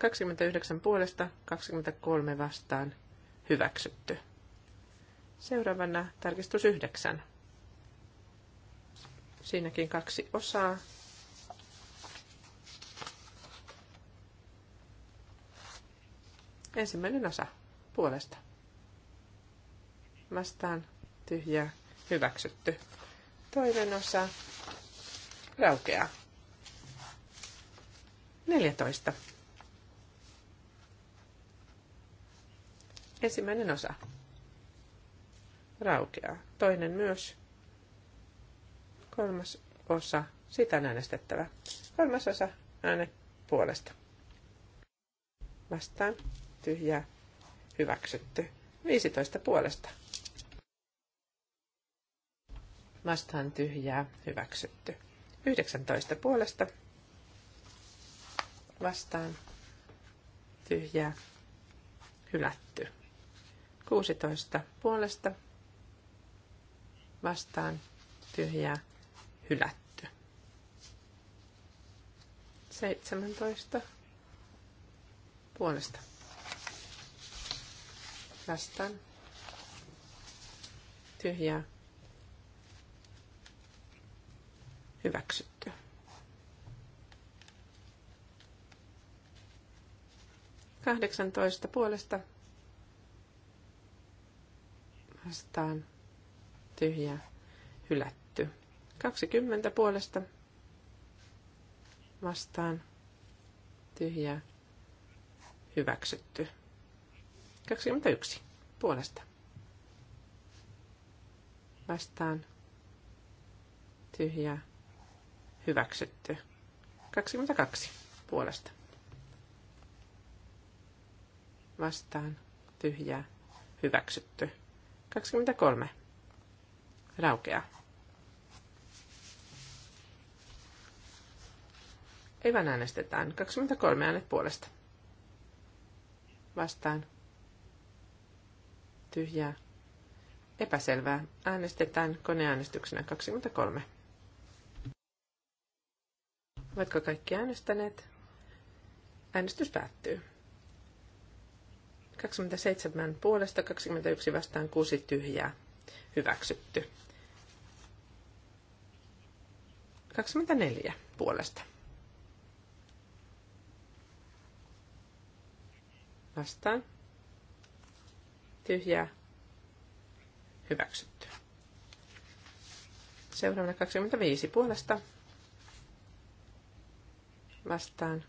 29 puolesta, 23 vastaan hyväksytty. Seuraavana tarkistus 9. Siinäkin kaksi osaa. Ensimmäinen osa puolesta. Vastaan tyhjä hyväksytty. Toinen osa raukeaa. 14 Ensimmäinen osa raukeaa. Toinen myös. Kolmas osa. Sitä on äänestettävä. Kolmas osa ääne puolesta. Vastaan. tyhjä Hyväksytty. 15 puolesta. Vastaan tyhjää. Hyväksytty. 19 puolesta. Vastaan tyhjää. Hylätty. 16 puolesta vastaan tyhjää hylätty. 17 puolesta vastaan tyhjää hyväksytty. 18 puolesta vastaan tyhjä hylätty. 20 puolesta vastaan tyhjä hyväksytty. 21 puolesta vastaan tyhjä hyväksytty. 22 puolesta vastaan tyhjä hyväksytty. 23. Raukeaa. Evan äänestetään. 23 äänet puolesta. Vastaan. Tyhjää. Epäselvää. Äänestetään koneäänestyksenä 23. Oletko kaikki äänestäneet? Äänestys päättyy. 27 puolesta, 21 vastaan, 6 tyhjää. Hyväksytty. 24 puolesta. Vastaan. Tyhjää. Hyväksytty. Seuraavana 25 puolesta. Vastaan.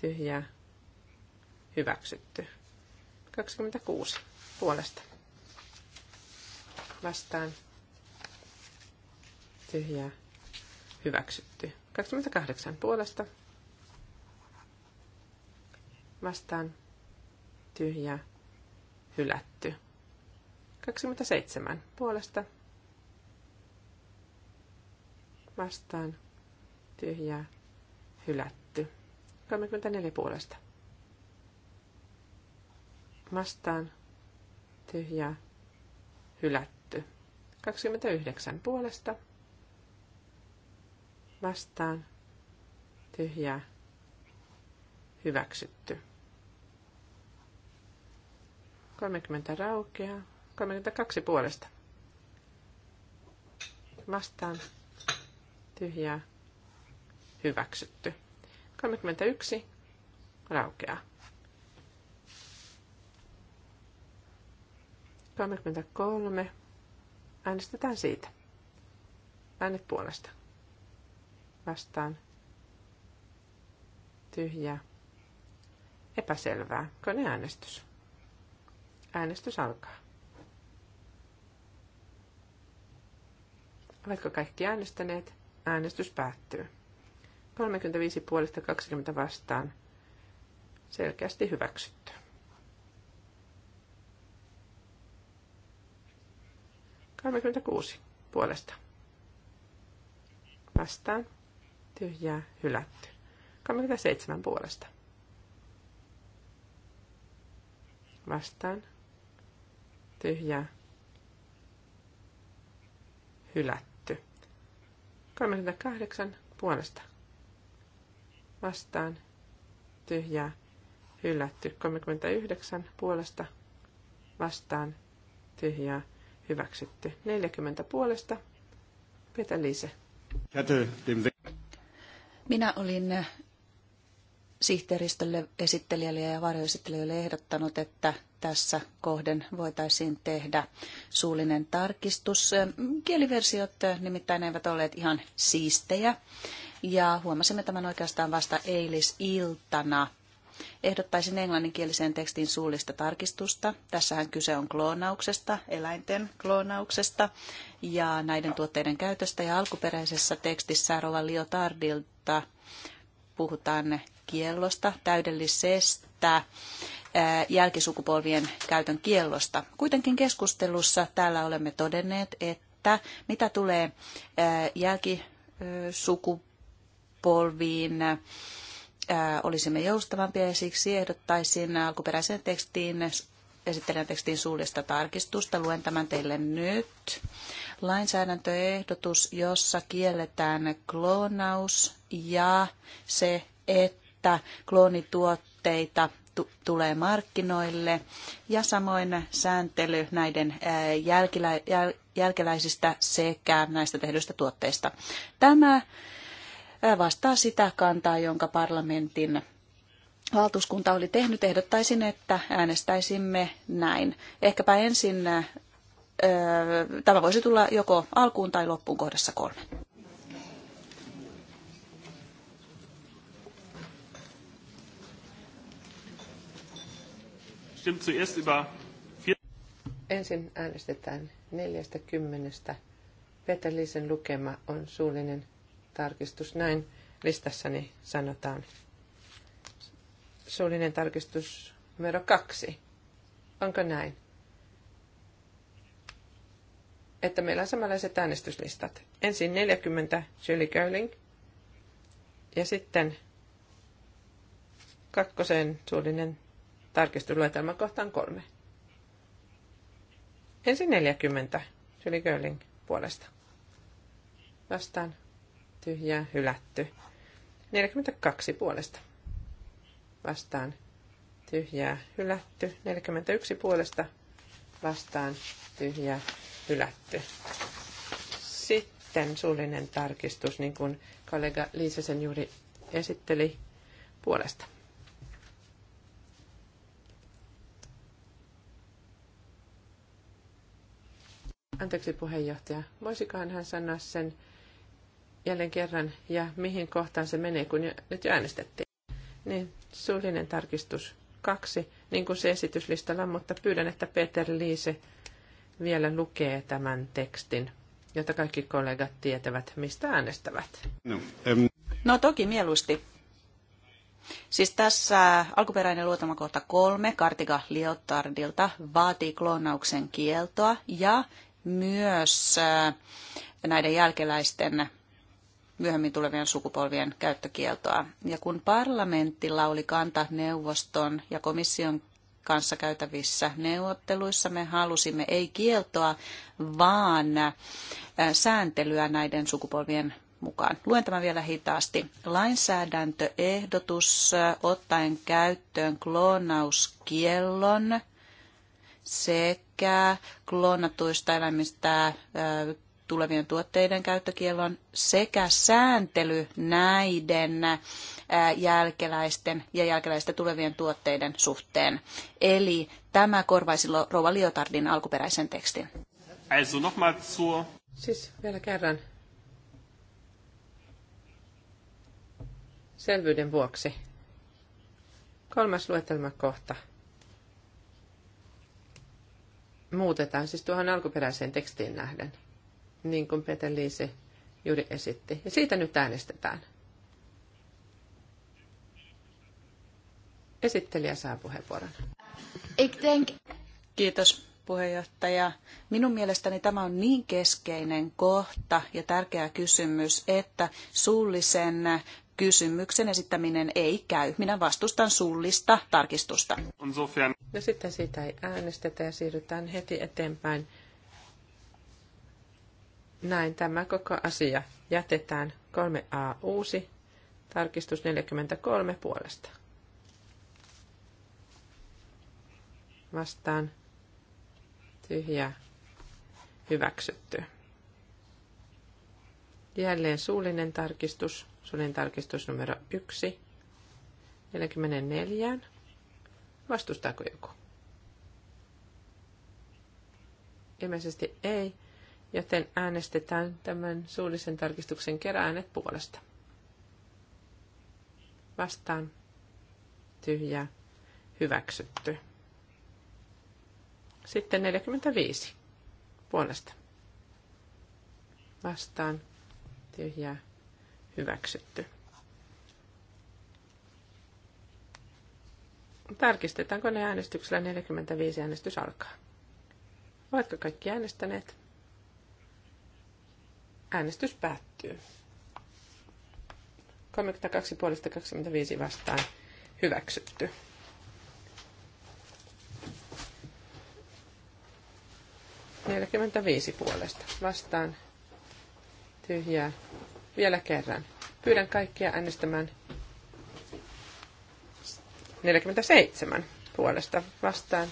Tyhjää hyväksytty. 26 puolesta. Vastaan tyhjää hyväksytty. 28 puolesta. Vastaan tyhjää hylätty. 27 puolesta. Vastaan tyhjää hylätty. 34 puolesta vastaan tyhjää hylätty. 29 puolesta vastaan tyhjää hyväksytty. 30 raukeaa. 32 puolesta. Vastaan tyhjää hyväksytty. 31 raukeaa. 33. Äänestetään siitä. Äänet puolesta. Vastaan. Tyhjä. Epäselvää. Koneäänestys. Äänestys alkaa. Oletko kaikki äänestäneet? Äänestys päättyy. 35 puolesta 20 vastaan. Selkeästi hyväksytty. 36 puolesta. Vastaan. Tyhjää. Hylätty. 37 puolesta. Vastaan. Tyhjää. Hylätty. 38 puolesta. Vastaan. Tyhjää. Hylätty. 39 puolesta. Vastaan. Tyhjää hyväksytty. 40 puolesta. Peter Liise. Minä olin sihteeristölle, esittelijälle ja varjoesittelijöille ehdottanut, että tässä kohden voitaisiin tehdä suullinen tarkistus. Kieliversiot nimittäin eivät olleet ihan siistejä ja huomasimme tämän oikeastaan vasta eilisiltana. Ehdottaisin englanninkieliseen tekstiin suullista tarkistusta. Tässähän kyse on kloonauksesta, eläinten kloonauksesta ja näiden tuotteiden käytöstä. Ja alkuperäisessä tekstissä Rova Liotardilta puhutaan kiellosta, täydellisestä jälkisukupolvien käytön kiellosta. Kuitenkin keskustelussa täällä olemme todenneet, että mitä tulee jälkisukupolviin, Äh, olisimme joustavampia ja siksi ehdottaisin alkuperäiseen tekstiin esittelen tekstin suullista tarkistusta. Luen tämän teille nyt. Lainsäädäntöehdotus, jossa kielletään kloonaus ja se, että kloonituotteita tulee markkinoille ja samoin sääntely näiden äh, jälkilä, jäl, jälkeläisistä sekä näistä tehdyistä tuotteista. Tämä vastaa sitä kantaa, jonka parlamentin valtuuskunta oli tehnyt. Ehdottaisin, että äänestäisimme näin. Ehkäpä ensin tämä voisi tulla joko alkuun tai loppuun kohdassa kolme. Ensin äänestetään 40. Peter Liisen lukema on suullinen tarkistus. Näin listassani sanotaan. Suullinen tarkistus numero kaksi. Onko näin? Että meillä on samanlaiset äänestyslistat. Ensin 40 Julie Girling ja sitten kakkosen suullinen tarkistusluetelma kohtaan kolme. Ensin 40 Julie Girling puolesta. Vastaan tyhjää hylätty. 42 puolesta vastaan tyhjää hylätty. 41 puolesta vastaan tyhjää hylätty. Sitten suullinen tarkistus, niin kuin kollega sen juuri esitteli puolesta. Anteeksi puheenjohtaja, voisikohan hän sanoa sen jälleen kerran ja mihin kohtaan se menee, kun jo, nyt jo äänestettiin. Niin, suullinen tarkistus kaksi, niin kuin se esityslistalla mutta pyydän, että Peter Liise vielä lukee tämän tekstin, jotta kaikki kollegat tietävät, mistä äänestävät. No, em... no toki mieluusti. Siis tässä alkuperäinen luotamakohta kolme, Kartika Liotardilta, vaatii kloonauksen kieltoa ja myös äh, näiden jälkeläisten myöhemmin tulevien sukupolvien käyttökieltoa. Ja kun parlamentti lauli kanta neuvoston ja komission kanssa käytävissä neuvotteluissa me halusimme ei kieltoa, vaan sääntelyä näiden sukupolvien mukaan. Luen tämän vielä hitaasti. Lainsäädäntöehdotus ottaen käyttöön kloonauskiellon sekä kloonatuista eläimistä tulevien tuotteiden käyttökiellon sekä sääntely näiden äh, jälkeläisten ja jälkeläistä tulevien tuotteiden suhteen. Eli tämä korvaisi Rova Liotardin alkuperäisen tekstin. Also nochmal zur... Siis vielä kerran. Selvyyden vuoksi. Kolmas luetelmakohta. Muutetaan siis tuohon alkuperäiseen tekstiin nähden niin kuin Peter Liise juuri esitti. Ja siitä nyt äänestetään. Esittelijä saa puheenvuoron. Kiitos puheenjohtaja. Minun mielestäni tämä on niin keskeinen kohta ja tärkeä kysymys, että suullisen kysymyksen esittäminen ei käy. Minä vastustan suullista tarkistusta. No sitten siitä ei äänestetä ja siirrytään heti eteenpäin näin tämä koko asia jätetään 3a uusi, tarkistus 43 puolesta. Vastaan tyhjä hyväksytty. Jälleen suullinen tarkistus, suullinen tarkistus numero 1, 44. Vastustaako joku? Ilmeisesti ei joten äänestetään tämän suullisen tarkistuksen kerran puolesta. Vastaan. Tyhjää. Hyväksytty. Sitten 45. Puolesta. Vastaan. Tyhjää. Hyväksytty. Tarkistetaan koneäänestyksellä 45 äänestys alkaa. Oletko kaikki äänestäneet? Äänestys päättyy. 32 puolesta 25 vastaan hyväksytty. Neljäkymmentäviisi puolesta vastaan tyhjää. Vielä kerran. Pyydän kaikkia äänestämään 47 puolesta vastaan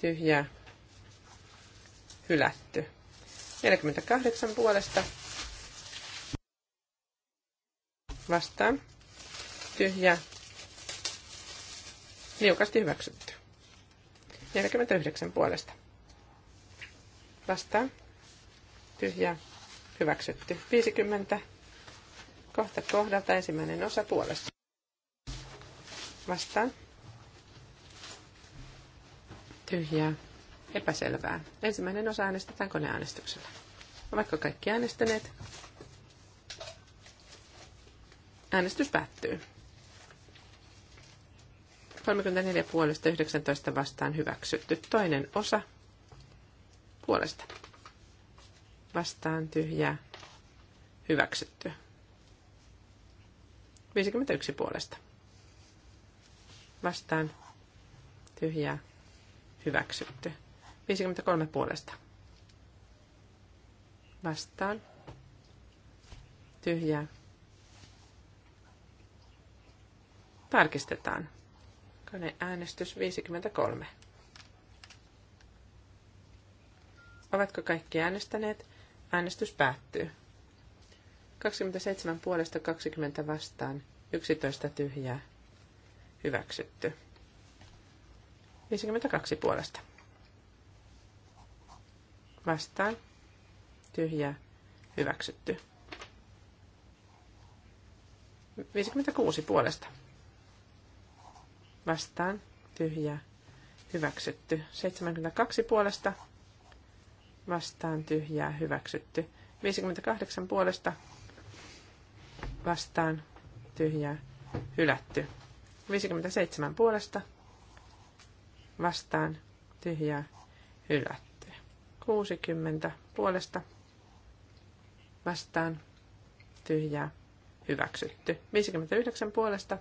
tyhjää hylätty. 48 puolesta vastaan. Tyhjä. Niukasti hyväksytty. 49 puolesta. Vastaan. Tyhjä. Hyväksytty. 50. Kohta kohdalta ensimmäinen osa puolesta. Vastaan. Tyhjää epäselvää. Ensimmäinen osa äänestetään koneäänestyksellä. Ovatko kaikki äänestäneet? Äänestys päättyy. 34 puolesta 19 vastaan hyväksytty. Toinen osa puolesta. Vastaan tyhjää. Hyväksytty. 51 puolesta. Vastaan tyhjää. Hyväksytty. 53 puolesta. Vastaan. Tyhjää. Tarkistetaan. Koneäänestys 53. Ovatko kaikki äänestäneet? Äänestys päättyy. 27 puolesta 20 vastaan, 11 tyhjää. Hyväksytty. 52 puolesta vastaan tyhjää hyväksytty. 56 puolesta vastaan tyhjää hyväksytty. 72 puolesta vastaan tyhjää hyväksytty. 58 puolesta vastaan tyhjää hylätty. 57 puolesta vastaan tyhjää hylätty. 60 puolesta vastaan tyhjää hyväksytty. 59 puolesta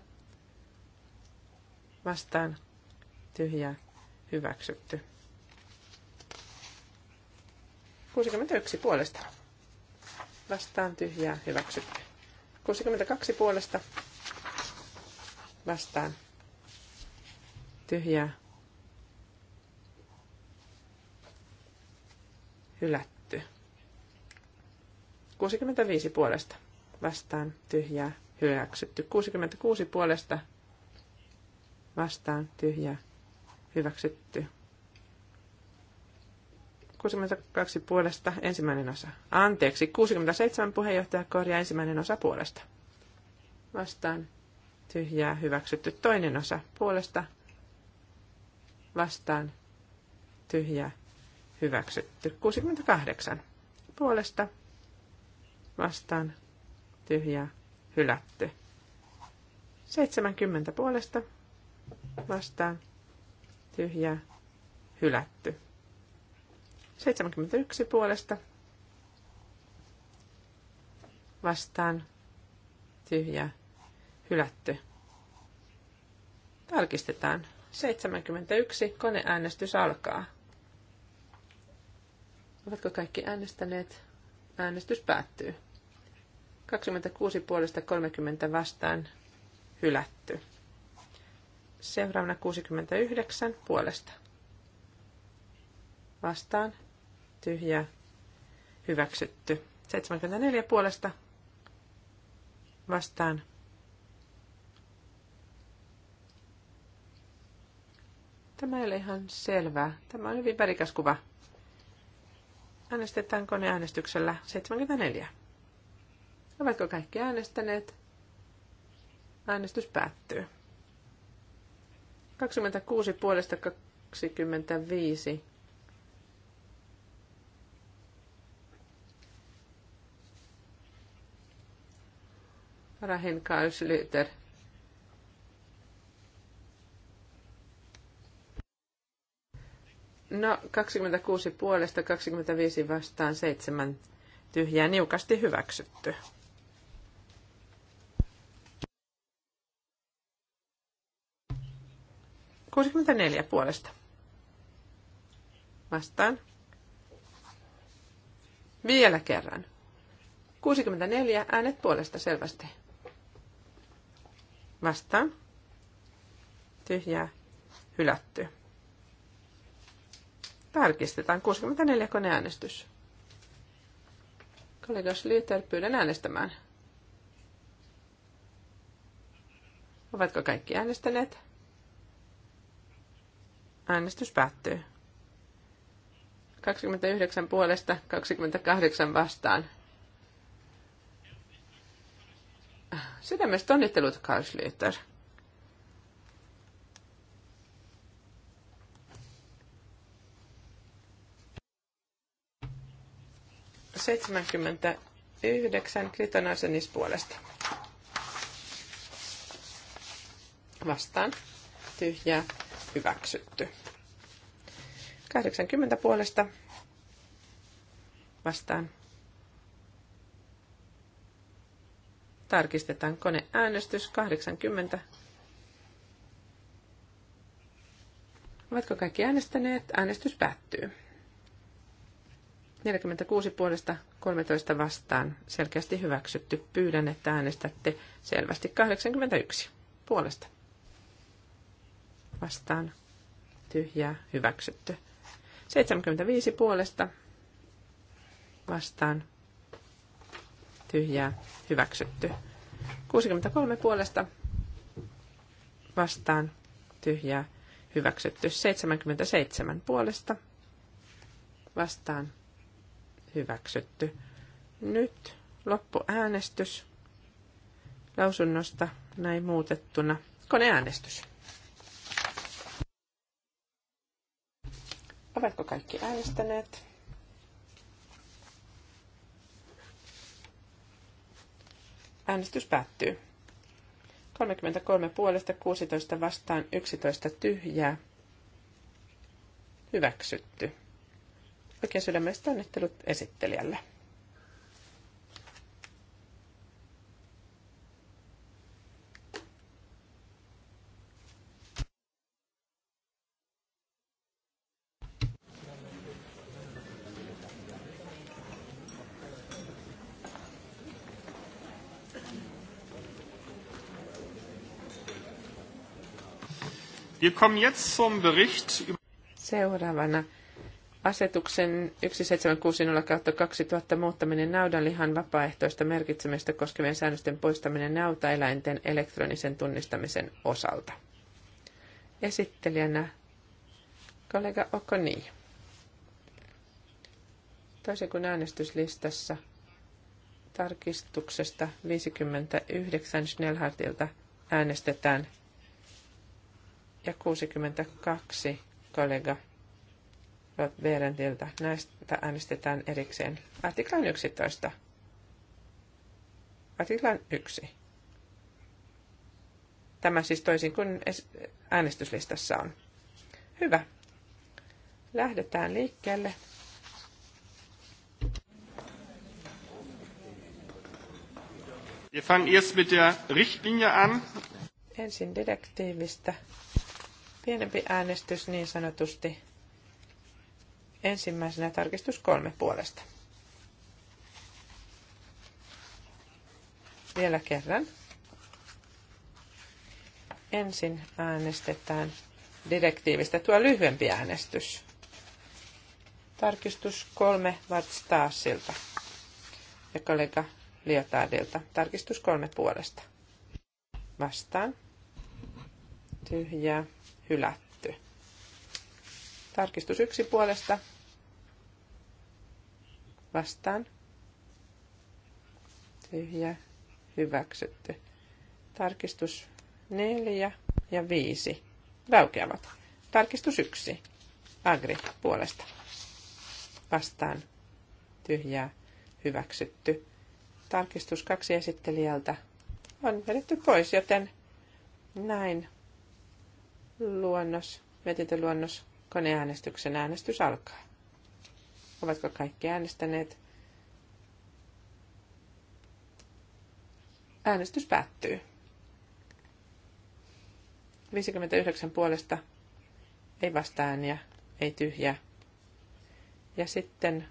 vastaan tyhjää hyväksytty. 61 puolesta vastaan tyhjää hyväksytty. 62 puolesta vastaan tyhjää hylätty. 65 puolesta vastaan tyhjää hyväksytty. 66 puolesta vastaan tyhjä hyväksytty. 62 puolesta ensimmäinen osa. Anteeksi, 67 puheenjohtaja korjaa ensimmäinen osa puolesta. Vastaan tyhjää hyväksytty toinen osa puolesta. Vastaan tyhjää hyväksytty. 68 puolesta vastaan tyhjää hylätty. 70 puolesta vastaan tyhjää hylätty. 71 puolesta vastaan tyhjää hylätty. Tarkistetaan. 71 koneäänestys alkaa. Ovatko kaikki äänestäneet? Äänestys päättyy. 26 puolesta 30 vastaan hylätty. Seuraavana 69 puolesta. Vastaan tyhjä hyväksytty. 74 puolesta vastaan Tämä ei ole ihan selvää. Tämä on hyvin värikäs kuva. Äänestetään koneäänestyksellä 74. Ovatko kaikki äänestäneet? Äänestys päättyy. 26 puolesta 25. Rahin Kauslyter No, 26 puolesta, 25 vastaan, 7 tyhjää, niukasti hyväksytty. neljä puolesta. Vastaan. Vielä kerran. 64 äänet puolesta selvästi. Vastaan. Tyhjää. Hylätty. Tarkistetaan 64 koneäänestys. Kollega Schlüter, pyydän äänestämään. Ovatko kaikki äänestäneet? Äänestys päättyy. 29 puolesta, 28 vastaan. Sydämestä onnittelut, Karl Schlüter. 79 Kriton Arsenis puolesta. Vastaan. Tyhjää. Hyväksytty. 80 puolesta. Vastaan. Tarkistetaan koneäänestys 80. Ovatko kaikki äänestäneet? Äänestys päättyy. 46 puolesta 13 vastaan. Selkeästi hyväksytty. Pyydän, että äänestätte selvästi 81 puolesta. Vastaan. Tyhjää. Hyväksytty. 75 puolesta. Vastaan. Tyhjää. Hyväksytty. 63 puolesta. Vastaan. Tyhjää. Hyväksytty. 77 puolesta. Vastaan hyväksytty. Nyt loppuäänestys lausunnosta näin muutettuna. Koneäänestys. Ovatko kaikki äänestäneet? Äänestys päättyy. 33 puolesta 16 vastaan 11 tyhjää. Hyväksytty. Oikein sydämestä onnittelut esittelijälle. Wir kommen jetzt zum Bericht Seuraavana Asetuksen 1760-2000 muuttaminen naudanlihan vapaaehtoista merkitsemistä koskevien säännösten poistaminen nautaeläinten elektronisen tunnistamisen osalta. Esittelijänä kollega Okoni. Toisin kuin äänestyslistassa tarkistuksesta 59 Schnellhardilta äänestetään ja 62 kollega Rotberentiltä. Näistä äänestetään erikseen. Artiklan 11. Artiklan 1. Tämä siis toisin kuin äänestyslistassa on. Hyvä. Lähdetään liikkeelle. Wir fangen erst mit der Richtlinie an. Ensin direktiivistä. Pienempi äänestys niin sanotusti. Ensimmäisenä tarkistus kolme puolesta. Vielä kerran. Ensin äänestetään direktiivistä tuo lyhyempi äänestys. Tarkistus kolme Vartstaasilta ja kollega Liotardilta. Tarkistus kolme puolesta. Vastaan. Tyhjää. Hylätty. Tarkistus yksi puolesta vastaan. Tyhjä, hyväksytty. Tarkistus 4 ja 5 raukeavat. Tarkistus 1. Agri puolesta. Vastaan. Tyhjää. Hyväksytty. Tarkistus kaksi esittelijältä on vedetty pois, joten näin luonnos, mietintöluonnos koneäänestyksen äänestys alkaa. Ovatko kaikki äänestäneet? Äänestys päättyy. 59 puolesta ei vastaan ja ei tyhjää. Ja sitten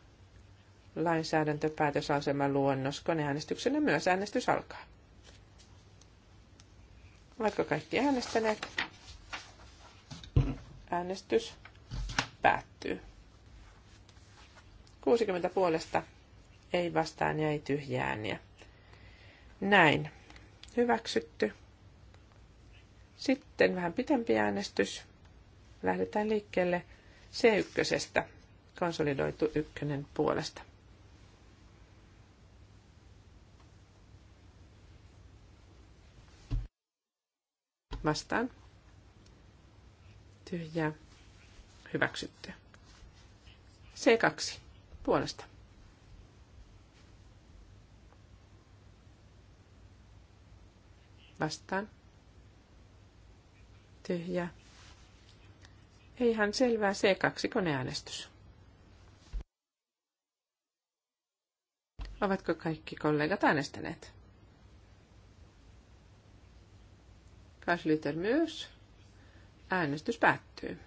lainsäädäntöpäätösasema luonnos koneäänestyksenä myös äänestys alkaa. Ovatko kaikki äänestäneet? Äänestys päättyy. 60 puolesta ei vastaan ja ei tyhjään. Ja näin. Hyväksytty. Sitten vähän pitempi äänestys. Lähdetään liikkeelle C1. Konsolidoitu ykkönen puolesta. Vastaan. Tyhjää. Hyväksytty. C2 puolesta. Vastaan. Tyhjä. Ei selvää C2 koneäänestys. Ovatko kaikki kollegat äänestäneet? Kaslyter myös. Äänestys päättyy.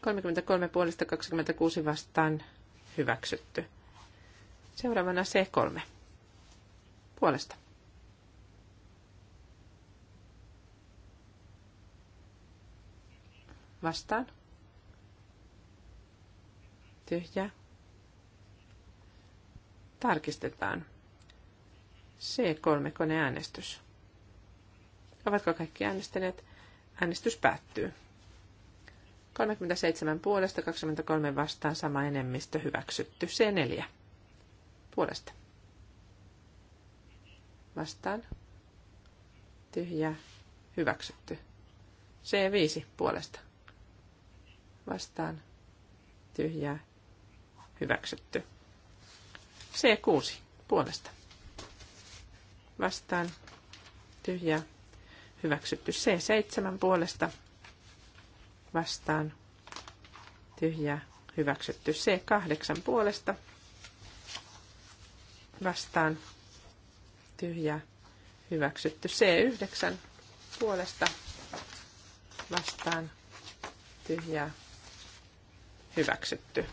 33 puolesta 26 vastaan hyväksytty. Seuraavana C3 puolesta. Vastaan. Tyhjä. Tarkistetaan. C3 koneäänestys. Ovatko kaikki äänestäneet? Äänestys päättyy. 37 puolesta, 23 vastaan, sama enemmistö hyväksytty. C4 puolesta. Vastaan. Tyhjä. Hyväksytty. C5 puolesta. Vastaan. Tyhjä. Hyväksytty. C6 puolesta. Vastaan. Tyhjä. Hyväksytty. C7 puolesta vastaan tyhjä hyväksytty. C8 puolesta vastaan tyhjä hyväksytty. C9 puolesta vastaan tyhjä hyväksytty.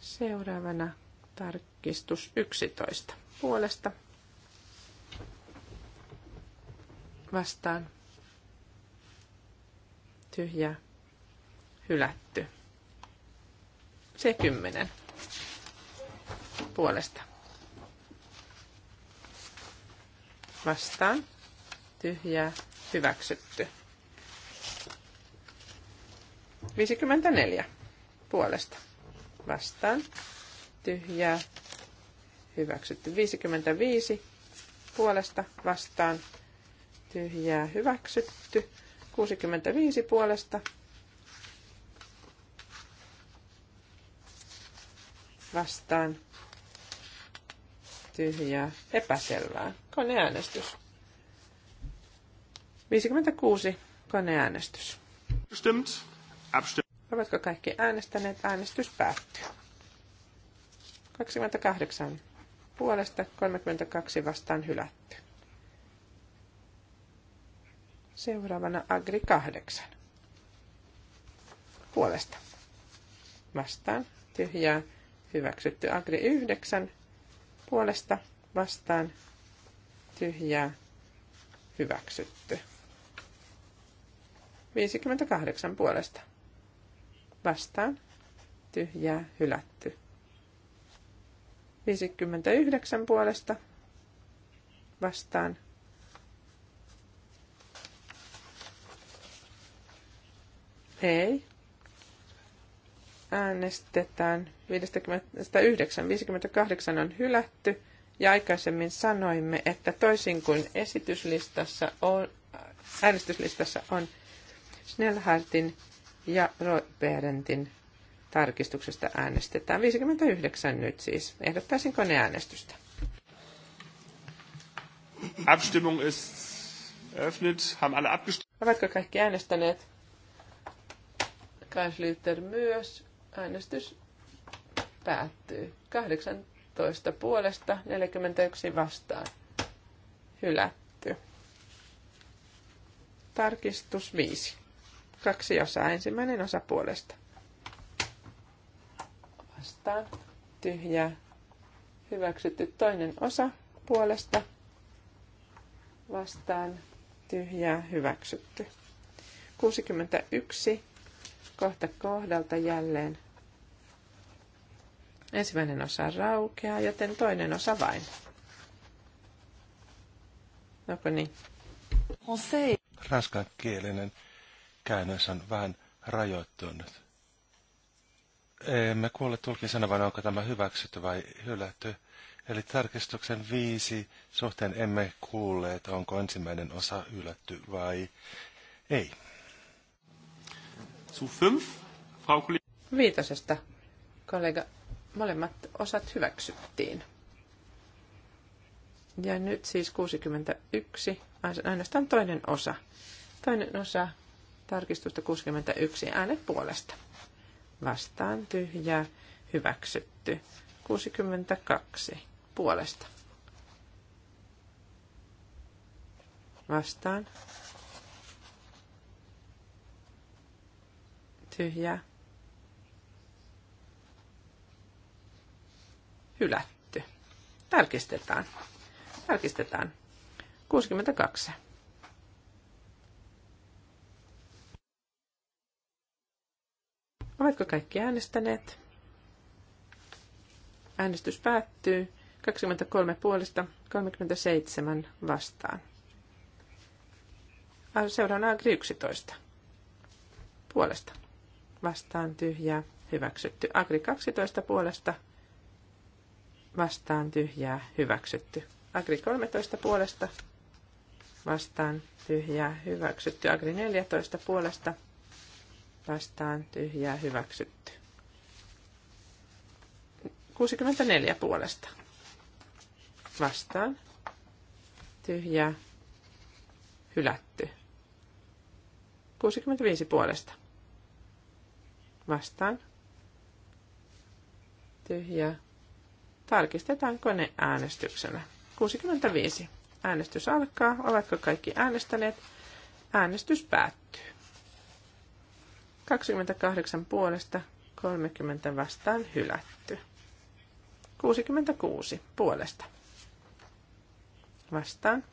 Seuraavana tarkistus 11 puolesta vastaan tyhjä hylätty. Se kymmenen puolesta. Vastaan, tyhjä hyväksytty. 54 puolesta. Vastaan, tyhjä hyväksytty. 55 puolesta vastaan, tyhjä hyväksytty. 65 puolesta. Vastaan. Tyhjää. Epäselvää. Koneäänestys. 56. Koneäänestys. Ovatko kaikki äänestäneet? Äänestys päättyy. 28 puolesta, 32 vastaan hylätty. Seuraavana Agri 8. Puolesta. Vastaan. Tyhjää. Hyväksytty Agri 9. Puolesta. Vastaan. Tyhjää. Hyväksytty. 58 puolesta. Vastaan. Tyhjää. Hylätty. 59 puolesta. Vastaan Ei. Äänestetään 59. 58 on hylätty ja aikaisemmin sanoimme, että toisin kuin esityslistassa on, äänestyslistassa on Snellhartin ja Rothberentin tarkistuksesta äänestetään. 59 nyt siis. ne äänestystä. Abstimmung ist eröffnet. Haben alle abgestimmt? Ovatko kaikki äänestäneet? kaisliitter myös. Äänestys päättyy. 18 puolesta, 41 vastaan. Hylätty. Tarkistus 5. Kaksi osaa. Ensimmäinen osa puolesta. Vastaan. tyhjä Hyväksytty toinen osa puolesta. Vastaan. Tyhjää. Hyväksytty. 61 kohta kohdalta jälleen. Ensimmäinen osa raukeaa, joten toinen osa vain. Onko niin? Ranskan kielinen käännös on vähän rajoittunut. Emme kuule tulkin sanovan, onko tämä hyväksytty vai hylätty. Eli tarkistuksen viisi suhteen emme kuulleet, onko ensimmäinen osa ylätty vai ei zu fünf. Frau Viitosesta, kollega, molemmat osat hyväksyttiin. Ja nyt siis 61, ainoastaan toinen osa. Toinen osa tarkistusta 61, äänet puolesta. Vastaan tyhjää, hyväksytty. 62, puolesta. Vastaan tyhjää. Hylätty. Tarkistetaan. Tarkistetaan. 62. Ovatko kaikki äänestäneet? Äänestys päättyy. 23 puolesta, 37 vastaan. Seuraavana Agri 11. Puolesta vastaan tyhjää, hyväksytty. Agri 12 puolesta vastaan tyhjää, hyväksytty. Agri 13 puolesta vastaan tyhjää, hyväksytty. Agri 14 puolesta vastaan tyhjää, hyväksytty. 64 puolesta vastaan tyhjää, hylätty. 65 puolesta vastaan. tyhjä Tarkistetaan äänestyksenä? 65. Äänestys alkaa. Ovatko kaikki äänestäneet? Äänestys päättyy. 28 puolesta, 30 vastaan hylätty. 66 puolesta. Vastaan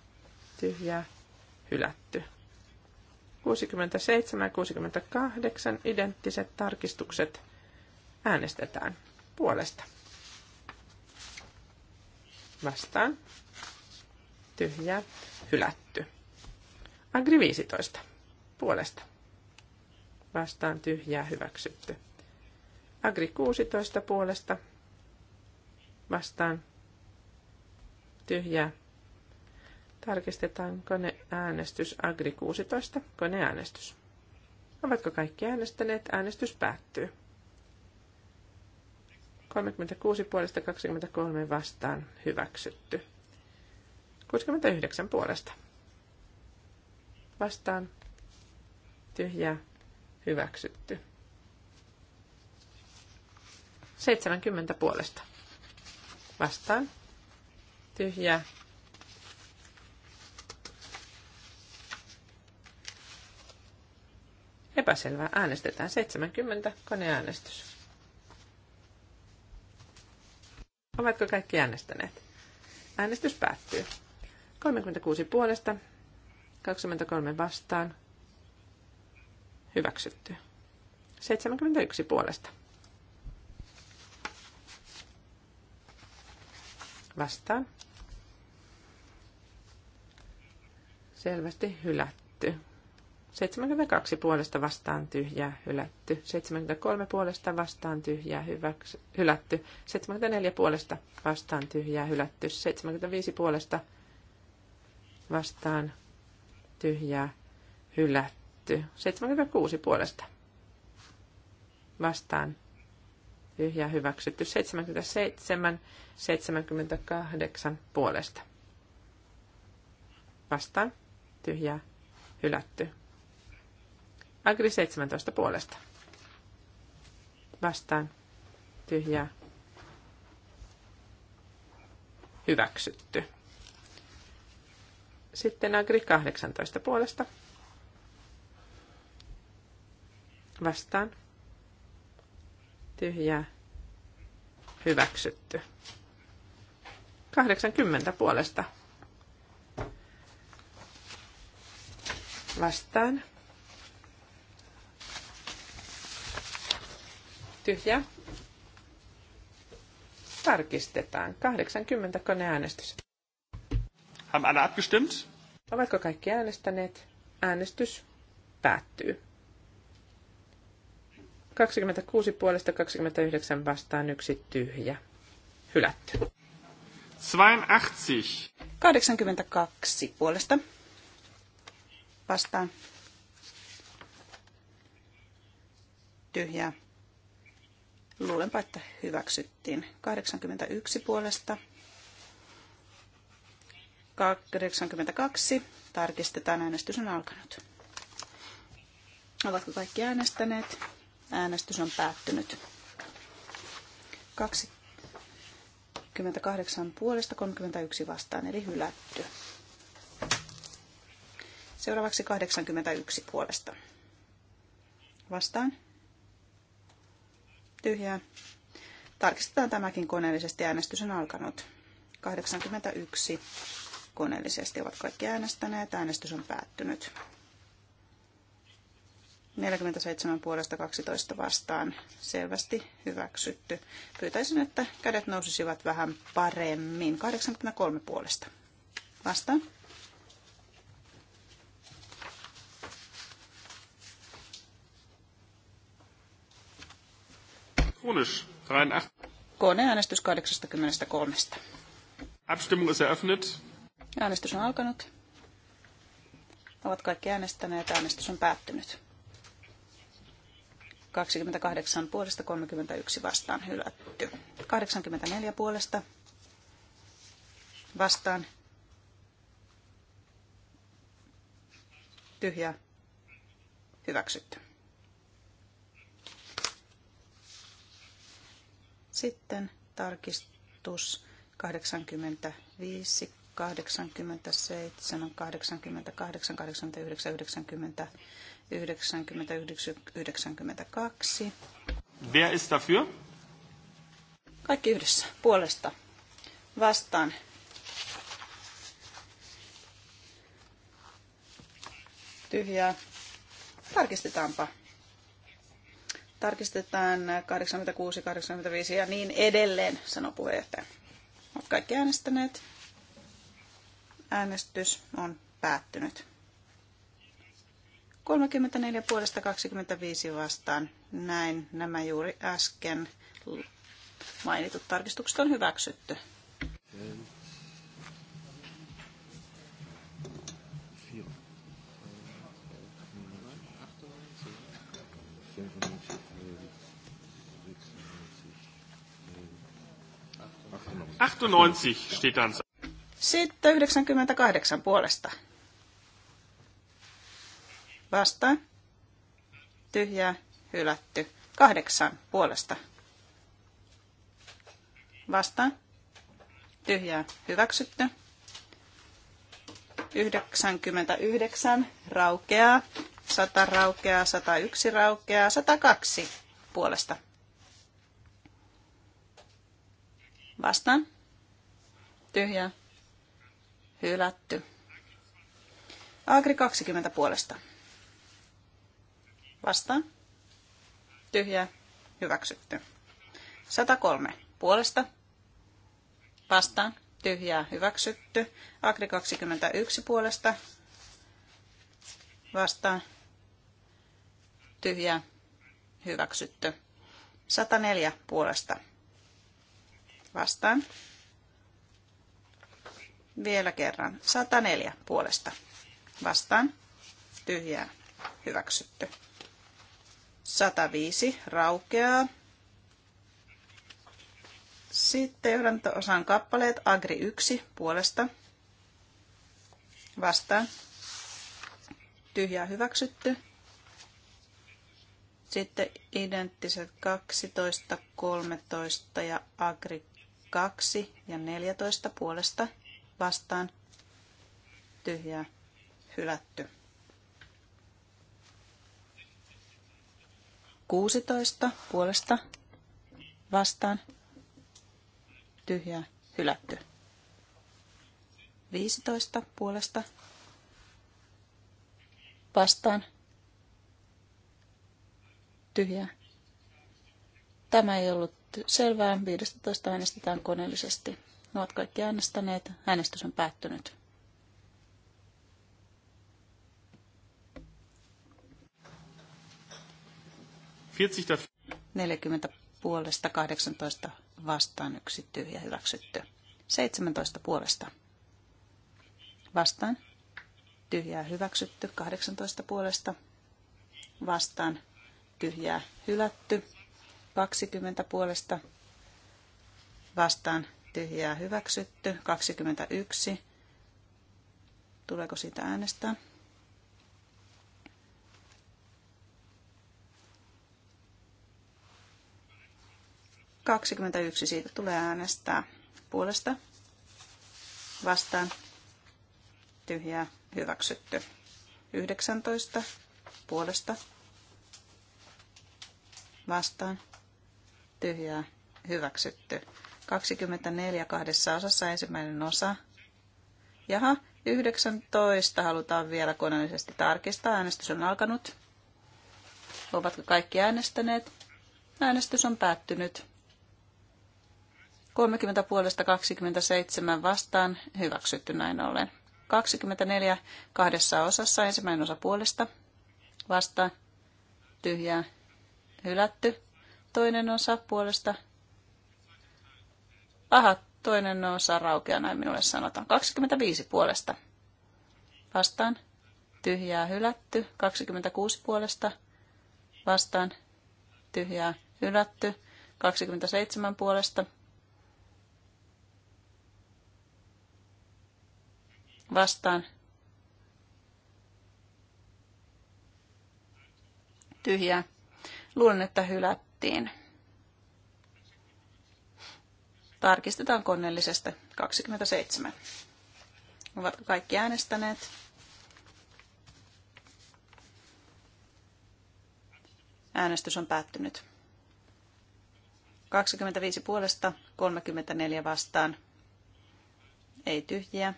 tyhjää hylätty. 67 ja 68 identtiset tarkistukset äänestetään puolesta. Vastaan. Tyhjä. Hylätty. Agri 15. Puolesta. Vastaan tyhjää hyväksytty. Agri 16 puolesta. Vastaan tyhjää Tarkistetaan koneäänestys Agri 16, koneäänestys. Ovatko kaikki äänestäneet? Äänestys päättyy. 36 puolesta 23 vastaan hyväksytty. 69 puolesta. Vastaan tyhjää hyväksytty. 70 puolesta. Vastaan tyhjää epäselvää. Äänestetään 70 koneäänestys. Ovatko kaikki äänestäneet? Äänestys päättyy. 36 puolesta, 23 vastaan. Hyväksytty. 71 puolesta. Vastaan. Selvästi hylätty. 72 puolesta vastaan tyhjää hylätty. 73 puolesta vastaan tyhjää hyväks- hylätty. 74 puolesta vastaan tyhjää hylätty. 75 puolesta vastaan tyhjää hylätty. 76 puolesta vastaan tyhjää hyväksytty. 77, 78 puolesta vastaan tyhjää hylätty. Agri 17 puolesta. Vastaan. Tyhjää. Hyväksytty. Sitten Agri 18 puolesta. Vastaan. Tyhjää. Hyväksytty. 80 puolesta. Vastaan tyhjä. Tarkistetaan. 80 koneäänestys. Haben alle abgestimmt? Ovatko kaikki äänestäneet? Äänestys päättyy. 26 puolesta 29 vastaan yksi tyhjä. Hylätty. 82. 82 puolesta vastaan. Tyhjää. Luulenpa, että hyväksyttiin. 81 puolesta. 82. Tarkistetaan, äänestys on alkanut. Ovatko kaikki äänestäneet? Äänestys on päättynyt. 28 puolesta 31 vastaan, eli hylätty. Seuraavaksi 81 puolesta. Vastaan tyhjää. Tarkistetaan tämäkin koneellisesti. Äänestys on alkanut. 81 koneellisesti ovat kaikki äänestäneet. Äänestys on päättynyt. 47 puolesta 12 vastaan selvästi hyväksytty. Pyytäisin, että kädet nousisivat vähän paremmin. 83 puolesta. Vastaan. elektronisch. 83. Koneäänestys 83. Abstimmung ist eröffnet. Äänestys on alkanut. Ovat kaikki äänestäneet. Äänestys on päättynyt. 28 puolesta 31 vastaan hylätty. 84 puolesta vastaan tyhjä hyväksytty. Sitten tarkistus 85, 87, 88, 89, 90, 91, 92. Wer ist dafür? Kaikki yhdessä. Puolesta. Vastaan. Tyhjää. Tarkistetaanpa tarkistetaan 86, 85 ja niin edelleen, sanoo puheenjohtaja. Olet kaikki äänestäneet. Äänestys on päättynyt. 34 puolesta 25 vastaan. Näin nämä juuri äsken mainitut tarkistukset on hyväksytty. 98 steht dann. Sitten 98 puolesta. Vastaan. tyhjä, hylätty. Kahdeksan puolesta. Vastaan. tyhjä, hyväksytty. 99 raukeaa, 100 raukeaa, 101 raukeaa, 102 puolesta Vastaan. Tyhjä. Hylätty. Agri 20 puolesta. Vastaan. Tyhjä. Hyväksytty. 103 puolesta. Vastaan. Tyhjää. Hyväksytty. Agri 21 puolesta. Vastaan. Tyhjää. Hyväksytty. 104 puolesta Vastaan. Vielä kerran. 104 puolesta. Vastaan. Tyhjää. Hyväksytty. 105 raukeaa. Sitten johdanto-osan kappaleet Agri 1 puolesta. Vastaan. Tyhjää hyväksytty. Sitten identtiset 12, 13 ja Agri 2 ja 14 puolesta vastaan tyhjää hylätty. 16 puolesta vastaan tyhjää hylätty. 15 puolesta vastaan tyhjää. Tämä ei ollut Hyväksytty. Selvää. 15 äänestetään koneellisesti. Ovat kaikki äänestäneet. Äänestys on päättynyt. Neljäkymmentä puolesta, 18 vastaan, yksi tyhjä hyväksytty. 17 puolesta vastaan, tyhjää hyväksytty. 18 puolesta vastaan, tyhjää hylätty. 20 puolesta vastaan tyhjää hyväksytty. 21. Tuleeko siitä äänestää? Kaksikymmentäyksi siitä tulee äänestää puolesta vastaan tyhjää hyväksytty. 19 puolesta vastaan tyhjää hyväksytty. 24 kahdessa osassa ensimmäinen osa. Jaha, 19 halutaan vielä koneellisesti tarkistaa. Äänestys on alkanut. Ovatko kaikki äänestäneet? Äänestys on päättynyt. 30 puolesta 27 vastaan hyväksytty näin ollen. 24 kahdessa osassa ensimmäinen osa puolesta vastaan tyhjää hylätty toinen osa puolesta. Aha, toinen osa raukea, näin minulle sanotaan. 25 puolesta. Vastaan. Tyhjää hylätty. 26 puolesta. Vastaan. Tyhjää hylätty. 27 puolesta. Vastaan. Tyhjää. Luulen, että hylätty hylättiin. Tarkistetaan koneellisesta 27. Ovatko kaikki äänestäneet? Äänestys on päättynyt. 25 puolesta, 34 vastaan. Ei tyhjiä.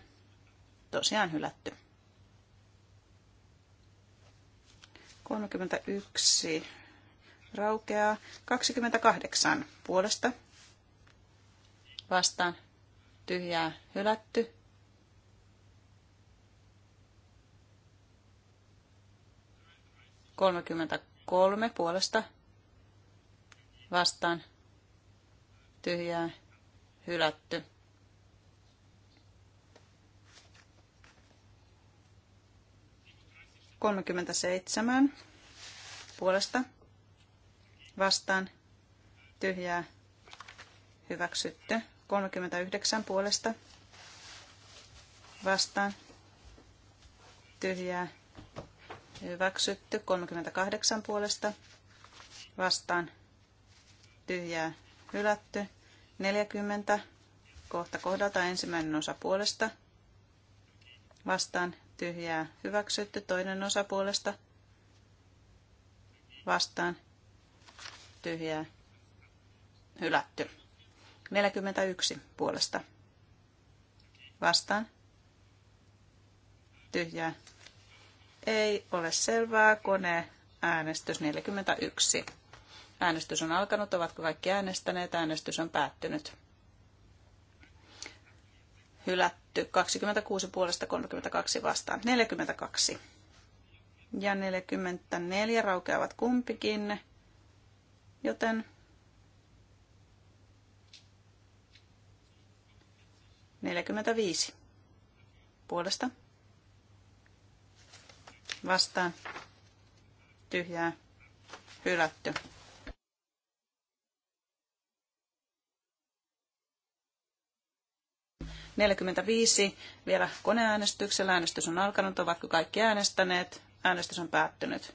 Tosiaan hylätty. 31 raukeaa 28 puolesta. Vastaan tyhjää hylätty. Kolmekymmentäkolme puolesta vastaan tyhjää hylätty. Kolmekymmentäseitsemän puolesta vastaan tyhjää hyväksytty. 39 puolesta vastaan tyhjää hyväksytty. 38 puolesta vastaan tyhjää hylätty. 40 kohta kohdalta ensimmäinen osa puolesta vastaan tyhjää hyväksytty. Toinen osa puolesta vastaan tyhjää hylätty. 41 puolesta vastaan tyhjää ei ole selvää kone äänestys 41. Äänestys on alkanut, ovatko kaikki äänestäneet, äänestys on päättynyt. Hylätty 26 puolesta 32 vastaan 42. Ja 44 raukeavat kumpikin. Joten 45 puolesta vastaan tyhjää hylätty. viisi Vielä koneäänestyksellä äänestys on alkanut. Ovatko kaikki äänestäneet? Äänestys on päättynyt.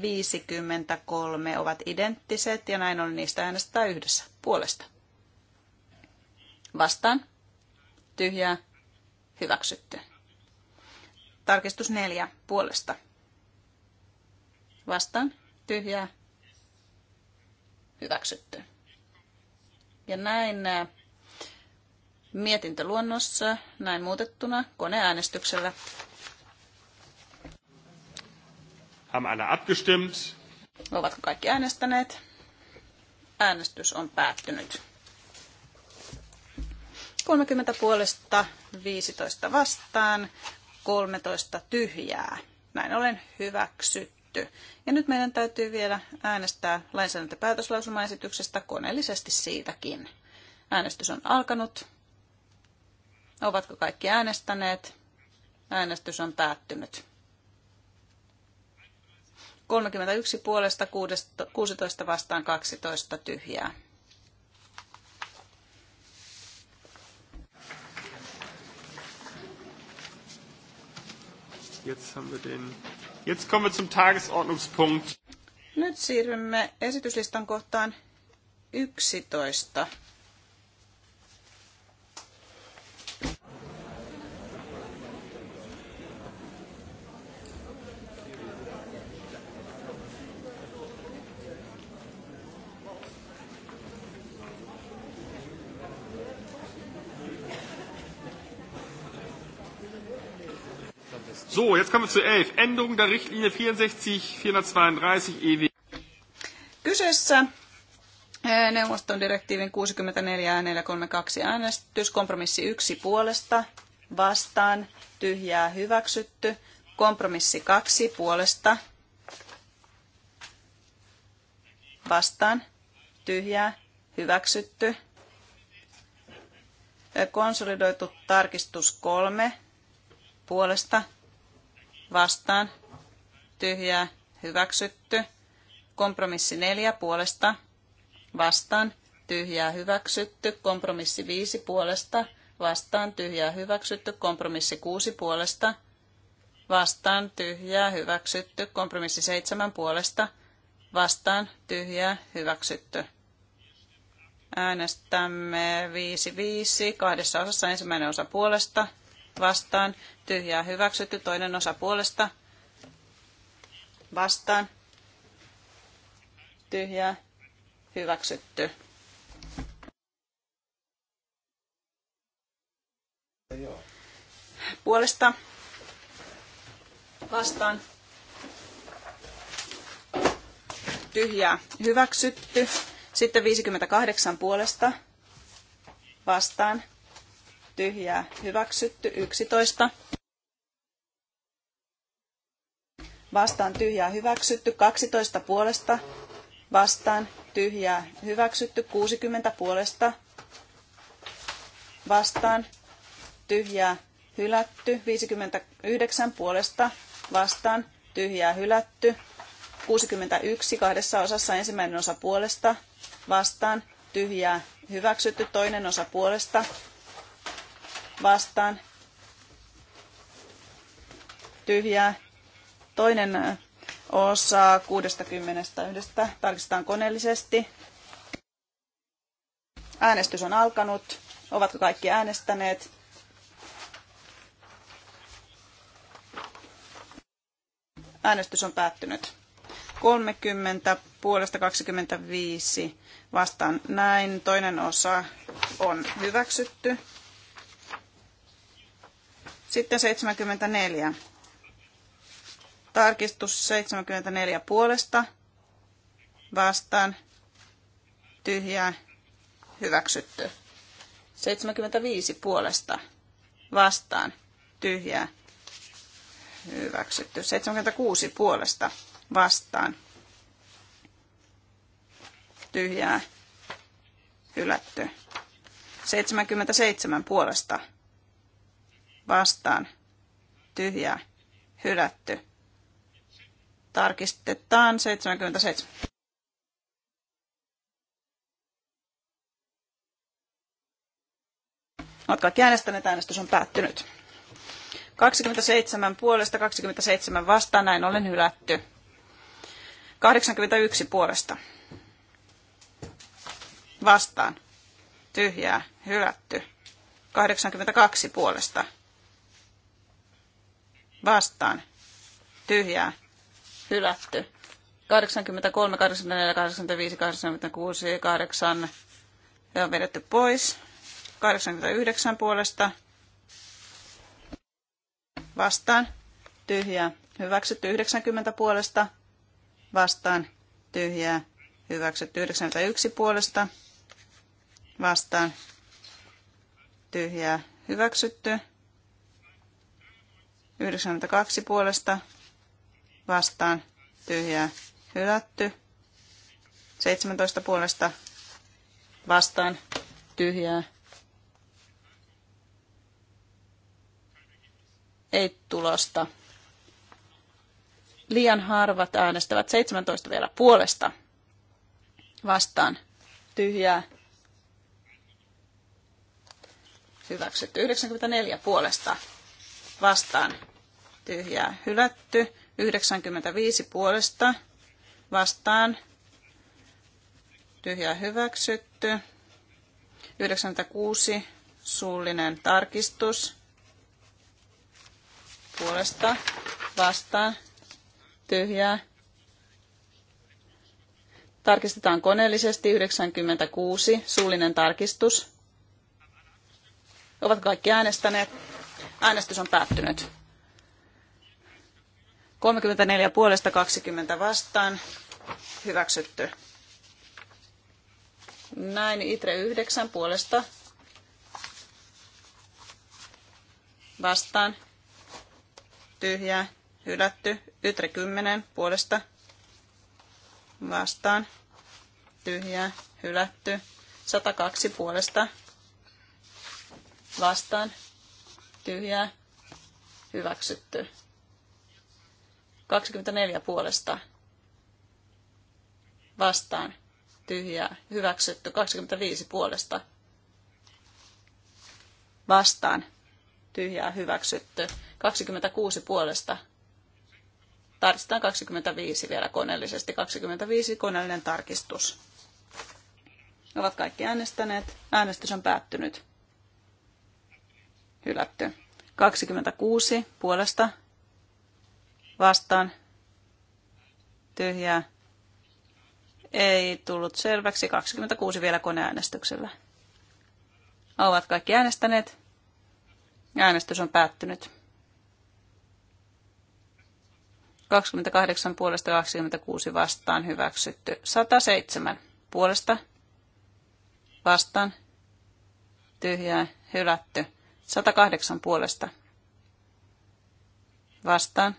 53 ovat identtiset ja näin on niistä äänestää yhdessä puolesta. Vastaan. Tyhjää. Hyväksytty. Tarkistus 4 puolesta. Vastaan. Tyhjää. Hyväksytty. Ja näin äh, mietintöluonnossa, äh, näin muutettuna koneäänestyksellä Haben alle abgestimmt? Ovatko kaikki äänestäneet? Äänestys on päättynyt. 30 puolesta, 15 vastaan, 13 tyhjää. Näin olen hyväksytty. Ja nyt meidän täytyy vielä äänestää lainsäädäntöpäätöslausumaesityksestä koneellisesti siitäkin. Äänestys on alkanut. Ovatko kaikki äänestäneet? Äänestys on päättynyt. 31 puolesta 16 vastaan 12 tyhjää. Jetzt haben wir den. Jetzt kommen wir zum Tagesordnungspunkt. Nyt siirrymme esityslistan kohtaan 11. So, jetzt kommen wir zu 11. Änderung der Richtlinie 64 432 EW. Kyseessä äh, neuvoston direktiivin 64 ja 432 äänestys, kompromissi 1 puolesta, vastaan, tyhjää hyväksytty, kompromissi 2 puolesta, vastaan, tyhjää hyväksytty, äh, konsolidoitu tarkistus 3 puolesta, vastaan, tyhjää, hyväksytty. Kompromissi neljä puolesta, vastaan, tyhjää, hyväksytty. Kompromissi viisi puolesta, vastaan, tyhjää, hyväksytty. Kompromissi kuusi puolesta, vastaan, tyhjää, hyväksytty. Kompromissi seitsemän puolesta, vastaan, tyhjää, hyväksytty. Äänestämme 5-5 kahdessa osassa ensimmäinen osa puolesta, vastaan, tyhjää hyväksytty, toinen osa puolesta, vastaan, tyhjää hyväksytty. Puolesta, vastaan, tyhjää hyväksytty. Sitten 58 puolesta, vastaan, tyhjää hyväksytty 11. Vastaan tyhjää hyväksytty 12 puolesta. Vastaan tyhjää hyväksytty 60 puolesta. Vastaan tyhjää hylätty 59 puolesta. Vastaan tyhjää hylätty 61 kahdessa osassa ensimmäinen osa puolesta. Vastaan tyhjää hyväksytty toinen osa puolesta vastaan tyhjää. Toinen osa 61. Tarkistetaan koneellisesti. Äänestys on alkanut. Ovatko kaikki äänestäneet? Äänestys on päättynyt. 30 puolesta 25 vastaan näin. Toinen osa on hyväksytty. Sitten 74. Tarkistus 74 puolesta vastaan tyhjää hyväksytty. 75 puolesta vastaan tyhjää hyväksytty. 76 puolesta vastaan tyhjää hylätty. 77 puolesta vastaan tyhjää hylätty. Tarkistetaan 77. Olet kaikki äänestäneet, äänestys on päättynyt. 27 puolesta, 27 vastaan, näin olen hylätty. 81 puolesta. Vastaan. Tyhjää, hylätty. 82 puolesta vastaan, tyhjää, hylätty. 83, 84, 85, 86, 8 on vedetty pois. 89 puolesta vastaan, tyhjää, hyväksytty 90 puolesta, vastaan, tyhjää, hyväksytty 91 puolesta, vastaan, tyhjää, hyväksytty 92 puolesta vastaan tyhjää hylätty. 17 puolesta vastaan tyhjää. Ei tulosta. Liian harvat äänestävät 17 vielä puolesta vastaan tyhjää. Hyväksytty 94 puolesta vastaan tyhjää hylätty. 95 puolesta vastaan tyhjää hyväksytty. 96 suullinen tarkistus puolesta vastaan tyhjää. Tarkistetaan koneellisesti 96 suullinen tarkistus. Ovat kaikki äänestäneet. Äänestys on päättynyt. 34 puolesta 20 vastaan. Hyväksytty. Näin Itre 9 puolesta vastaan. Tyhjää. Hylätty. Ytre 10 puolesta vastaan. Tyhjää. Hylätty. 102 puolesta vastaan tyhjää, hyväksytty. 24 puolesta vastaan, tyhjää, hyväksytty. 25 puolesta vastaan, tyhjää, hyväksytty. 26 puolesta tarkistetaan 25 vielä koneellisesti. 25 koneellinen tarkistus. Ovat kaikki äänestäneet. Äänestys on päättynyt hylätty. 26 puolesta vastaan tyhjää. Ei tullut selväksi. 26 vielä koneäänestyksellä. Ovat kaikki äänestäneet. Äänestys on päättynyt. 28 puolesta 26 vastaan hyväksytty. 107 puolesta vastaan tyhjää hylätty. 108 puolesta. Vastaan.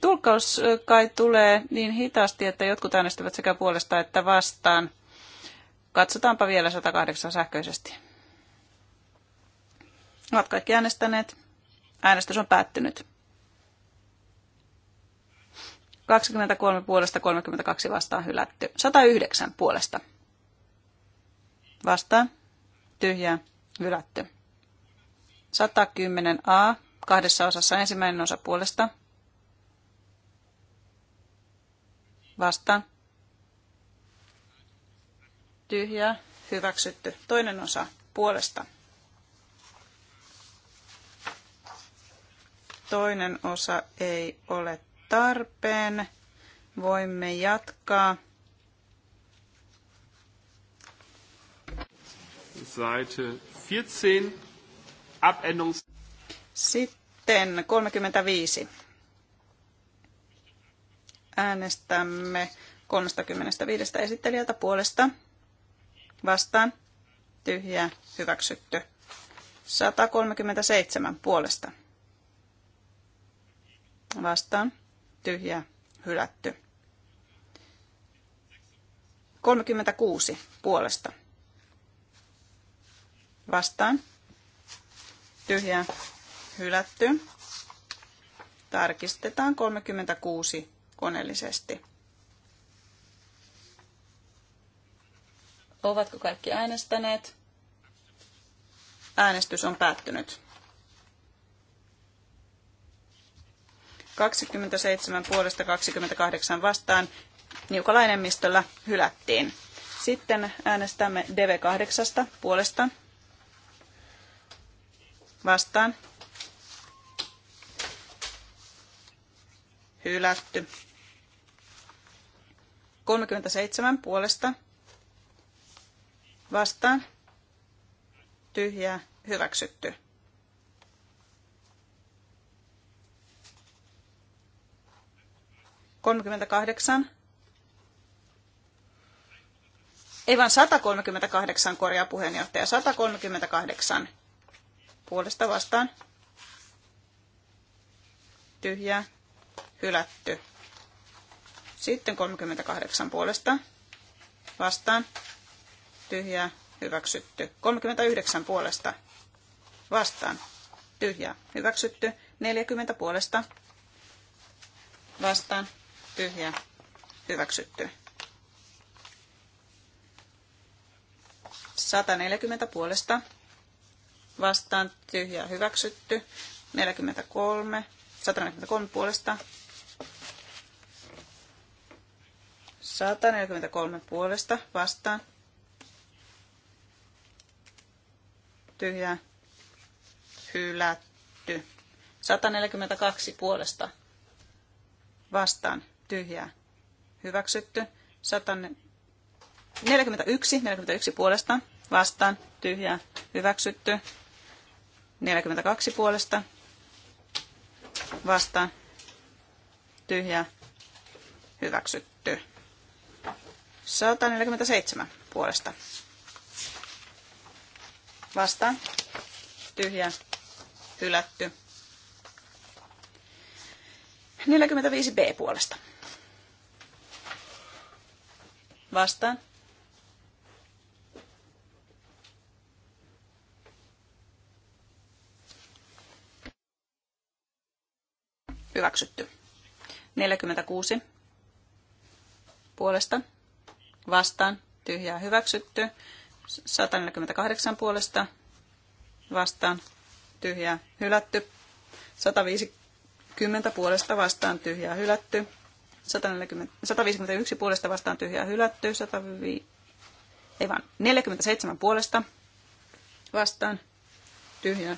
Tulkaus kai tulee niin hitaasti, että jotkut äänestävät sekä puolesta että vastaan. Katsotaanpa vielä 108 sähköisesti. Ovat kaikki äänestäneet. Äänestys on päättynyt. 23 puolesta 32 vastaan hylätty. 109 puolesta. Vastaan. Tyhjää. Hylätty. 110 A. Kahdessa osassa ensimmäinen osa puolesta. Vastaan. Tyhjää. Hyväksytty. Toinen osa puolesta. Toinen osa ei ole tarpeen. Voimme jatkaa. Seite 14. Abendungs Sitten 35. Äänestämme 35 esittelijältä puolesta. Vastaan. tyhjä Hyväksytty. 137 puolesta. Vastaan ja hylätty. 36 puolesta. Vastaan. tyhjä, hylätty. Tarkistetaan 36 koneellisesti. Ovatko kaikki äänestäneet? Äänestys on päättynyt. 27 puolesta 28 vastaan niukalla enemmistöllä hylättiin. Sitten äänestämme DV8 puolesta vastaan. Hylätty. 37 puolesta vastaan. Tyhjää hyväksytty. 38. Ei vaan 138 korjaa puheenjohtaja. 138 puolesta vastaan. tyhjä Hylätty. Sitten 38 puolesta vastaan. tyhjä Hyväksytty. 39 puolesta vastaan. tyhjä Hyväksytty. 40 puolesta vastaan tyhjä hyväksytty. 140 puolesta vastaan tyhjä hyväksytty. 43, 143 puolesta 143 puolesta vastaan. Tyhjä. Hylätty. 142 puolesta vastaan tyhjää hyväksytty. 41, 41 puolesta vastaan tyhjää hyväksytty. 42 puolesta vastaan tyhjää hyväksytty. 147 puolesta vastaan tyhjää hylätty. 45b puolesta Vastaan. Hyväksytty. 46. Puolesta. Vastaan. Tyhjää hyväksytty. 148 puolesta. Vastaan. Tyhjää hylätty. 150 puolesta vastaan tyhjää hylätty. 140, 151 puolesta vastaan tyhjää hylätty, 105, ei vaan 47 puolesta vastaan tyhjää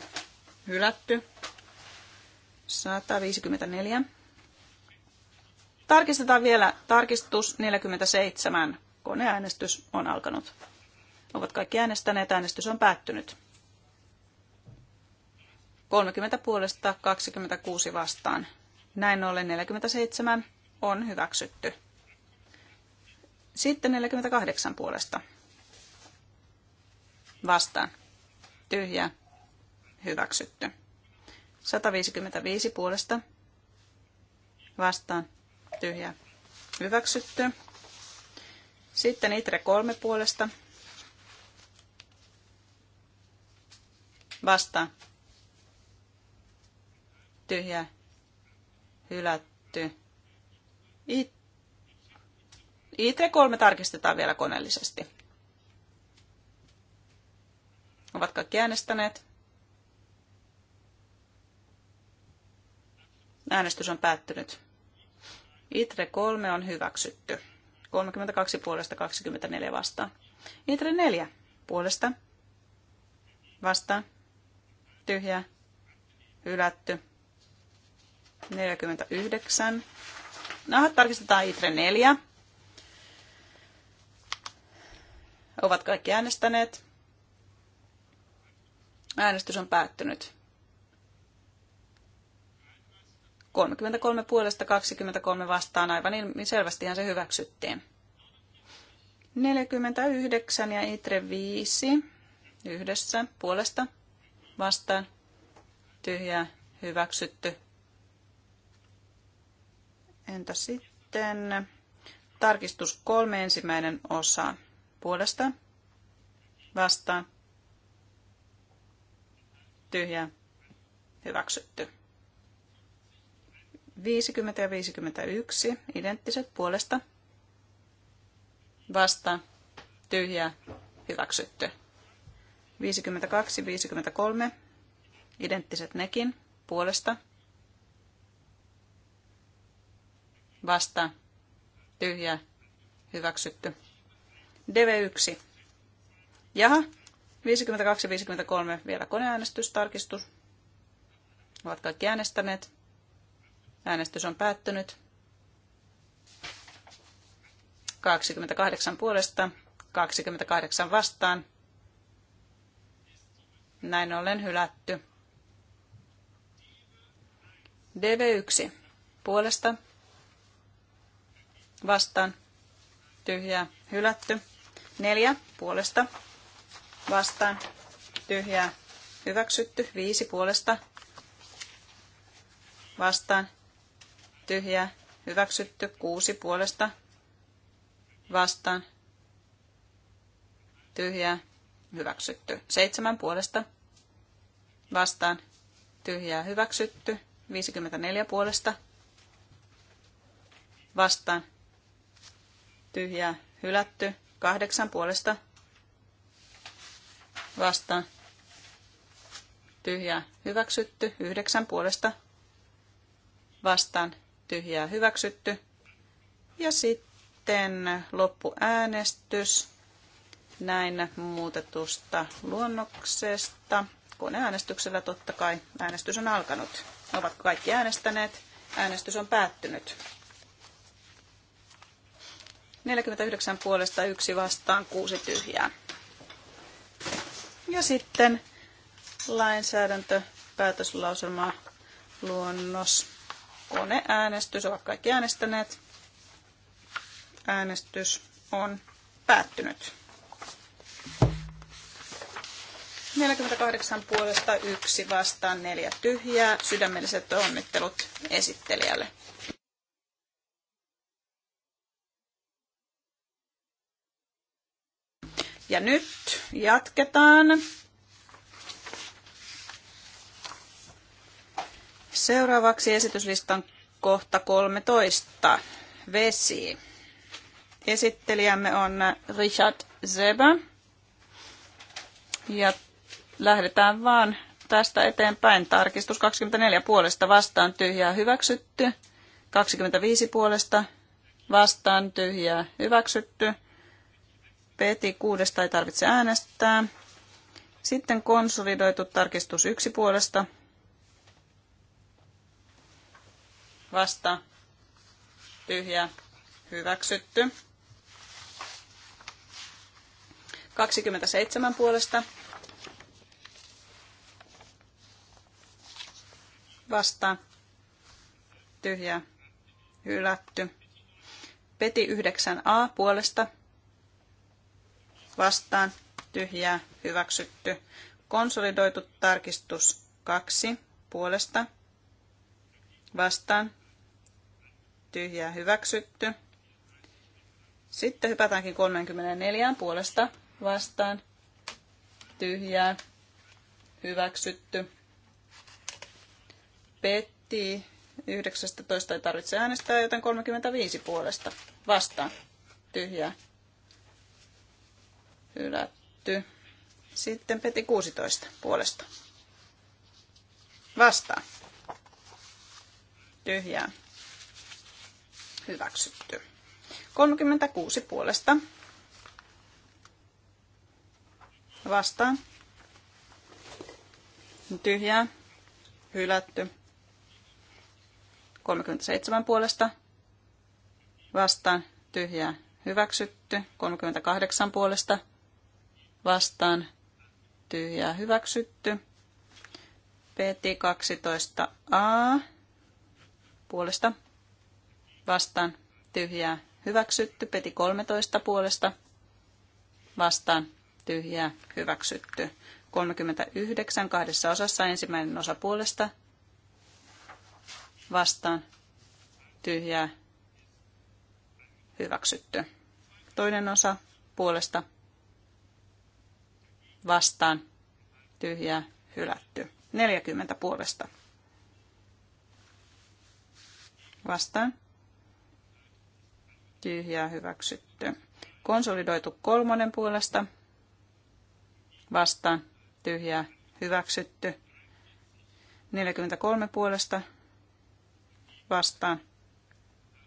hylätty, 154. Tarkistetaan vielä tarkistus 47. Koneäänestys on alkanut. Ovat kaikki äänestäneet, äänestys on päättynyt. 30 puolesta 26 vastaan. Näin ollen 47 on hyväksytty. Sitten 48 puolesta. Vastaan. Tyhjä. Hyväksytty. 155 puolesta. Vastaan. Tyhjä. Hyväksytty. Sitten itre 3 puolesta. Vastaan. Tyhjä. Hylätty it 3 tarkistetaan vielä koneellisesti. Ovat kaikki äänestäneet. Äänestys on päättynyt. ITRE 3 on hyväksytty. 32 puolesta 24 vastaan. ITRE 4 puolesta vastaan. Tyhjä. Hylätty. 49 Nahat tarkistetaan ITRE 4. Ovat kaikki äänestäneet. Äänestys on päättynyt. 33 puolesta 23 vastaan aivan selvästihan se hyväksyttiin. 49 ja Itre 5 yhdessä puolesta vastaan tyhjää hyväksytty. Entä sitten tarkistus kolme ensimmäinen osa puolesta vastaan tyhjä hyväksytty. 50 ja 51 identtiset puolesta vasta tyhjä hyväksytty. 52, 53 identtiset nekin puolesta Vastaan. tyhjä Hyväksytty. DV1. Jaha. 52-53 vielä koneäänestystarkistus. Ovat kaikki äänestäneet. Äänestys on päättynyt. 28 puolesta, 28 vastaan. Näin ollen hylätty. DV1 puolesta vastaan, tyhjää, hylätty. Neljä puolesta vastaan, tyhjää, hyväksytty. Viisi puolesta vastaan, tyhjää, hyväksytty. Kuusi puolesta vastaan, tyhjää, hyväksytty. Seitsemän puolesta vastaan, tyhjää, hyväksytty. 54 puolesta vastaan, tyhjää hylätty. Kahdeksan puolesta vastaan tyhjää hyväksytty. Yhdeksän puolesta vastaan tyhjää hyväksytty. Ja sitten loppuäänestys näin muutetusta luonnoksesta. Koneäänestyksellä totta kai äänestys on alkanut. Ovatko kaikki äänestäneet? Äänestys on päättynyt. 49 puolesta yksi vastaan kuusi tyhjää. Ja sitten lainsäädäntö, päätöslauselma, luonnos, koneäänestys, ovat kaikki äänestäneet. Äänestys on päättynyt. 48 puolesta yksi vastaan neljä tyhjää. Sydämelliset onnittelut esittelijälle. Ja nyt jatketaan. Seuraavaksi esityslistan kohta 13. Vesi. Esittelijämme on Richard Zeba. Ja lähdetään vaan tästä eteenpäin. Tarkistus 24 puolesta vastaan tyhjää hyväksytty. 25 puolesta vastaan tyhjää hyväksytty. Peti kuudesta ei tarvitse äänestää. Sitten konsolidoitu tarkistus yksi puolesta. Vasta. Tyhjä. Hyväksytty. 27 puolesta. Vasta. Tyhjä. Hylätty. Peti 9a puolesta vastaan tyhjää hyväksytty. Konsolidoitu tarkistus 2 puolesta vastaan tyhjää hyväksytty. Sitten hypätäänkin 34 puolesta vastaan tyhjää hyväksytty. Petti 19 ei tarvitse äänestää, joten 35 puolesta vastaan tyhjää Hylätty. Sitten Peti 16 puolesta. Vastaan. Tyhjää. Hyväksytty. 36 puolesta. Vastaan. Tyhjää. Hylätty. 37 puolesta. Vastaan. Tyhjää. Hyväksytty. 38 puolesta vastaan tyhjää hyväksytty. Peti 12a puolesta vastaan tyhjää hyväksytty. Peti 13 puolesta vastaan tyhjää hyväksytty. 39 kahdessa osassa ensimmäinen osa puolesta vastaan tyhjää hyväksytty. Toinen osa puolesta vastaan tyhjää hylätty. 40 puolesta vastaan tyhjää hyväksytty. Konsolidoitu kolmonen puolesta vastaan tyhjää hyväksytty. 43 puolesta vastaan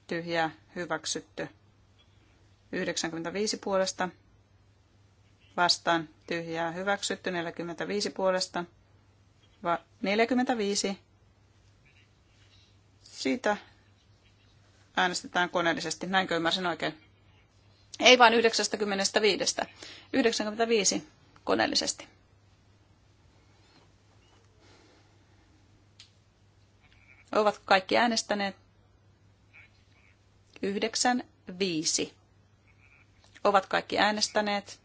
tyhjää hyväksytty. 95 puolesta vastaan tyhjää hyväksytty 45 puolesta. Va- 45. Siitä äänestetään koneellisesti, näinkö ymmärsin oikein? Ei vaan 95. 95 koneellisesti. Ovat kaikki äänestäneet? 9, 5. Ovat kaikki äänestäneet?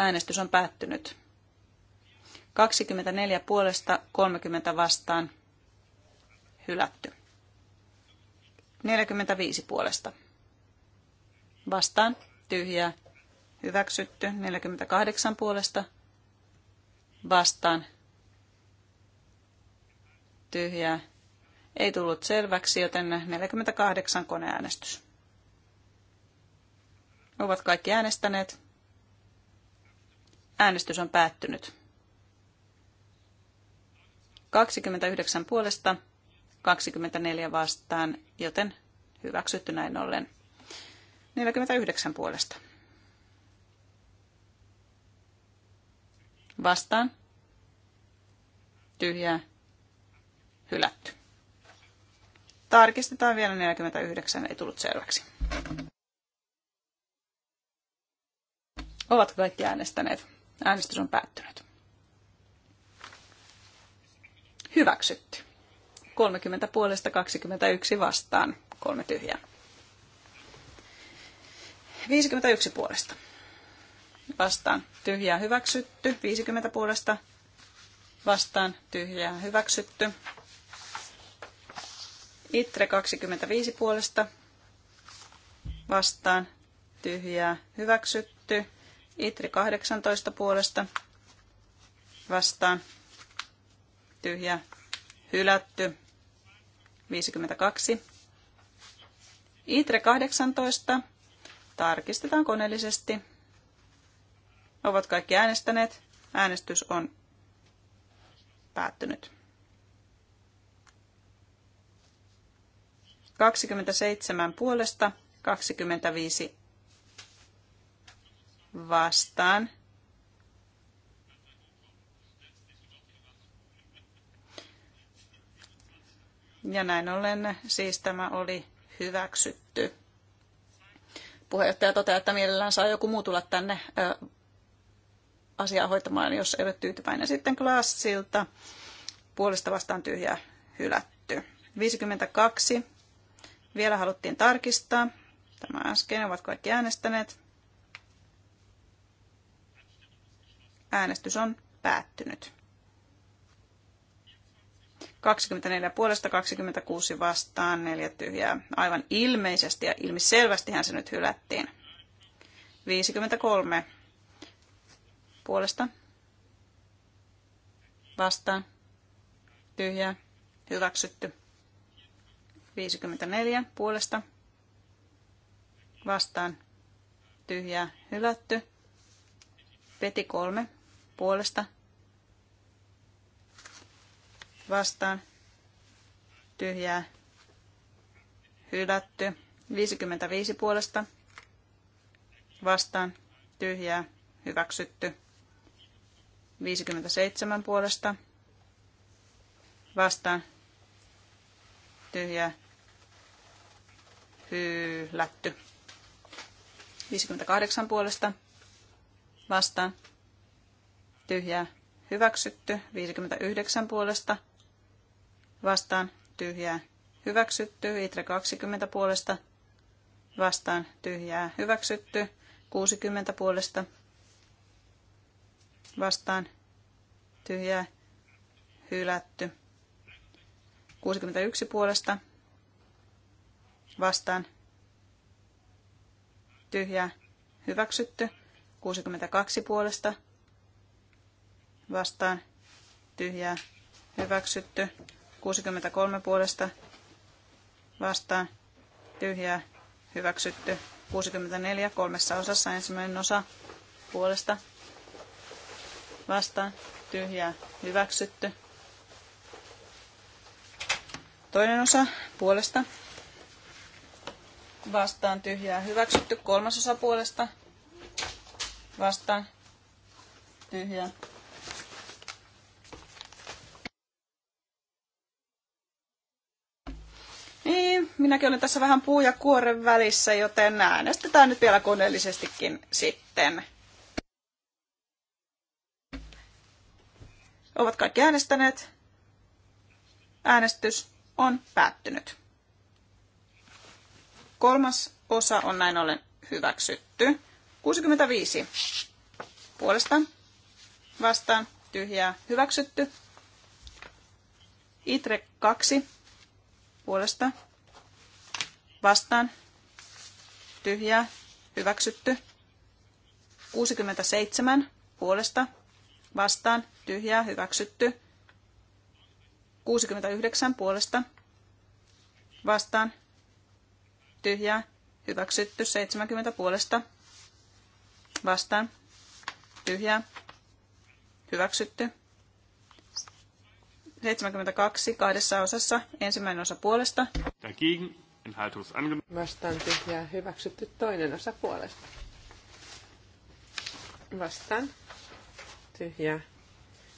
Äänestys on päättynyt. 24 puolesta 30 vastaan hylätty. 45 puolesta vastaan tyhjää hyväksytty. 48 puolesta vastaan tyhjää ei tullut selväksi, joten 48 koneäänestys. Ovat kaikki äänestäneet. Äänestys on päättynyt. 29 puolesta, 24 vastaan, joten hyväksytty näin ollen. 49 puolesta. Vastaan. Tyhjää. Hylätty. Tarkistetaan vielä 49, ei tullut selväksi. Ovatko kaikki äänestäneet? Äänestys on päättynyt. Hyväksytty. 30 puolesta 21 vastaan, kolme tyhjää. 51 puolesta. Vastaan tyhjää hyväksytty. 50 puolesta vastaan tyhjää hyväksytty. Itre 25 puolesta vastaan tyhjää hyväksytty. Itri 18 puolesta vastaan. Tyhjä hylätty. 52. Itre 18. Tarkistetaan koneellisesti. Ovat kaikki äänestäneet. Äänestys on päättynyt. 27 puolesta, 25 vastaan. Ja näin ollen siis tämä oli hyväksytty. Puheenjohtaja toteaa, että mielellään saa joku muu tulla tänne ö, asiaa hoitamaan, jos ei ole tyytyväinen. Sitten klassilta puolesta vastaan tyhjä hylätty. 52. Vielä haluttiin tarkistaa. Tämä äsken ovat kaikki äänestäneet. Äänestys on päättynyt. 24 puolesta 26 vastaan, neljä tyhjää. Aivan ilmeisesti ja ilmiselvästihän se nyt hylättiin. 53 puolesta vastaan, tyhjää, hyväksytty. 54 puolesta vastaan, tyhjää, hylätty. Peti kolme puolesta vastaan tyhjää hylätty. 55 puolesta vastaan tyhjää hyväksytty. 57 puolesta vastaan tyhjää hylätty. 58 puolesta vastaan tyhjää hyväksytty. 59 puolesta vastaan tyhjää hyväksytty. Itre 20 puolesta vastaan tyhjää hyväksytty. 60 puolesta vastaan tyhjää hylätty. 61 puolesta vastaan tyhjää hyväksytty. 62 puolesta vastaan tyhjää hyväksytty. 63 puolesta vastaan tyhjää hyväksytty. 64 kolmessa osassa ensimmäinen osa puolesta vastaan tyhjää hyväksytty. Toinen osa puolesta vastaan tyhjää hyväksytty. Kolmas osa puolesta vastaan tyhjää minäkin olen tässä vähän puu ja kuoren välissä, joten äänestetään nyt vielä koneellisestikin sitten. Ovat kaikki äänestäneet. Äänestys on päättynyt. Kolmas osa on näin ollen hyväksytty. 65. Puolesta vastaan tyhjää hyväksytty. Itre 2 puolesta Vastaan. Tyhjää. Hyväksytty. 67 puolesta. Vastaan. Tyhjää. Hyväksytty. 69 puolesta. Vastaan. Tyhjää. Hyväksytty. 70 puolesta. Vastaan. Tyhjää. Hyväksytty. 72 kahdessa osassa. Ensimmäinen osa puolesta. Dagegen Vastaan ja hyväksytty toinen osa puolesta. Vastaan tyhjää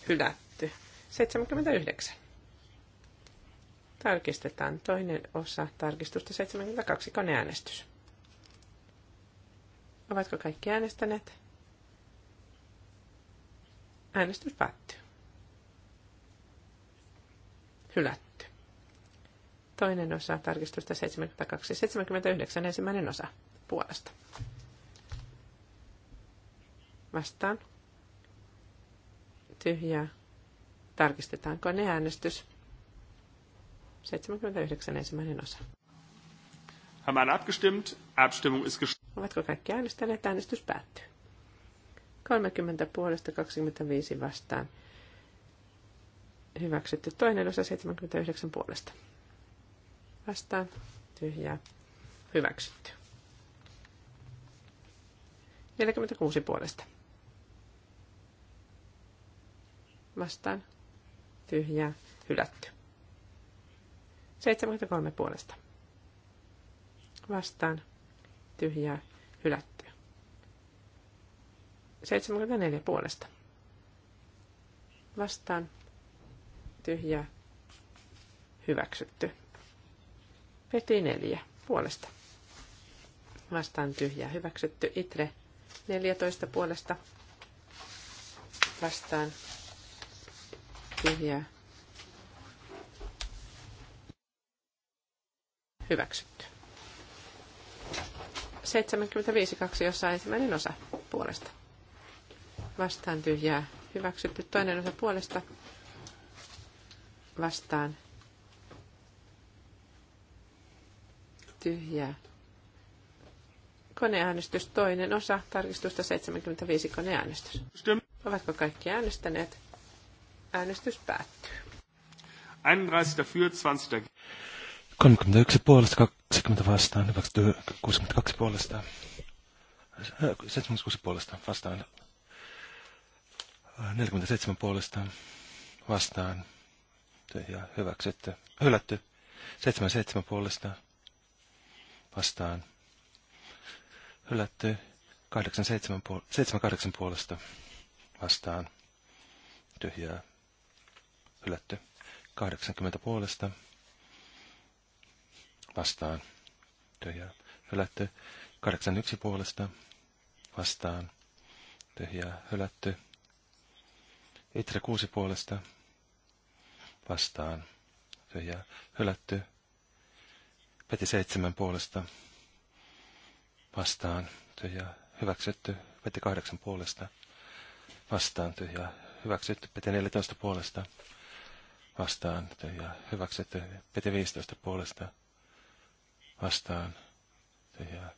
hylätty. 79. Tarkistetaan toinen osa tarkistusta 72 koneäänestys. Ovatko kaikki äänestäneet? Äänestys päättyy. Hylätty. Toinen osa tarkistusta 72. 79 ensimmäinen osa puolesta. Vastaan. Tyhjää. Tarkistetaan äänestys? 79 ensimmäinen osa. Haben alle abgestimmt? Abstimmung ist geschlossen. Ovatko kaikki äänestäneet? Äänestys päättyy. 30 puolesta 25 vastaan. Hyväksytty toinen osa 79 puolesta vastaan tyhjää hyväksytty. 46 puolesta. Vastaan tyhjää hylätty. 73 puolesta. Vastaan tyhjää hylätty. 74 puolesta. Vastaan tyhjää hyväksytty. Peti neljä puolesta. Vastaan tyhjää. Hyväksytty Itre 14 puolesta. Vastaan tyhjää. Hyväksytty. 75.2, jossa ensimmäinen osa puolesta. Vastaan tyhjää. Hyväksytty toinen osa puolesta. Vastaan tyhjää. Koneäänestys toinen osa tarkistusta 75 koneäänestys. Ovatko kaikki äänestäneet? Äänestys päättyy. 31 dafür, 20 31 puolesta, 20 vastaan, 62 puolesta. 76 äh, puolesta vastaan. 47 äh, puolesta vastaan. Ja hyväksytty. Hylätty. 77 puolesta vastaan. Hylätty 78 78 puolesta vastaan. Tyhjää. Hylätty 80 puolesta vastaan. Tyhjää. Hylätty 81 puolesta vastaan. Tyhjää. Hylätty. Itre kuusi puolesta vastaan. Tyhjää. Hylätty Peti seitsemän puolesta vastaan tyhjää hyväksytty. Peti kahdeksan puolesta vastaan tyhjää hyväksytty. Peti neljätoista puolesta vastaan tyhjää hyväksytty. Peti viisitoista puolesta vastaan tyhjää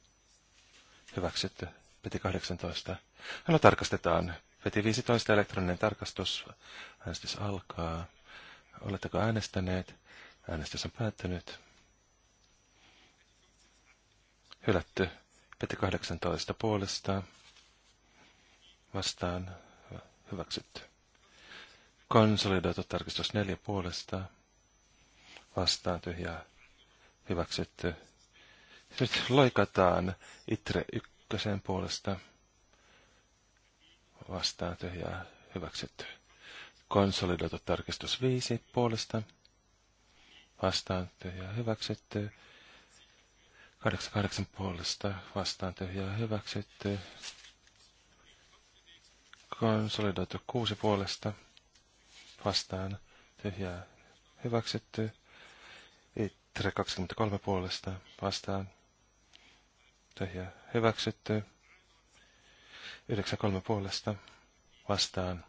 hyväksytty. Peti kahdeksantoista. No tarkastetaan. Peti viisitoista elektroninen tarkastus. Äänestys alkaa. Oletteko äänestäneet? Äänestys on päättynyt hylätty. Peti 18 puolesta vastaan hyväksytty. Konsolidoitu tarkistus 4 puolesta vastaan tyhjää hyväksytty. Nyt loikataan itre ykkösen puolesta vastaan tyhjää hyväksytty. Konsolidoitu tarkistus 5 puolesta vastaan tyhjää hyväksytty. 88 puolesta vastaan tyhjää hyväksytty. Konsolidoitu 6 puolesta vastaan tyhjää hyväksytty. Itre 23 puolesta vastaan tyhjää hyväksytty. 93 puolesta vastaan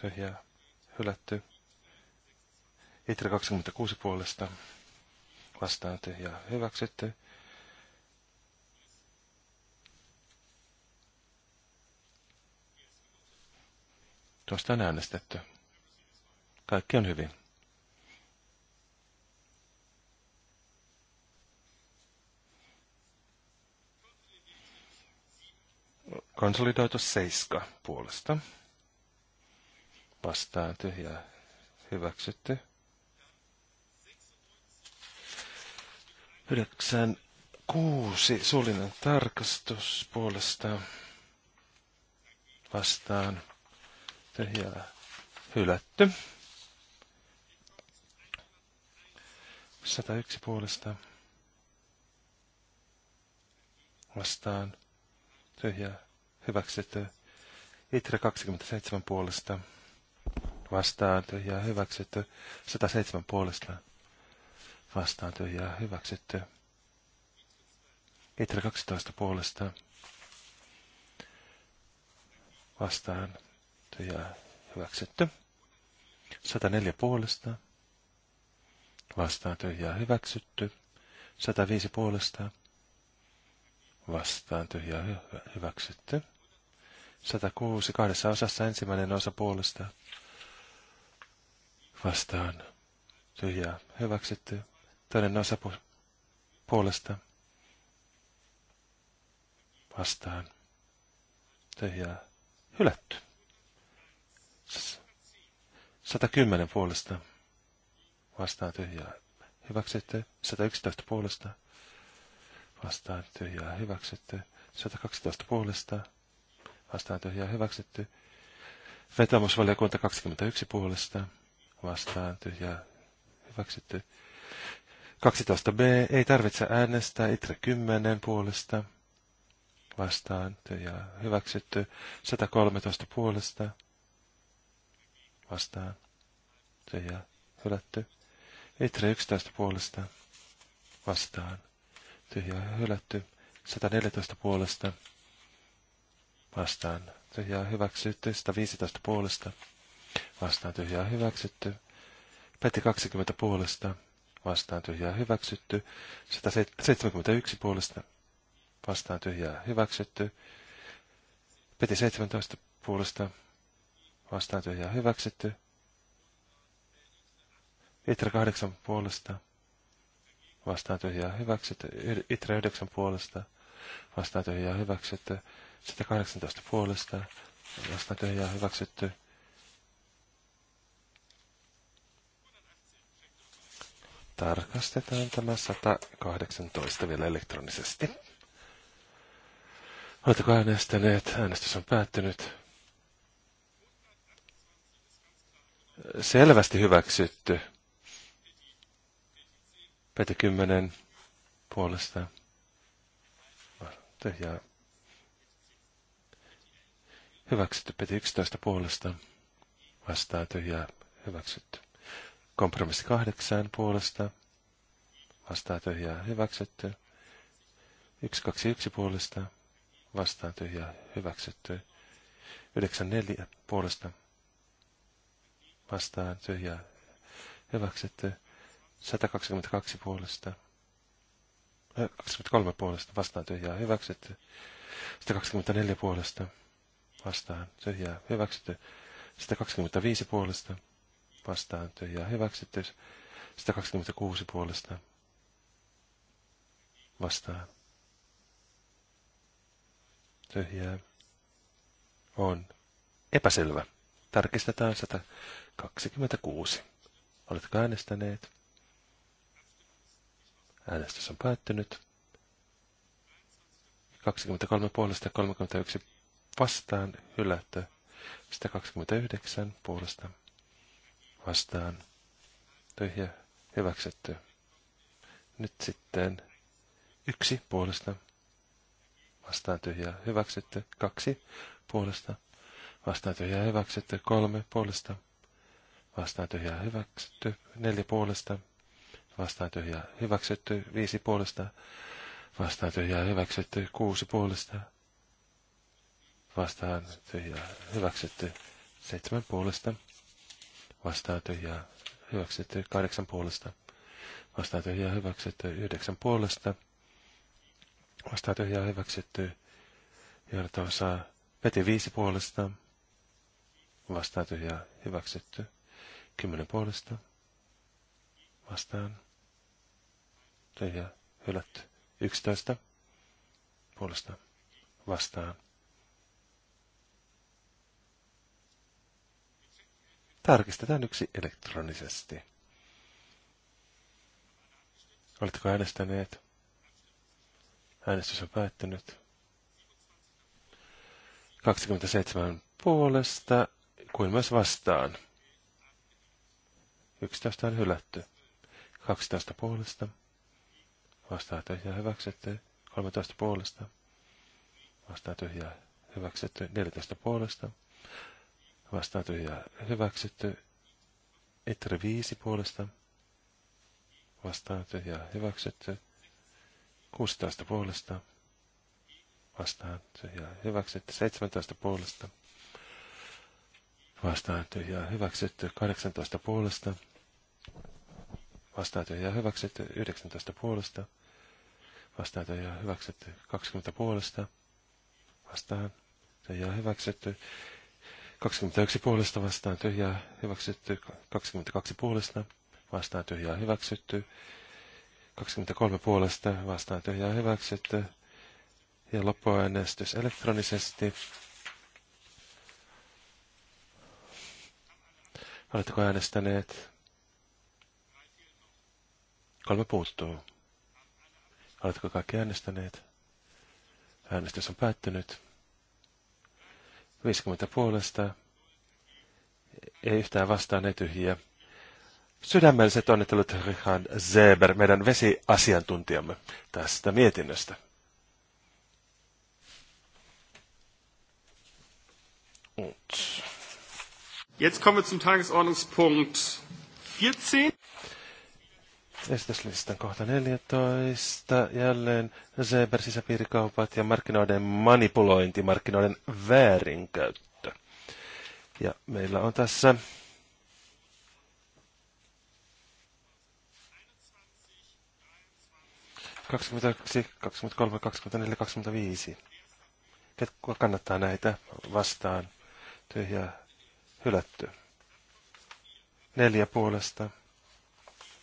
tyhjää hylätty. Itre 26 puolesta vastaan tyhjää hyväksytty. Tuosta on äänestetty. Kaikki on hyvin. Konsolidoitu seiska puolesta. Vastaan tyhjää. Hyväksytty. 96 suullinen tarkastus puolesta vastaan tyhjää hylätty. 101 puolesta vastaan Tyhjä hyväksytty. Itre 27 puolesta vastaan Tyhjä hyväksytty. 107 puolesta vastaan Tyhjä hyväksytty. Itre 12 puolesta vastaan hyväksytty ja hyväksytty. 104 puolesta vastaan tyhjää hyväksytty. 105 puolesta vastaan tyhjää hy- hyväksytty. 106 kahdessa osassa ensimmäinen osa puolesta vastaan tyhjää hyväksytty. Toinen osa pu- puolesta vastaan tyhjää hylätty. 110 puolesta vastaan tyhjää hyväksytty. 111 puolesta vastaan tyhjää hyväksytty. 112 puolesta vastaan tyhjää hyväksytty. Vetomusvaliokunta 21 puolesta vastaan tyhjää hyväksytty. 12b ei tarvitse äänestää itre 10 puolesta vastaan tyhjää hyväksytty. 113 puolesta vastaan. Se jää hylätty. Itre 11 puolesta vastaan. Tyhjää hylätty. 114 puolesta vastaan. Tyhjää hyväksytty. 115 puolesta vastaan. Tyhjää hyväksytty. Peti 20 puolesta vastaan. Tyhjää hyväksytty. 171 puolesta vastaan. Tyhjää hyväksytty. Peti 17 puolesta Vastaan tyhjää hyväksytty. Itra kahdeksan puolesta. Vastaan tyhjää hyväksytty. Itra yhdeksän puolesta. Vastaan tyhjää hyväksytty. 118 puolesta. Vastaan tyhjää hyväksytty. Tarkastetaan tämä 118 vielä elektronisesti. Oletteko äänestäneet? Äänestys on päättynyt. selvästi hyväksytty. Peti 10 puolesta. Ja Hyväksytty peti 11 puolesta. Vastaa tyhjää. Hyväksytty. Kompromissi 8 puolesta. Vastaa tyhjää. Hyväksytty. 121 puolesta. Vastaa tyhjää. Hyväksytty. 94 puolesta vastaan tyhjää Hyväksi, että 122 puolesta. 23 puolesta vastaan tyhjää hyväksytty. 124 puolesta vastaan tyhjää hyväksytty. 125 puolesta vastaan tyhjää hyväksytty. 126 puolesta vastaan tyhjää on epäselvä. Tarkistetaan 100. 26. Oletko äänestäneet? Äänestys on päättynyt. 23 puolesta 31 vastaan hylätty. 129 puolesta vastaan tyhjä hyväksytty. Nyt sitten yksi puolesta vastaan tyhjä hyväksytty. Kaksi puolesta vastaan tyhjä hyväksytty. Kolme puolesta vastaan tyhjää hyväksytty, neljä puolesta, vastaan tyhjää hyväksytty, viisi puolesta, vastaan tyhjää hyväksytty, kuusi puolesta, vastaan tyhjää hyväksytty, seitsemän puolesta, vastaan tyhjää hyväksytty, kahdeksan puolesta, vastaan tyhjää hyväksytty, yhdeksän puolesta, vastaan tyhjää hyväksytty, johdatava saa peti viisi puolesta, vastaan tyhjää hyväksytty. Kymmenen puolesta. Vastaan. Ja hylät Yksitoista. Puolesta. Vastaan. Tarkistetaan yksi elektronisesti. Oletteko äänestäneet? Äänestys on päättynyt. 27 puolesta kuin myös vastaan. 11 on hylätty. 12 puolesta. Vastaa tyhjää hyväksytty. 13 puolesta. Vastaa tyhjää hyväksytty. 14 puolesta. Vastaa tyhjää hyväksytty. Itri 5 puolesta. Vastaa tyhjää hyväksytty. 16 puolesta. Vastaa tyhjää hyväksytty. 17 puolesta. Vastaan tyhjää hyväksytty. 18 puolesta vastaantoja hyväksytty 19 puolesta, vastaantoja hyväksytty 20 puolesta, vastaan tyhjää hyväksytty 21 puolesta vastaan tyhjää hyväksytty 22 puolesta vastaan tyhjää hyväksytty 23 puolesta vastaan tyhjää hyväksytty ja loppuäänestys elektronisesti. Oletteko äänestäneet? Kolme puuttuu. Oletko kaikki äänestäneet? Äänestys on päättynyt. 50 puolesta. Ei yhtään vastaan, ei tyhjiä. Sydämelliset onnittelut Richard Zeber, meidän vesiasiantuntijamme, tästä mietinnöstä. Jetzt kommen wir zum Tagesordnungspunkt 14. Esityslistan kohta 14. Jälleen Zeber sisäpiirikaupat ja markkinoiden manipulointi, markkinoiden väärinkäyttö. Ja meillä on tässä ...22, 23, 24, 25. Ketkä kannattaa näitä vastaan? Tyhjää hylätty. Neljä puolesta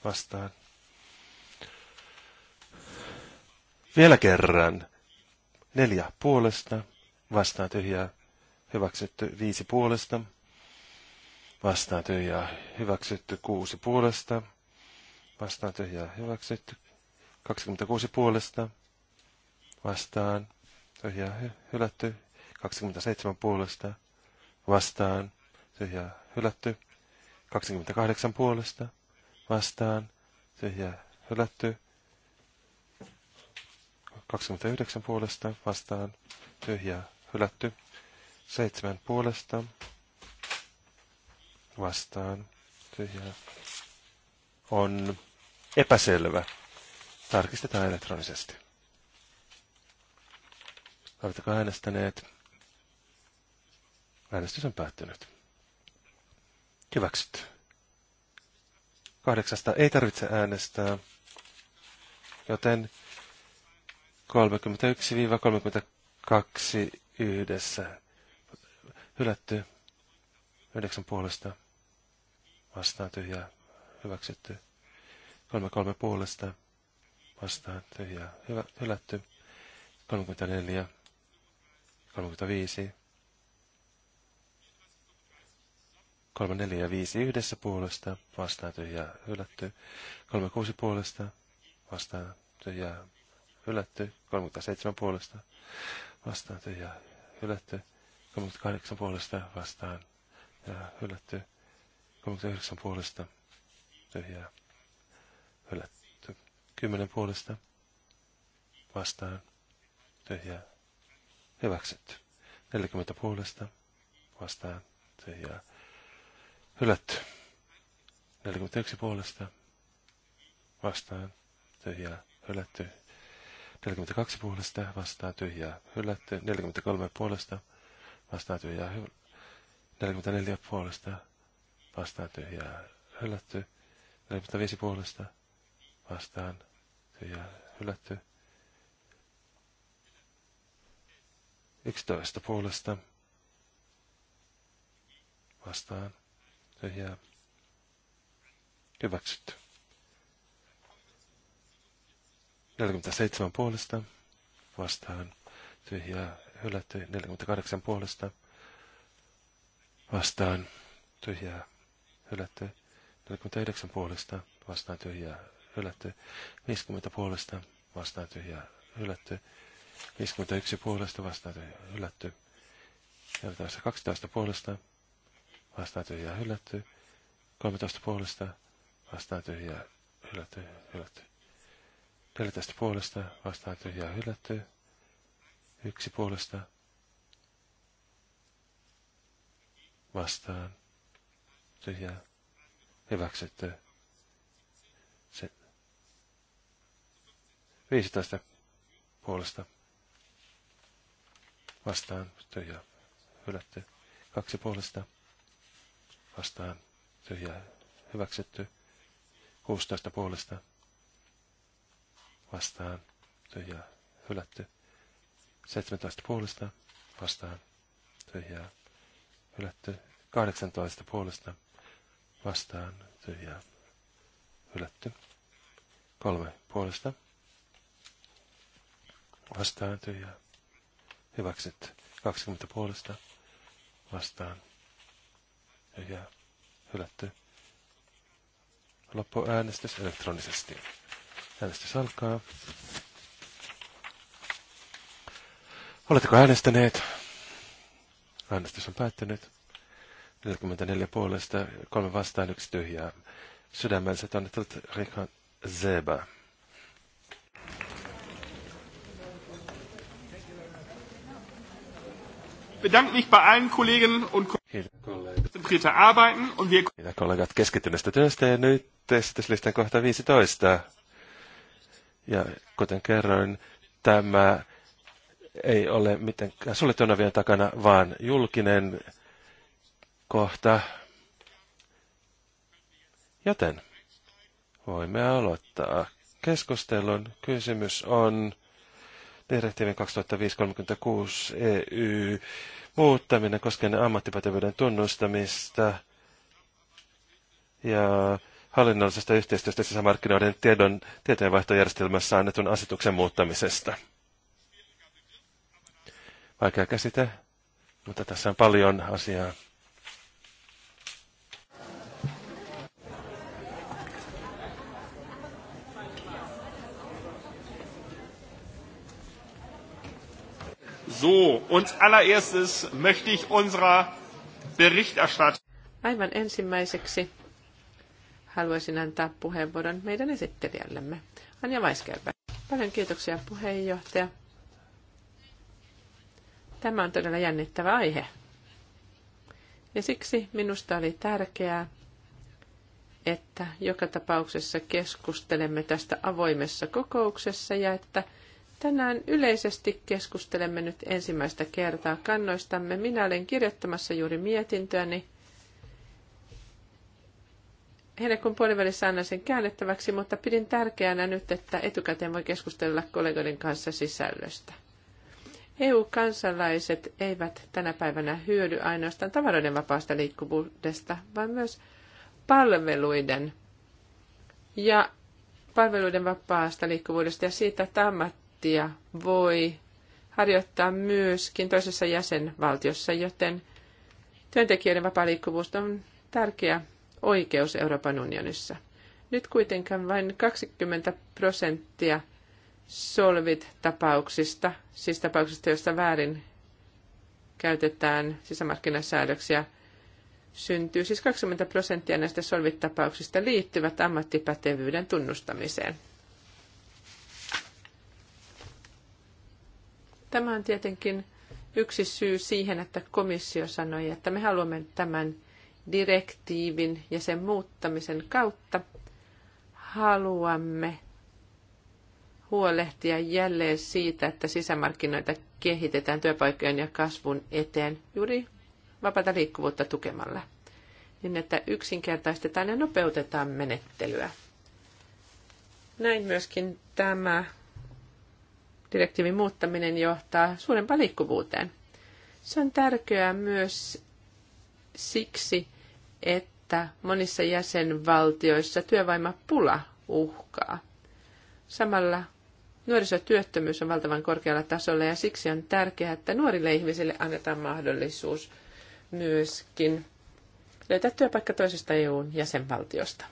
vastaan Vielä kerran. Neljä puolesta, vastaan tyhjää, hyväksytty viisi puolesta, vastaan tyhjää, hyväksytty kuusi puolesta, vastaan tyhjää, hyväksytty 26 puolesta, vastaan tyhjää, hy- hylätty 27 puolesta, vastaan tyhjää, hylätty 28 puolesta, vastaan tyhjää, hylätty 29 puolesta vastaan tyhjää hylätty. 7 puolesta vastaan tyhjää on epäselvä. Tarkistetaan elektronisesti. Oletteko äänestäneet? Äänestys on päättynyt. Hyväksytty. Kahdeksasta ei tarvitse äänestää, joten 31-32 yhdessä. Hylätty. Yhdeksän puolesta. Vastaan tyhjää. Hyväksytty. 33 puolesta. Vastaan tyhjää. Hyvä, hylätty. 34. 35. 3, ja 5 yhdessä puolesta, vastaan tyhjää hylätty. 36 puolesta, vastaan tyhjää hylätty 37 puolesta vastaan ja hylätty 38 puolesta vastaan ja hylätty 39 puolesta tyhjää hylätty 10 puolesta vastaan tyhjää hyväksytty 40 puolesta vastaan tyhjää hylätty 41 puolesta vastaan tyhjää hylätty 42 puolesta vastaa tyhjää hylätty. 43 puolesta vastaa tyhjää hylätty. 44 puolesta vastaan tyhjää hylätty. 45 puolesta vastaan tyhjää hylätty. 11 puolesta vastaan tyhjää hyväksytty. 47 puolesta vastaan tyhjää hylätty. 48 puolesta vastaan tyhjää hylätty. 49 puolesta vastaan tyhjää hylätty. 50 puolesta vastaan tyhjää hylätty. 51 puolesta vastaan tyhjää hylätty. 12 puolesta vastaan tyhjää hylätty. 13 puolesta vastaan tyhjää hylätty, hylätty. 14 puolesta vastaan tyhjää hylätty. Yksi puolesta vastaan tyhjää hyväksytty. Se 15 puolesta vastaan tyhjää hylätty. Kaksi puolesta vastaan tyhjää hyväksytty. 16 puolesta vastaan, tyhjää, hylätty. 17 puolesta vastaan, tyhjää, hylätty. 18 puolesta vastaan, tyhjää, hylätty. Kolme puolesta vastaan, tyhjää, hyväksyt 20 puolesta vastaan, tyhjää, hylätty. Loppuäänestys elektronisesti. Äänestys alkaa. Oletteko äänestäneet? Äänestys on päättynyt. 44 puolesta, kolme vastaan, yksi tyhjää. Sydämensä onnittelut Richard Zeba. Bedankt mich bei allen Kollegen und Kollegen Kollegat keskittyneestä työstä ja nyt esityslistan kohta 15. Ja kuten kerroin, tämä ei ole mitenkään suljettuna ovien takana, vaan julkinen kohta. Joten voimme aloittaa keskustelun. Kysymys on direktiivin 2005-36 e muuttaminen koskien ammattipätevyyden tunnustamista ja hallinnollisesta yhteistyöstä sisämarkkinoiden tiedon, tietojenvaihtojärjestelmässä annetun asetuksen muuttamisesta. Vaikea käsite, mutta tässä on paljon asiaa. So, und allererstes möchte ich unserer Berichterstatterin. Aivan ensimmäiseksi haluaisin antaa puheenvuoron meidän esittelijällemme, Anja Weisgerber. Paljon kiitoksia puheenjohtaja. Tämä on todella jännittävä aihe. Ja siksi minusta oli tärkeää, että joka tapauksessa keskustelemme tästä avoimessa kokouksessa ja että tänään yleisesti keskustelemme nyt ensimmäistä kertaa kannoistamme. Minä olen kirjoittamassa juuri mietintöäni. Niin heinäkuun puolivälissä annan sen käännettäväksi, mutta pidin tärkeänä nyt, että etukäteen voi keskustella kollegoiden kanssa sisällöstä. EU-kansalaiset eivät tänä päivänä hyödy ainoastaan tavaroiden vapaasta liikkuvuudesta, vaan myös palveluiden ja palveluiden vapaasta liikkuvuudesta ja siitä, että ammattia voi harjoittaa myöskin toisessa jäsenvaltiossa, joten työntekijöiden vapaa liikkuvuus on tärkeä oikeus Euroopan unionissa. Nyt kuitenkin vain 20 prosenttia solvit-tapauksista, siis tapauksista, joista väärin käytetään sisämarkkinasäädöksiä, syntyy siis 20 prosenttia näistä solvit-tapauksista liittyvät ammattipätevyyden tunnustamiseen. Tämä on tietenkin yksi syy siihen, että komissio sanoi, että me haluamme tämän direktiivin ja sen muuttamisen kautta haluamme huolehtia jälleen siitä, että sisämarkkinoita kehitetään työpaikkojen ja kasvun eteen juuri vapaata liikkuvuutta tukemalla, niin että yksinkertaistetaan ja nopeutetaan menettelyä. Näin myöskin tämä direktiivin muuttaminen johtaa suurempaan liikkuvuuteen. Se on tärkeää myös siksi, että monissa jäsenvaltioissa työvoimapula uhkaa. Samalla nuorisotyöttömyys on valtavan korkealla tasolla ja siksi on tärkeää, että nuorille ihmisille annetaan mahdollisuus myöskin löytää työpaikka toisesta EUn jäsenvaltiosta.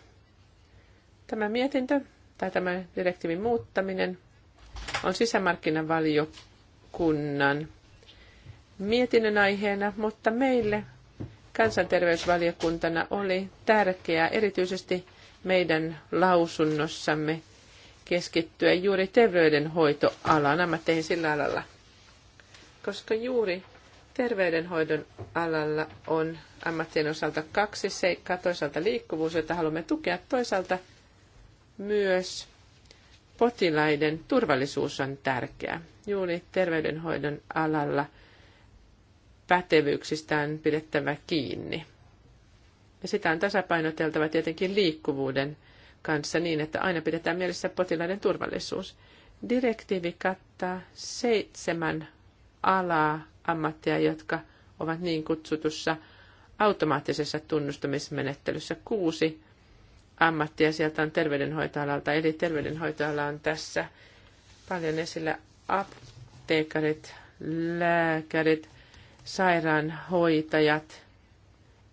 Tämä mietintö tai tämä direktiivin muuttaminen on sisämarkkinavaliokunnan mietinnön aiheena, mutta meille kansanterveysvaliokuntana oli tärkeää erityisesti meidän lausunnossamme keskittyä juuri terveydenhoitoalan ammatteihin sillä alalla, koska juuri terveydenhoidon alalla on ammattien osalta kaksi seikkaa, toisaalta liikkuvuus, jota haluamme tukea, toisaalta myös potilaiden turvallisuus on tärkeää. Juuri terveydenhoidon alalla – pätevyyksistään pidettävä kiinni. Ja sitä on tasapainoteltava tietenkin liikkuvuuden kanssa niin, että aina pidetään mielessä potilaiden turvallisuus. Direktiivi kattaa seitsemän alaa ammattia, jotka ovat niin kutsutussa automaattisessa tunnustamismenettelyssä kuusi ammattia. Sieltä on terveydenhoitoalalta, eli terveydenhoitoala on tässä paljon esillä apteekarit, lääkärit, sairaanhoitajat,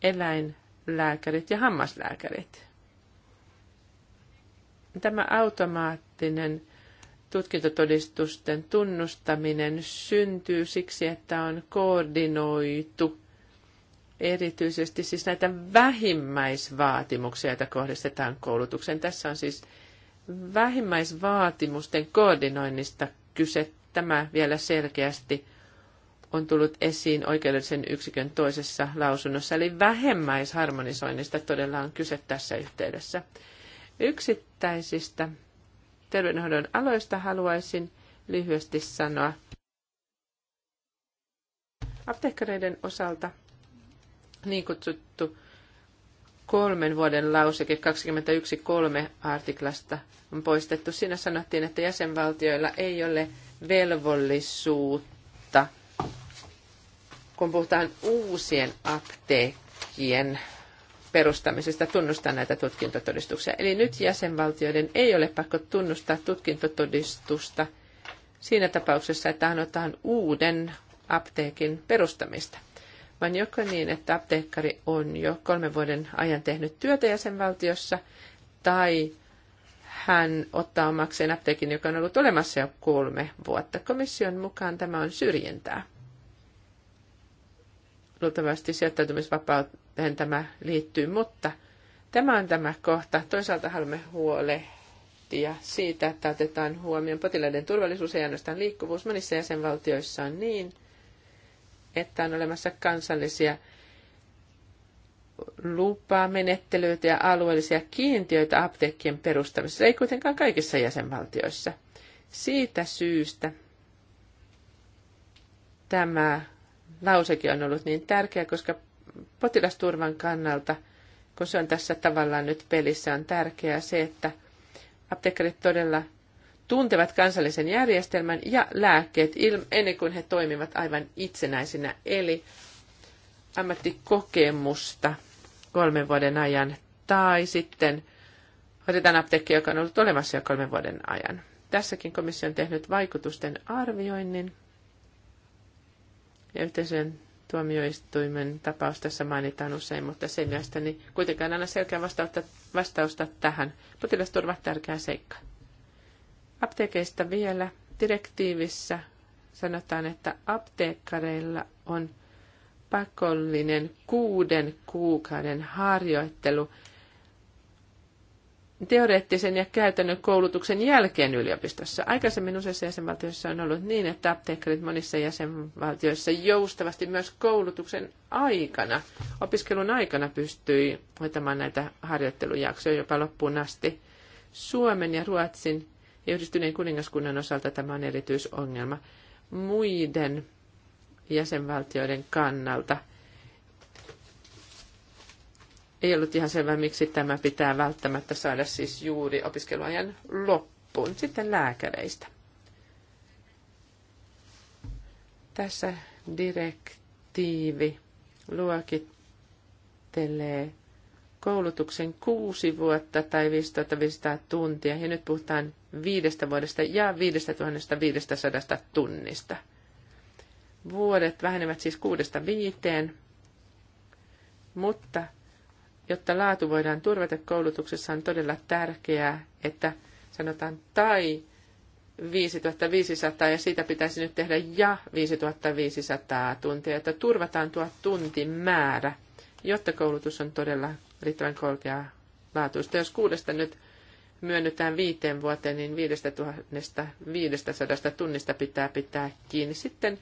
eläinlääkärit ja hammaslääkärit. Tämä automaattinen tutkintotodistusten tunnustaminen syntyy siksi, että on koordinoitu erityisesti siis näitä vähimmäisvaatimuksia, joita kohdistetaan koulutukseen. Tässä on siis vähimmäisvaatimusten koordinoinnista kyse. Tämä vielä selkeästi on tullut esiin oikeudellisen yksikön toisessa lausunnossa, eli vähemmäisharmonisoinnista todella on kyse tässä yhteydessä. Yksittäisistä terveydenhoidon aloista haluaisin lyhyesti sanoa. Apteekkareiden osalta niin kutsuttu kolmen vuoden lauseke 21.3 artiklasta on poistettu. Siinä sanottiin, että jäsenvaltioilla ei ole velvollisuutta kun puhutaan uusien apteekkien perustamisesta tunnustaa näitä tutkintotodistuksia. Eli nyt jäsenvaltioiden ei ole pakko tunnustaa tutkintotodistusta siinä tapauksessa, että annetaan uuden apteekin perustamista, vaan joko niin, että apteekkari on jo kolmen vuoden ajan tehnyt työtä jäsenvaltiossa, tai hän ottaa omakseen apteekin, joka on ollut olemassa jo kolme vuotta. Komission mukaan tämä on syrjintää. Luultavasti sijoittautumisvapauteen tämä liittyy, mutta tämä on tämä kohta. Toisaalta haluamme huolehtia siitä, että otetaan huomioon potilaiden turvallisuus ja ainoastaan liikkuvuus. Monissa jäsenvaltioissa on niin, että on olemassa kansallisia menettelyitä ja alueellisia kiintiöitä apteekkien perustamisessa, ei kuitenkaan kaikissa jäsenvaltioissa. Siitä syystä tämä lausekin on ollut niin tärkeä, koska potilasturvan kannalta, kun se on tässä tavallaan nyt pelissä, on tärkeää se, että apteekkarit todella tuntevat kansallisen järjestelmän ja lääkkeet ennen kuin he toimivat aivan itsenäisinä. Eli ammattikokemusta kolmen vuoden ajan tai sitten otetaan apteekki, joka on ollut olemassa jo kolmen vuoden ajan. Tässäkin komissio on tehnyt vaikutusten arvioinnin ja yhteisöjen tuomioistuimen tapaus tässä mainitaan usein, mutta sen mielestäni kuitenkaan aina selkeä vastausta, vastausta tähän. Potilasturva tärkeä seikka. Apteekeista vielä. Direktiivissä sanotaan, että apteekkareilla on pakollinen kuuden kuukauden harjoittelu – teoreettisen ja käytännön koulutuksen jälkeen yliopistossa. Aikaisemmin useissa jäsenvaltioissa on ollut niin, että apteekkarit monissa jäsenvaltioissa joustavasti myös koulutuksen aikana, opiskelun aikana pystyi hoitamaan näitä harjoittelujaksoja jopa loppuun asti. Suomen ja Ruotsin ja yhdistyneen kuningaskunnan osalta tämä on erityisongelma. Muiden jäsenvaltioiden kannalta – ei ollut ihan selvää, miksi tämä pitää välttämättä saada siis juuri opiskeluajan loppuun. Sitten lääkäreistä. Tässä direktiivi luokittelee koulutuksen kuusi vuotta tai 5500 tuntia, ja nyt puhutaan viidestä vuodesta ja 5500 tunnista. Vuodet vähenevät siis kuudesta viiteen, mutta Jotta laatu voidaan turvata koulutuksessa, on todella tärkeää, että sanotaan tai 5500 ja siitä pitäisi nyt tehdä ja 5500 tuntia, että turvataan tuo tuntimäärä, jotta koulutus on todella riittävän korkea laatuista. Jos kuudesta nyt myönnytään viiteen vuoteen, niin 5500 tunnista pitää pitää kiinni. Sitten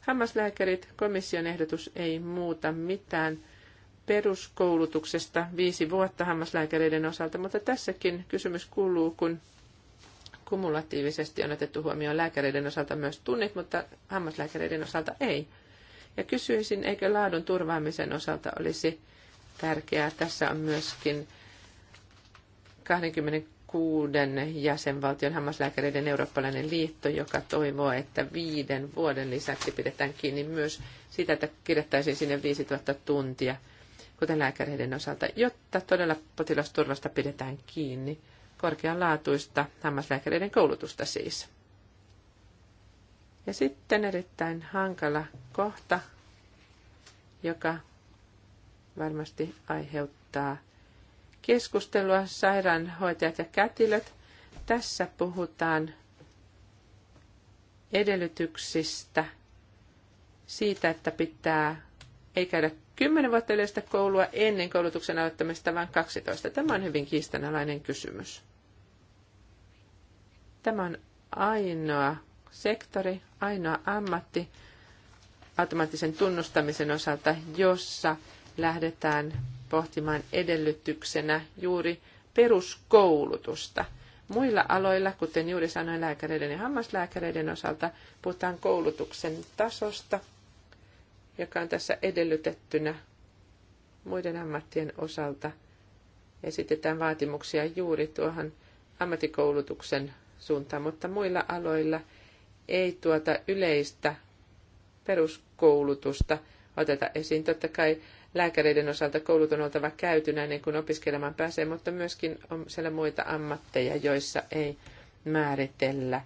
hammaslääkärit, komission ehdotus ei muuta mitään peruskoulutuksesta viisi vuotta hammaslääkäreiden osalta, mutta tässäkin kysymys kuuluu, kun kumulatiivisesti on otettu huomioon lääkäreiden osalta myös tunnit, mutta hammaslääkäreiden osalta ei. Ja kysyisin, eikö laadun turvaamisen osalta olisi tärkeää. Tässä on myöskin 26 jäsenvaltion hammaslääkäreiden eurooppalainen liitto, joka toivoo, että viiden vuoden lisäksi pidetään kiinni myös sitä, että kirjattaisiin sinne 5000 tuntia – kuten lääkäreiden osalta, jotta todella potilasturvasta pidetään kiinni. Korkeanlaatuista hammaslääkäreiden koulutusta siis. Ja sitten erittäin hankala kohta, joka varmasti aiheuttaa keskustelua sairaanhoitajat ja kätilöt. Tässä puhutaan edellytyksistä siitä, että pitää ei käydä 10 vuotta yleistä koulua ennen koulutuksen aloittamista, vaan 12. Tämä on hyvin kiistanalainen kysymys. Tämä on ainoa sektori, ainoa ammatti automaattisen tunnustamisen osalta, jossa lähdetään pohtimaan edellytyksenä juuri peruskoulutusta. Muilla aloilla, kuten juuri sanoin lääkäreiden ja hammaslääkäreiden osalta, puhutaan koulutuksen tasosta, joka on tässä edellytettynä muiden ammattien osalta. Esitetään vaatimuksia juuri tuohon ammattikoulutuksen suuntaan, mutta muilla aloilla ei tuota yleistä peruskoulutusta oteta esiin. Totta kai lääkäreiden osalta koulut on oltava käytynä ennen kuin opiskelemaan pääsee, mutta myöskin on siellä muita ammatteja, joissa ei määritellä,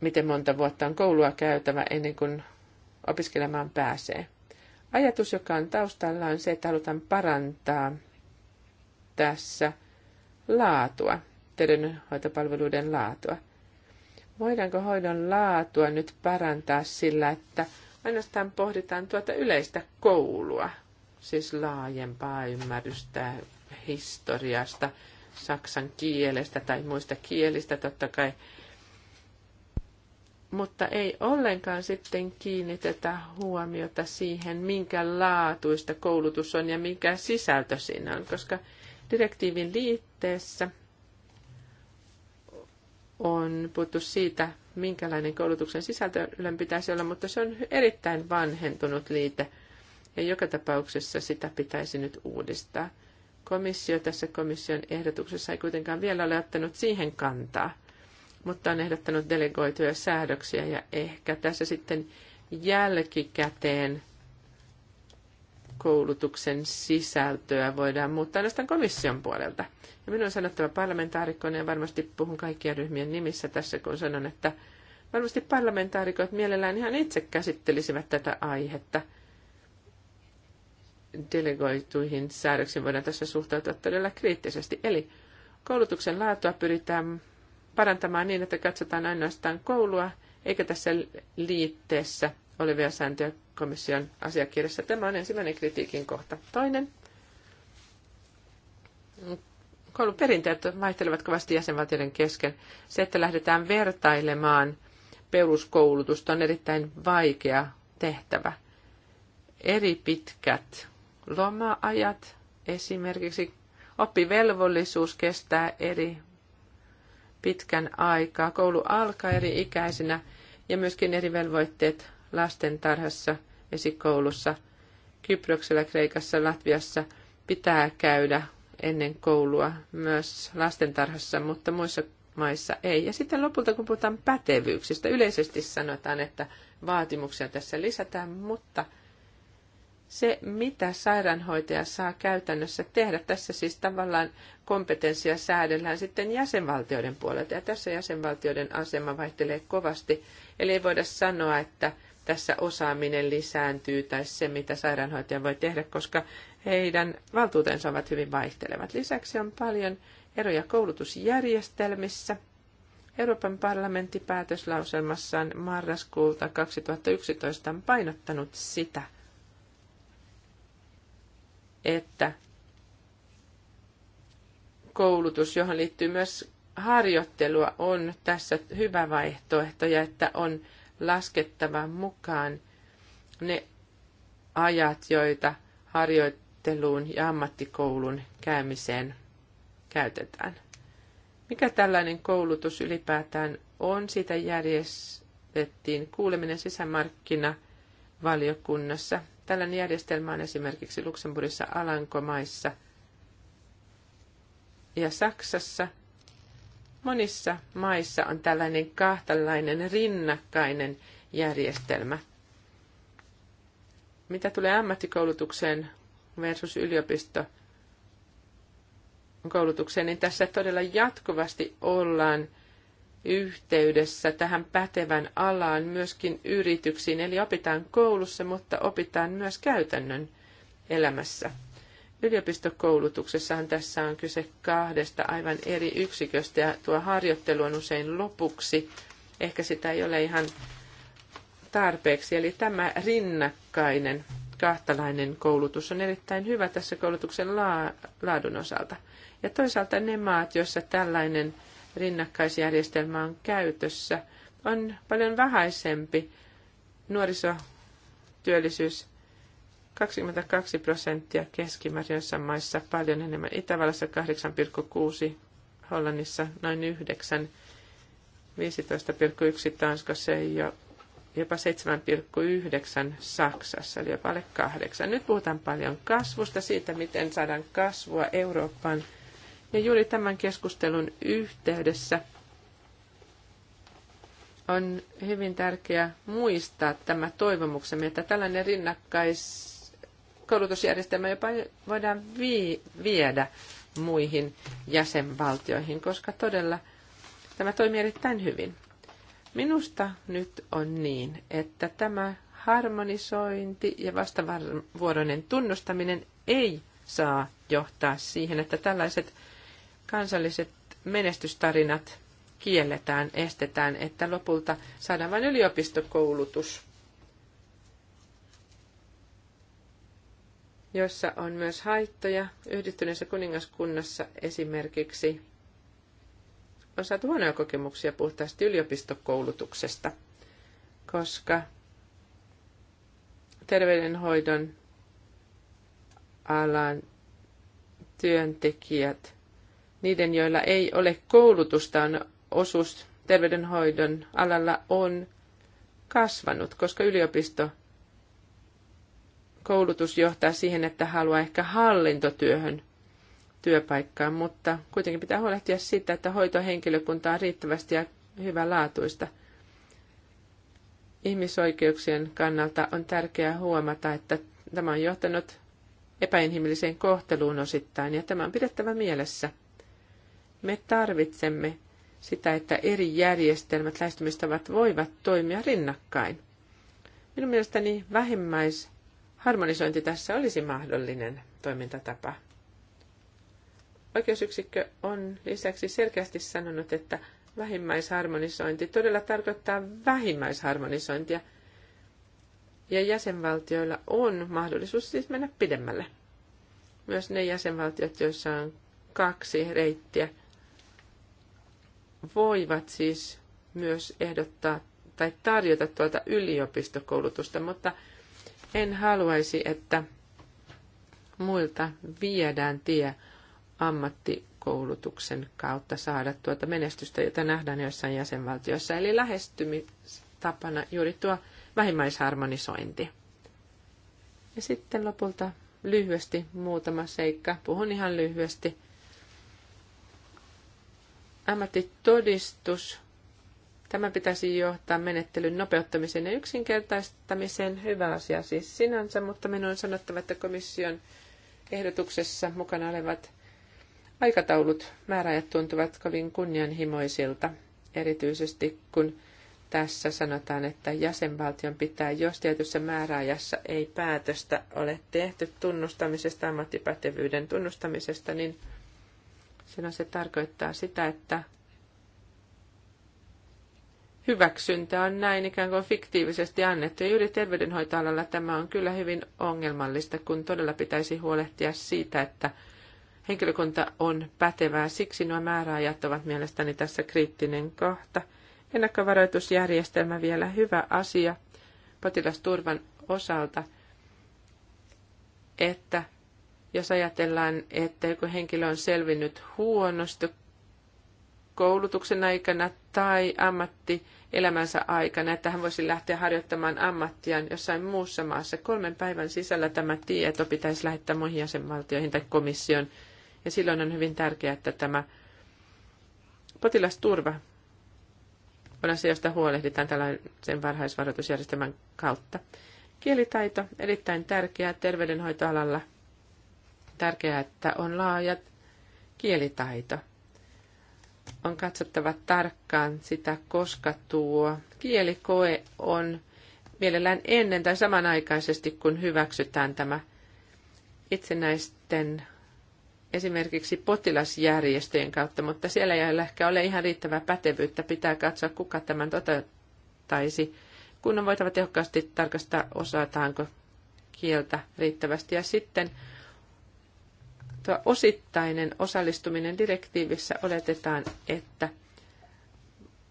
miten monta vuotta on koulua käytävä ennen kuin opiskelemaan pääsee. Ajatus, joka on taustalla, on se, että halutaan parantaa tässä laatua, terveydenhoitopalveluiden laatua. Voidaanko hoidon laatua nyt parantaa sillä, että ainoastaan pohditaan tuota yleistä koulua, siis laajempaa ymmärrystä historiasta, saksan kielestä tai muista kielistä totta kai mutta ei ollenkaan sitten kiinnitetä huomiota siihen, minkä laatuista koulutus on ja mikä sisältö siinä on, koska direktiivin liitteessä on puhuttu siitä, minkälainen koulutuksen sisältö pitäisi olla, mutta se on erittäin vanhentunut liite ja joka tapauksessa sitä pitäisi nyt uudistaa. Komissio tässä komission ehdotuksessa ei kuitenkaan vielä ole ottanut siihen kantaa – mutta on ehdottanut delegoituja säädöksiä ja ehkä tässä sitten jälkikäteen koulutuksen sisältöä voidaan muuttaa ainoastaan komission puolelta. Ja minun on sanottava parlamentaarikkona ja varmasti puhun kaikkien ryhmien nimissä tässä, kun sanon, että varmasti parlamentaarikot mielellään ihan itse käsittelisivät tätä aihetta. Delegoituihin säädöksiin voidaan tässä suhtautua todella kriittisesti. Eli koulutuksen laatua pyritään parantamaan niin, että katsotaan ainoastaan koulua, eikä tässä liitteessä olevia sääntöjä komission asiakirjassa. Tämä on ensimmäinen kritiikin kohta. Toinen. Koulun perinteet vaihtelevat kovasti jäsenvaltioiden kesken. Se, että lähdetään vertailemaan peruskoulutusta, on erittäin vaikea tehtävä. Eri pitkät lomaajat, esimerkiksi oppivelvollisuus kestää eri pitkän aikaa. Koulu alkaa eri ikäisenä ja myöskin eri velvoitteet lastentarhassa, esikoulussa, Kyproksella, Kreikassa, Latviassa pitää käydä ennen koulua myös lastentarhassa, mutta muissa maissa ei. Ja sitten lopulta, kun puhutaan pätevyyksistä, yleisesti sanotaan, että vaatimuksia tässä lisätään, mutta – se, mitä sairaanhoitaja saa käytännössä tehdä. Tässä siis tavallaan kompetenssia säädellään sitten jäsenvaltioiden puolelta, ja tässä jäsenvaltioiden asema vaihtelee kovasti. Eli ei voida sanoa, että tässä osaaminen lisääntyy tai se, mitä sairaanhoitaja voi tehdä, koska heidän valtuutensa ovat hyvin vaihtelevat. Lisäksi on paljon eroja koulutusjärjestelmissä. Euroopan parlamentti päätöslauselmassaan marraskuulta 2011 on painottanut sitä – että koulutus, johon liittyy myös harjoittelua, on tässä hyvä vaihtoehto ja että on laskettava mukaan ne ajat, joita harjoitteluun ja ammattikoulun käymiseen käytetään. Mikä tällainen koulutus ylipäätään on, sitä järjestettiin kuuleminen sisämarkkina valiokunnassa Tällainen järjestelmä on esimerkiksi Luxemburgissa, Alankomaissa ja Saksassa. Monissa maissa on tällainen kahtalainen rinnakkainen järjestelmä. Mitä tulee ammattikoulutukseen versus yliopisto koulutukseen, niin tässä todella jatkuvasti ollaan – yhteydessä tähän pätevän alaan myöskin yrityksiin. Eli opitaan koulussa, mutta opitaan myös käytännön elämässä. Yliopistokoulutuksessahan tässä on kyse kahdesta aivan eri yksiköstä ja tuo harjoittelu on usein lopuksi. Ehkä sitä ei ole ihan tarpeeksi. Eli tämä rinnakkainen kahtalainen koulutus on erittäin hyvä tässä koulutuksen laadun osalta. Ja toisaalta ne maat, joissa tällainen rinnakkaisjärjestelmä on käytössä, on paljon vähäisempi nuorisotyöllisyys 22 prosenttia keskimäärin maissa paljon enemmän. Itävallassa 8,6, Hollannissa noin 9, 15,1 Tanskassa ja jopa 7,9 Saksassa, eli jopa alle 8. Nyt puhutaan paljon kasvusta, siitä miten saadaan kasvua Eurooppaan – ja juuri tämän keskustelun yhteydessä on hyvin tärkeää muistaa tämä toivomuksemme, että tällainen rinnakkaiskoulutusjärjestelmä jopa voidaan vii- viedä muihin jäsenvaltioihin, koska todella tämä toimii erittäin hyvin. Minusta nyt on niin, että tämä harmonisointi ja vastavuoroinen tunnustaminen ei saa johtaa siihen, että tällaiset kansalliset menestystarinat kielletään, estetään, että lopulta saadaan vain yliopistokoulutus, jossa on myös haittoja. Yhdistyneessä kuningaskunnassa esimerkiksi on saatu huonoja kokemuksia puhtaasti yliopistokoulutuksesta, koska terveydenhoidon alan työntekijät niiden, joilla ei ole koulutusta, on osuus terveydenhoidon alalla on kasvanut, koska yliopisto koulutus johtaa siihen, että haluaa ehkä hallintotyöhön työpaikkaan, mutta kuitenkin pitää huolehtia siitä, että hoitohenkilökunta on riittävästi ja hyvälaatuista. Ihmisoikeuksien kannalta on tärkeää huomata, että tämä on johtanut epäinhimilliseen kohteluun osittain, ja tämä on pidettävä mielessä – me tarvitsemme sitä, että eri järjestelmät, lähestymistavat voivat toimia rinnakkain. Minun mielestäni vähimmäisharmonisointi tässä olisi mahdollinen toimintatapa. Oikeusyksikkö on lisäksi selkeästi sanonut, että vähimmäisharmonisointi todella tarkoittaa vähimmäisharmonisointia, ja jäsenvaltioilla on mahdollisuus siis mennä pidemmälle. Myös ne jäsenvaltiot, joissa on kaksi reittiä – voivat siis myös ehdottaa tai tarjota tuolta yliopistokoulutusta, mutta en haluaisi, että muilta viedään tie ammattikoulutuksen kautta saada tuota menestystä, jota nähdään joissain jäsenvaltioissa. Eli lähestymistapana juuri tuo vähimmäisharmonisointi. Ja sitten lopulta lyhyesti muutama seikka. Puhun ihan lyhyesti ammattitodistus. Tämä pitäisi johtaa menettelyn nopeuttamiseen ja yksinkertaistamiseen. Hyvä asia siis sinänsä, mutta minun on sanottava, että komission ehdotuksessa mukana olevat aikataulut määräajat tuntuvat kovin kunnianhimoisilta, erityisesti kun tässä sanotaan, että jäsenvaltion pitää, jos tietyssä määräajassa ei päätöstä ole tehty tunnustamisesta, ammattipätevyyden tunnustamisesta, niin – sillä se tarkoittaa sitä, että hyväksyntä on näin ikään kuin fiktiivisesti annettu. Ja juuri terveydenhoitoalalla tämä on kyllä hyvin ongelmallista, kun todella pitäisi huolehtia siitä, että henkilökunta on pätevää. Siksi nuo määräajat ovat mielestäni tässä kriittinen kohta. Ennakkovaroitusjärjestelmä vielä hyvä asia potilasturvan osalta, että jos ajatellaan, että joku henkilö on selvinnyt huonosti koulutuksen aikana tai ammattielämänsä aikana, että hän voisi lähteä harjoittamaan ammattiaan jossain muussa maassa. Kolmen päivän sisällä tämä tieto pitäisi lähettää muihin jäsenvaltioihin tai komission. Ja silloin on hyvin tärkeää, että tämä potilasturva on asia, josta huolehditaan tällaisen varhaisvaroitusjärjestelmän kautta. Kielitaito erittäin tärkeää terveydenhoitoalalla – tärkeää, että on laajat kielitaito. On katsottava tarkkaan sitä, koska tuo kielikoe on mielellään ennen tai samanaikaisesti, kun hyväksytään tämä itsenäisten esimerkiksi potilasjärjestöjen kautta, mutta siellä ei ehkä ole ihan riittävää pätevyyttä. Pitää katsoa, kuka tämän toteuttaisi, kun on voitava tehokkaasti tarkastaa, osataanko kieltä riittävästi. Ja sitten sanottua osittainen osallistuminen direktiivissä oletetaan, että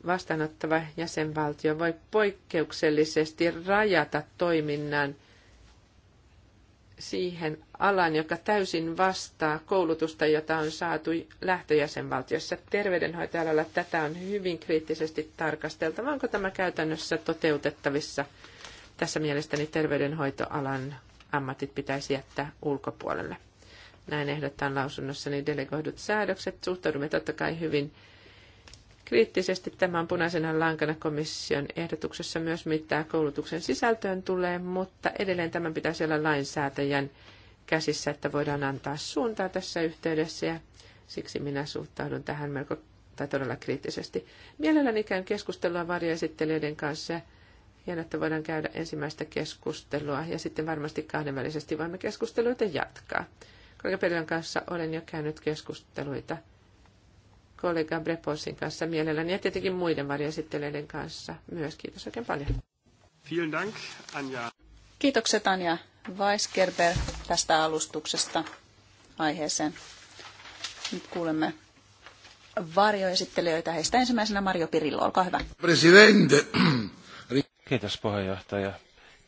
vastaanottava jäsenvaltio voi poikkeuksellisesti rajata toiminnan siihen alan, joka täysin vastaa koulutusta, jota on saatu lähtöjäsenvaltiossa. Terveydenhoitoalalla tätä on hyvin kriittisesti tarkasteltava. Onko tämä käytännössä toteutettavissa? Tässä mielestäni terveydenhoitoalan ammatit pitäisi jättää ulkopuolelle näin ehdotetaan lausunnossa, niin delegoidut säädökset. Suhtaudumme totta kai hyvin kriittisesti tämän punaisena lankana komission ehdotuksessa myös mitä koulutuksen sisältöön tulee, mutta edelleen tämän pitäisi olla lainsäätäjän käsissä, että voidaan antaa suuntaa tässä yhteydessä ja siksi minä suhtaudun tähän melko tai todella kriittisesti. Mielelläni käyn keskustelua varjoesittelijöiden kanssa ja että voidaan käydä ensimmäistä keskustelua ja sitten varmasti kahdenvälisesti voimme keskusteluita jatkaa. Kollega kanssa olen jo käynyt keskusteluita kollega Breposin kanssa mielelläni ja tietenkin muiden varjoesittelijöiden kanssa myös. Kiitos oikein paljon. Vielen Dank, Anja. Kiitokset Anja Weisgerber tästä alustuksesta aiheeseen. Nyt kuulemme varjoesittelijöitä. Heistä ensimmäisenä Mario Pirillo, olkaa hyvä. Presidente. Kiitos puheenjohtaja.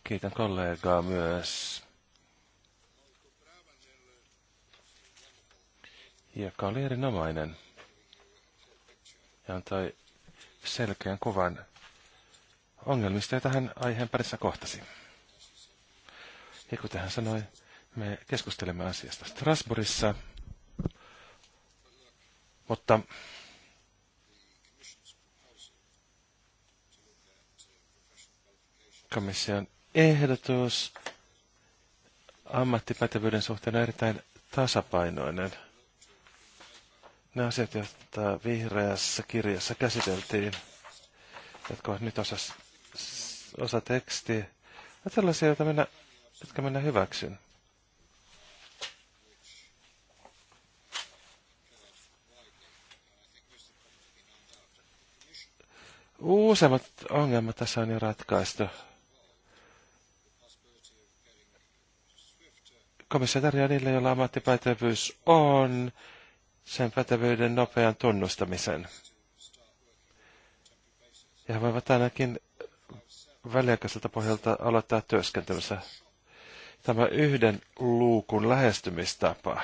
Kiitän kollegaa myös joka oli erinomainen ja antoi selkeän kuvan ongelmista, joita hän aiheen parissa kohtasi. Ja kuten hän sanoi, me keskustelemme asiasta Strasbourgissa, mutta komission ehdotus ammattipätevyyden suhteen on erittäin tasapainoinen – ne asiat, joita vihreässä kirjassa käsiteltiin, jotka ovat nyt osa, osa tekstiä, ja sellaisia, joita minä, jotka minä hyväksyn. Uusimmat ongelmat tässä on jo ratkaistu. Komissio tarjoaa niille, joilla ammattipätevyys on, sen pätevyyden nopean tunnustamisen. Ja he voivat ainakin väliaikaiselta pohjalta aloittaa työskentelynsä. Tämä yhden luukun lähestymistapa.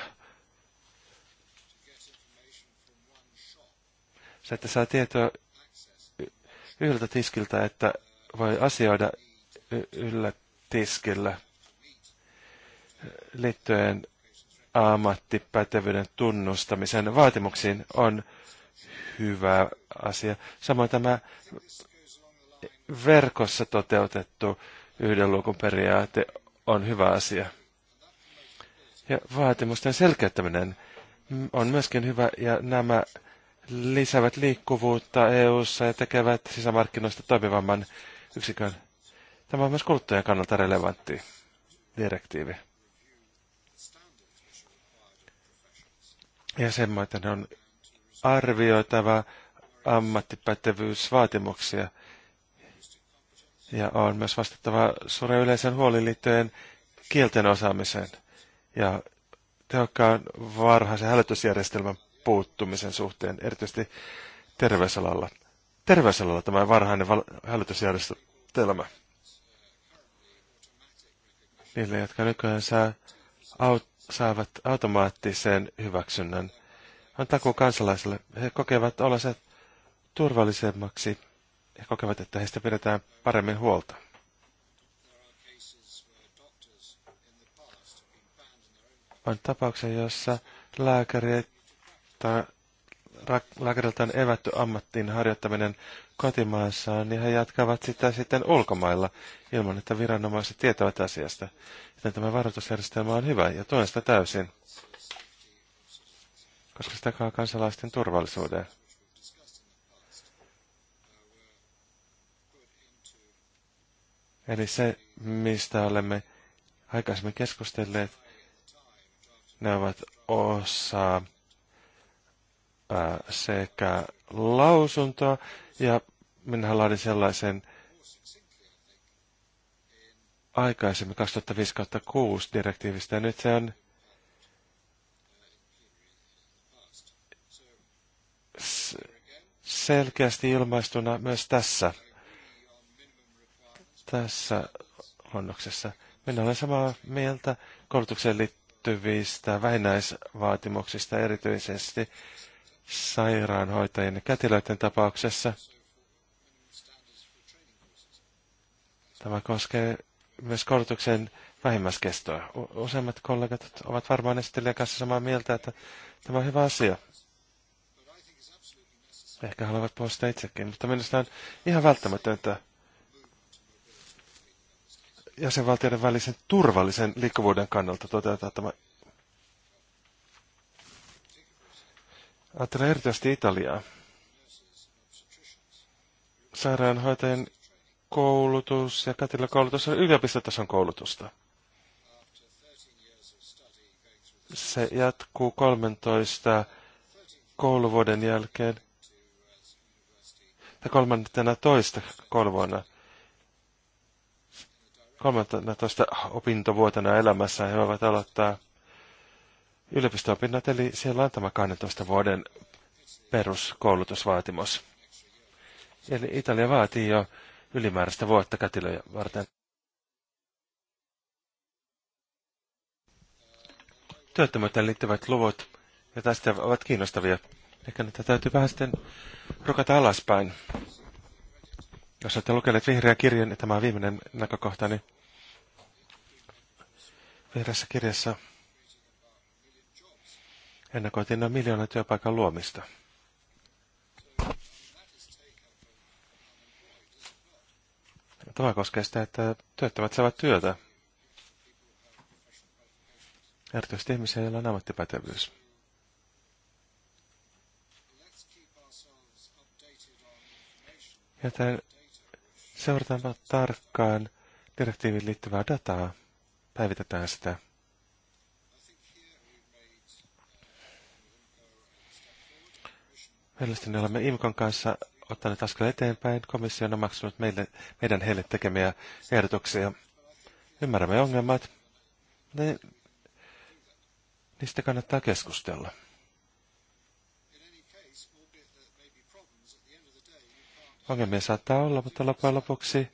Se, että saa tietoa yhdeltä tiskiltä, että voi asioida yllä tiskillä liittyen ammattipätevyyden tunnustamisen vaatimuksiin on hyvä asia. Samoin tämä verkossa toteutettu yhden luukun periaate on hyvä asia. Ja vaatimusten selkeyttäminen on myöskin hyvä, ja nämä lisäävät liikkuvuutta EU-ssa ja tekevät sisämarkkinoista toimivamman yksikön. Tämä on myös kuluttajan kannalta relevantti direktiivi. jäsenmaiden on arvioitava ammattipätevyysvaatimuksia ja on myös vastattava suuren yleisen huolin liittyen kielten osaamiseen ja tehokkaan varhaisen hälytysjärjestelmän puuttumisen suhteen, erityisesti terveysalalla. Terveysalalla tämä varhainen hälytysjärjestelmä. Niille, jotka nykyään saa aut- saavat automaattisen hyväksynnän. Antako takuu kansalaisille. He kokevat olla turvallisemmaksi ja kokevat, että heistä pidetään paremmin huolta. On tapauksia, jossa lääkäriltä on evätty ammattiin harjoittaminen kotimaassaan, niin he jatkavat sitä sitten ulkomailla ilman, että viranomaiset tietävät asiasta. Joten tämä varoitusjärjestelmä on hyvä ja tuen sitä täysin, koska se takaa kansalaisten turvallisuuden. Eli se, mistä olemme aikaisemmin keskustelleet, ne ovat osa Äh, sekä lausuntoa ja minähän laadin sellaisen aikaisemmin 2005-2006 direktiivistä ja nyt se on selkeästi ilmaistuna myös tässä, tässä onnoksessa. Minä olen samaa mieltä koulutukseen liittyvistä vähäisvaatimuksista erityisesti sairaanhoitajien ja kätilöiden tapauksessa. Tämä koskee myös koulutuksen vähimmäiskestoa. Useimmat kollegat ovat varmaan esittelijän kanssa samaa mieltä, että tämä on hyvä asia. Ehkä haluavat puhua sitä itsekin, mutta minusta on ihan välttämätöntä jäsenvaltioiden välisen turvallisen liikkuvuuden kannalta toteuttaa tämä Ajattelen erityisesti Italiaa. Sairaanhoitajien koulutus ja kätilökoulutus on yliopistotason koulutusta. Se jatkuu 13 kouluvuoden jälkeen ja kolmantena toista kouluvuonna. 13 opintovuotena elämässä he voivat aloittaa yliopisto-opinnot, eli siellä on tämä 12 vuoden peruskoulutusvaatimus. Eli Italia vaatii jo ylimääräistä vuotta kätilöjä varten. Työttömyyteen liittyvät luvut ja tästä ovat kiinnostavia. Ehkä niitä täytyy vähän sitten rukata alaspäin. Jos olette lukeneet vihreän kirjan, niin tämä on viimeinen näkökohtani. Niin vihreässä kirjassa Ennakoitiin noin miljoonan työpaikan luomista. Tämä koskee sitä, että työttömät saavat työtä. Erityisesti ihmisiä, joilla on ammattipätevyys. Joten seurataan tarkkaan direktiiviin liittyvää dataa. Päivitetään sitä. Mielestäni olemme IMKon kanssa ottaneet askel eteenpäin. Komissio on maksanut meille, meidän heille tekemiä ehdotuksia. Ymmärrämme ongelmat. Ne, niistä kannattaa keskustella. Ongelmia saattaa olla, mutta loppujen lopuksi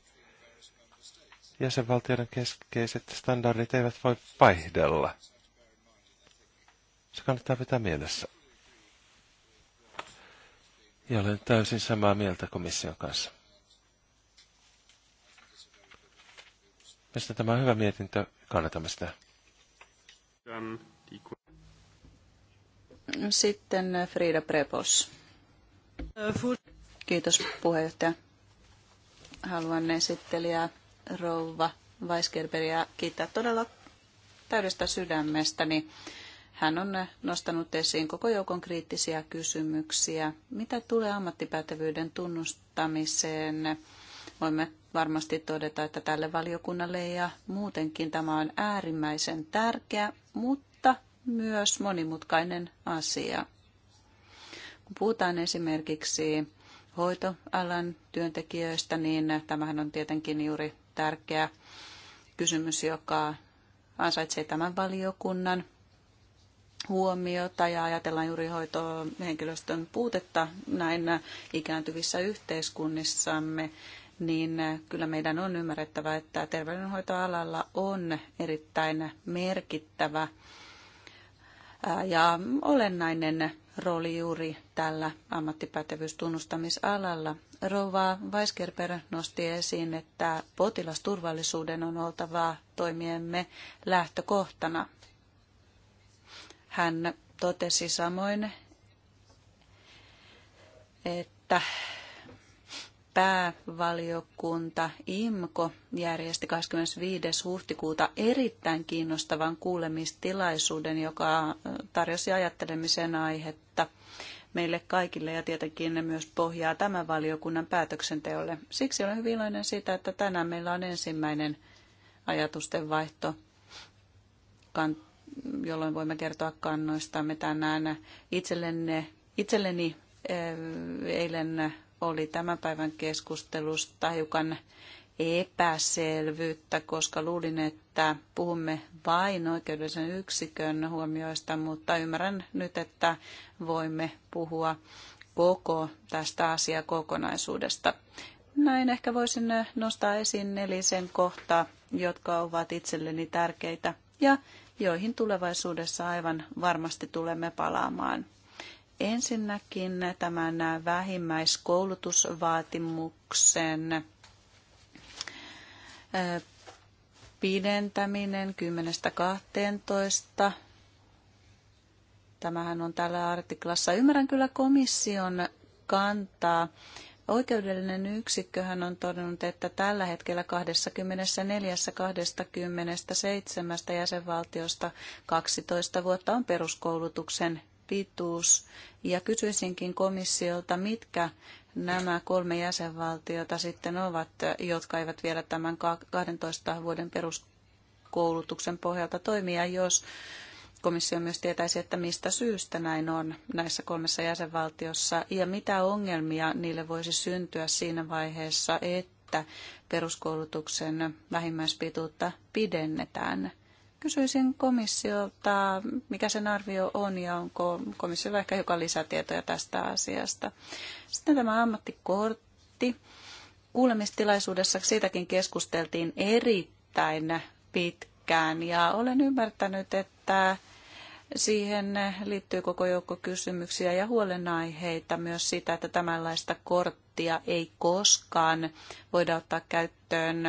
jäsenvaltioiden keskeiset standardit eivät voi vaihdella. Se kannattaa pitää mielessä. Ja olen täysin samaa mieltä komission kanssa. Mistä tämä on hyvä mietintö? Kannatamme sitä. Sitten Frida Prepos. Kiitos puheenjohtaja. Haluan esittelijää Rouva Weisgerberia kiittää todella täydestä sydämestäni. Niin hän on nostanut esiin koko joukon kriittisiä kysymyksiä. Mitä tulee ammattipätevyyden tunnustamiseen? Voimme varmasti todeta, että tälle valiokunnalle ja muutenkin tämä on äärimmäisen tärkeä, mutta myös monimutkainen asia. Kun puhutaan esimerkiksi hoitoalan työntekijöistä, niin tämähän on tietenkin juuri tärkeä kysymys, joka ansaitsee tämän valiokunnan huomiota ja ajatellaan juuri hoitohenkilöstön puutetta näin ikääntyvissä yhteiskunnissamme, niin kyllä meidän on ymmärrettävä, että terveydenhoitoalalla on erittäin merkittävä ja olennainen rooli juuri tällä ammattipätevyystunnustamisalalla. Rova Weisgerber nosti esiin, että potilasturvallisuuden on oltava toimiemme lähtökohtana. Hän totesi samoin, että päävaliokunta IMKO järjesti 25. huhtikuuta erittäin kiinnostavan kuulemistilaisuuden, joka tarjosi ajattelemisen aihetta meille kaikille ja tietenkin myös pohjaa tämän valiokunnan päätöksenteolle. Siksi olen hyvin iloinen siitä, että tänään meillä on ensimmäinen ajatusten vaihto kant- jolloin voimme kertoa kannoistamme tänään. Itsellenne, itselleni eh, eilen oli tämän päivän keskustelusta hiukan epäselvyyttä, koska luulin, että puhumme vain oikeudellisen yksikön huomioista, mutta ymmärrän nyt, että voimme puhua koko tästä asiakokonaisuudesta. Näin ehkä voisin nostaa esiin nelisen kohtaa, jotka ovat itselleni tärkeitä ja joihin tulevaisuudessa aivan varmasti tulemme palaamaan. Ensinnäkin tämän vähimmäiskoulutusvaatimuksen pidentäminen 10-12. Tämähän on täällä artiklassa. Ymmärrän kyllä komission kantaa Oikeudellinen yksikköhän on todennut, että tällä hetkellä 24-27 jäsenvaltiosta 12 vuotta on peruskoulutuksen pituus. Ja kysyisinkin komissiolta, mitkä nämä kolme jäsenvaltiota sitten ovat, jotka eivät vielä tämän 12 vuoden peruskoulutuksen pohjalta toimia, jos komissio myös tietäisi, että mistä syystä näin on näissä kolmessa jäsenvaltiossa ja mitä ongelmia niille voisi syntyä siinä vaiheessa, että peruskoulutuksen vähimmäispituutta pidennetään. Kysyisin komissiolta, mikä sen arvio on ja onko komissiolla ehkä joka lisätietoja tästä asiasta. Sitten tämä ammattikortti. Kuulemistilaisuudessa siitäkin keskusteltiin erittäin pitkään ja olen ymmärtänyt, että Siihen liittyy koko joukko kysymyksiä ja huolenaiheita myös siitä, että tämänlaista korttia ei koskaan voida ottaa käyttöön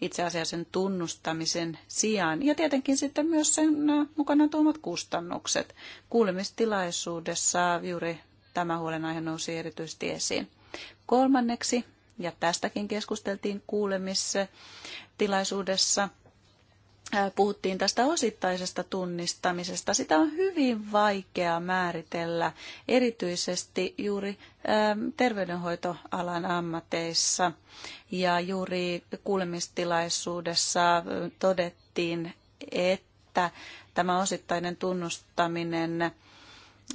itse asiassa sen tunnustamisen sijaan. Ja tietenkin sitten myös sen mukana tuomat kustannukset. Kuulemistilaisuudessa juuri tämä huolenaihe nousi erityisesti esiin. Kolmanneksi, ja tästäkin keskusteltiin kuulemistilaisuudessa, puhuttiin tästä osittaisesta tunnistamisesta. Sitä on hyvin vaikea määritellä, erityisesti juuri terveydenhoitoalan ammateissa. Ja juuri kuulemistilaisuudessa todettiin, että tämä osittainen tunnustaminen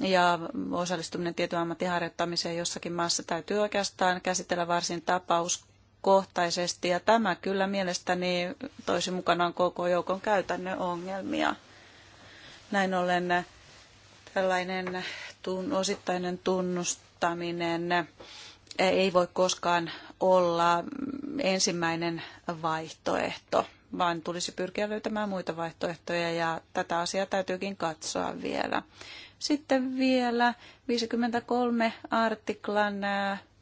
ja osallistuminen tietyn ammatin harjoittamiseen jossakin maassa täytyy oikeastaan käsitellä varsin tapaus kohtaisesti ja tämä kyllä mielestäni toisi mukanaan koko joukon käytännön ongelmia. Näin ollen tällainen tun, osittainen tunnustaminen ei voi koskaan olla ensimmäinen vaihtoehto, vaan tulisi pyrkiä löytämään muita vaihtoehtoja ja tätä asiaa täytyykin katsoa vielä. Sitten vielä 53 artiklan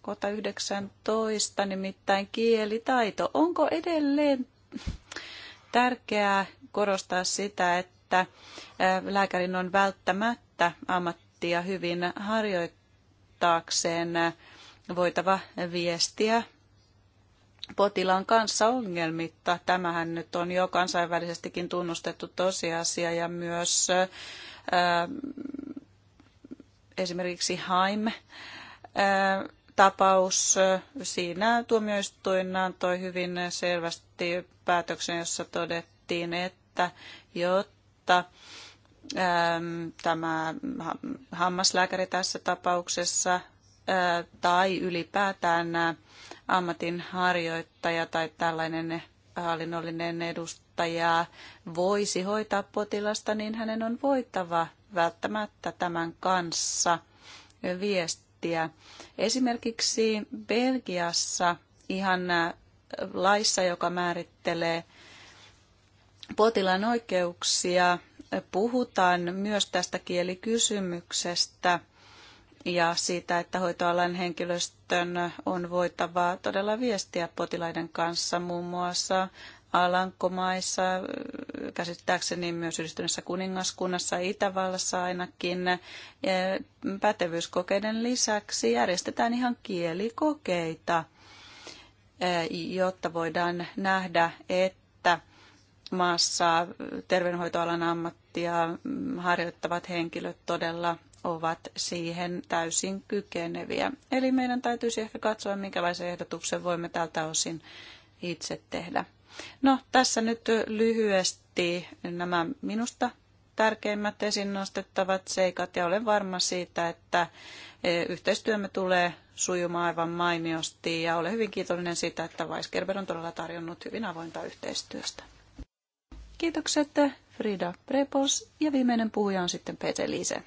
kohta 19, nimittäin kielitaito. Onko edelleen tärkeää korostaa sitä, että lääkärin on välttämättä ammattia hyvin harjoittaakseen voitava viestiä potilaan kanssa ongelmitta. Tämähän nyt on jo kansainvälisestikin tunnustettu tosiasia ja myös esimerkiksi HAIM tapaus. Siinä tuomioistuin antoi hyvin selvästi päätöksen, jossa todettiin, että jotta ähm, tämä hammaslääkäri tässä tapauksessa äh, tai ylipäätään äh, ammatinharjoittaja harjoittaja tai tällainen hallinnollinen edustaja voisi hoitaa potilasta, niin hänen on voitava välttämättä tämän kanssa viestiä pakettia. Esimerkiksi Belgiassa ihan äh, laissa, joka määrittelee potilaan oikeuksia, puhutaan myös tästä kielikysymyksestä ja siitä, että hoitoalan henkilöstön on voitava todella viestiä potilaiden kanssa muun muassa Alankomaissa, käsittääkseni myös yhdistyneessä kuningaskunnassa, Itävallassa ainakin, pätevyyskokeiden lisäksi järjestetään ihan kielikokeita, eh, jotta voidaan nähdä, että maassa terveydenhoitoalan ammattia harjoittavat henkilöt todella ovat siihen täysin kykeneviä. Eli meidän täytyisi ehkä katsoa, minkälaisen ehdotuksen voimme tältä osin itse tehdä. No tässä nyt lyhyesti nämä minusta tärkeimmät esiin nostettavat seikat ja olen varma siitä, että e, yhteistyömme tulee sujumaan aivan mainiosti ja olen hyvin kiitollinen siitä, että Weisgerber on todella tarjonnut hyvin avointa yhteistyöstä. Kiitokset Frida Prepos ja viimeinen puhuja on sitten Pete Liise.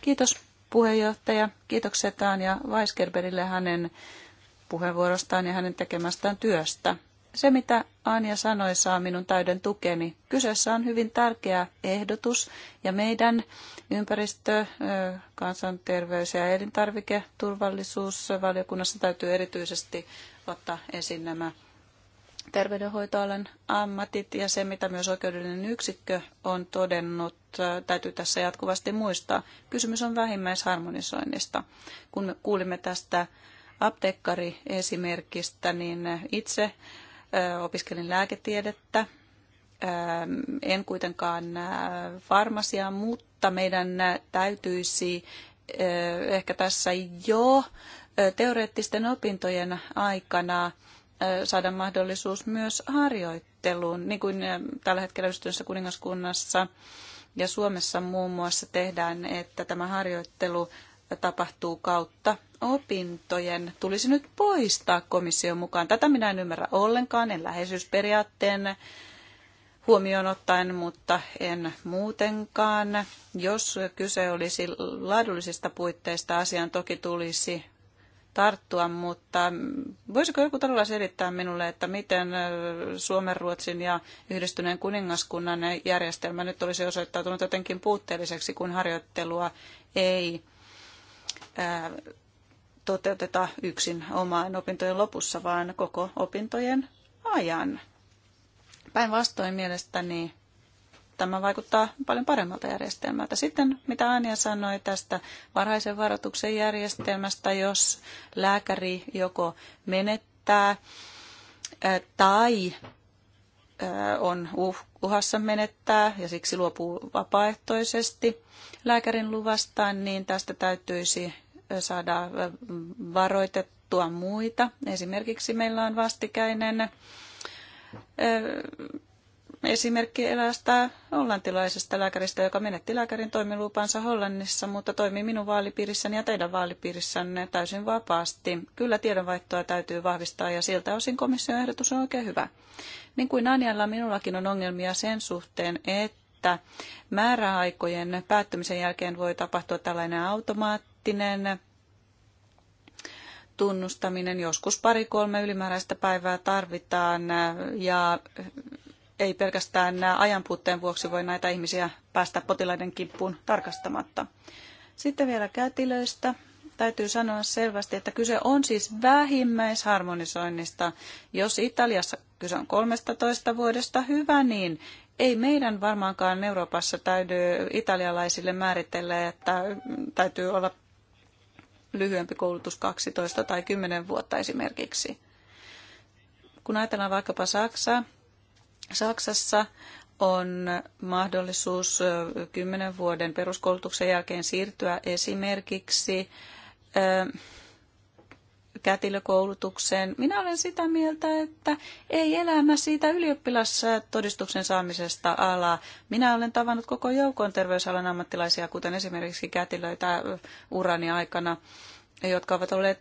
Kiitos puheenjohtaja. Kiitokset Anja Weisgerberille hänen puheenvuorostaan ja hänen tekemästään työstä se, mitä Anja sanoi, saa minun täyden tukeni. Kyseessä on hyvin tärkeä ehdotus ja meidän ympäristö, kansanterveys ja elintarviketurvallisuusvaliokunnassa täytyy erityisesti ottaa esiin nämä terveydenhoitoalan ammatit ja se, mitä myös oikeudellinen yksikkö on todennut, täytyy tässä jatkuvasti muistaa. Kysymys on vähimmäisharmonisoinnista. Kun me kuulimme tästä apteekkariesimerkistä, niin itse opiskelin lääketiedettä. En kuitenkaan farmasiaa, mutta meidän täytyisi ehkä tässä jo teoreettisten opintojen aikana saada mahdollisuus myös harjoitteluun, niin kuin tällä hetkellä ystävässä kuningaskunnassa ja Suomessa muun muassa tehdään, että tämä harjoittelu tapahtuu kautta opintojen tulisi nyt poistaa komission mukaan. Tätä minä en ymmärrä ollenkaan, en läheisyysperiaatteen huomioon ottaen, mutta en muutenkaan. Jos kyse olisi laadullisista puitteista, asiaan toki tulisi tarttua, mutta voisiko joku todella selittää minulle, että miten Suomen, Ruotsin ja yhdistyneen kuningaskunnan järjestelmä nyt olisi osoittautunut jotenkin puutteelliseksi, kun harjoittelua ei toteuteta yksin omaan opintojen lopussa, vaan koko opintojen ajan. Päinvastoin mielestäni tämä vaikuttaa paljon paremmalta järjestelmältä. Sitten mitä Anja sanoi tästä varhaisen varoituksen järjestelmästä, jos lääkäri joko menettää tai on uh-, uhassa menettää ja siksi luopuu vapaaehtoisesti lääkärin luvastaan, niin tästä täytyisi saada varoitettua muita. Esimerkiksi meillä on vastikäinen esimerkki elästä hollantilaisesta lääkäristä, joka menetti lääkärin toimilupansa Hollannissa, mutta toimii minun vaalipiirissäni ja teidän vaalipiirissänne täysin vapaasti. Kyllä tiedonvaihtoa täytyy vahvistaa ja siltä osin komission ehdotus on oikein hyvä. Niin kuin Anjalla minullakin on ongelmia sen suhteen, että että määräaikojen päättymisen jälkeen voi tapahtua tällainen automaatti, automaattinen tunnustaminen. Joskus pari-kolme ylimääräistä päivää tarvitaan ja ei pelkästään ajanpuutteen vuoksi voi näitä ihmisiä päästä potilaiden kippuun tarkastamatta. Sitten vielä kätilöistä. Täytyy sanoa selvästi, että kyse on siis vähimmäisharmonisoinnista. Jos Italiassa kyse on 13 vuodesta, hyvä niin. Ei meidän varmaankaan Euroopassa täydy italialaisille määritellä, että täytyy olla lyhyempi koulutus 12 tai 10 vuotta esimerkiksi. Kun ajatellaan vaikkapa Saksaa, Saksassa on mahdollisuus 10 vuoden peruskoulutuksen jälkeen siirtyä esimerkiksi kätilökoulutukseen. Minä olen sitä mieltä, että ei elämä siitä todistuksen saamisesta ala. Minä olen tavannut koko joukon terveysalan ammattilaisia, kuten esimerkiksi kätilöitä urani aikana jotka ovat olleet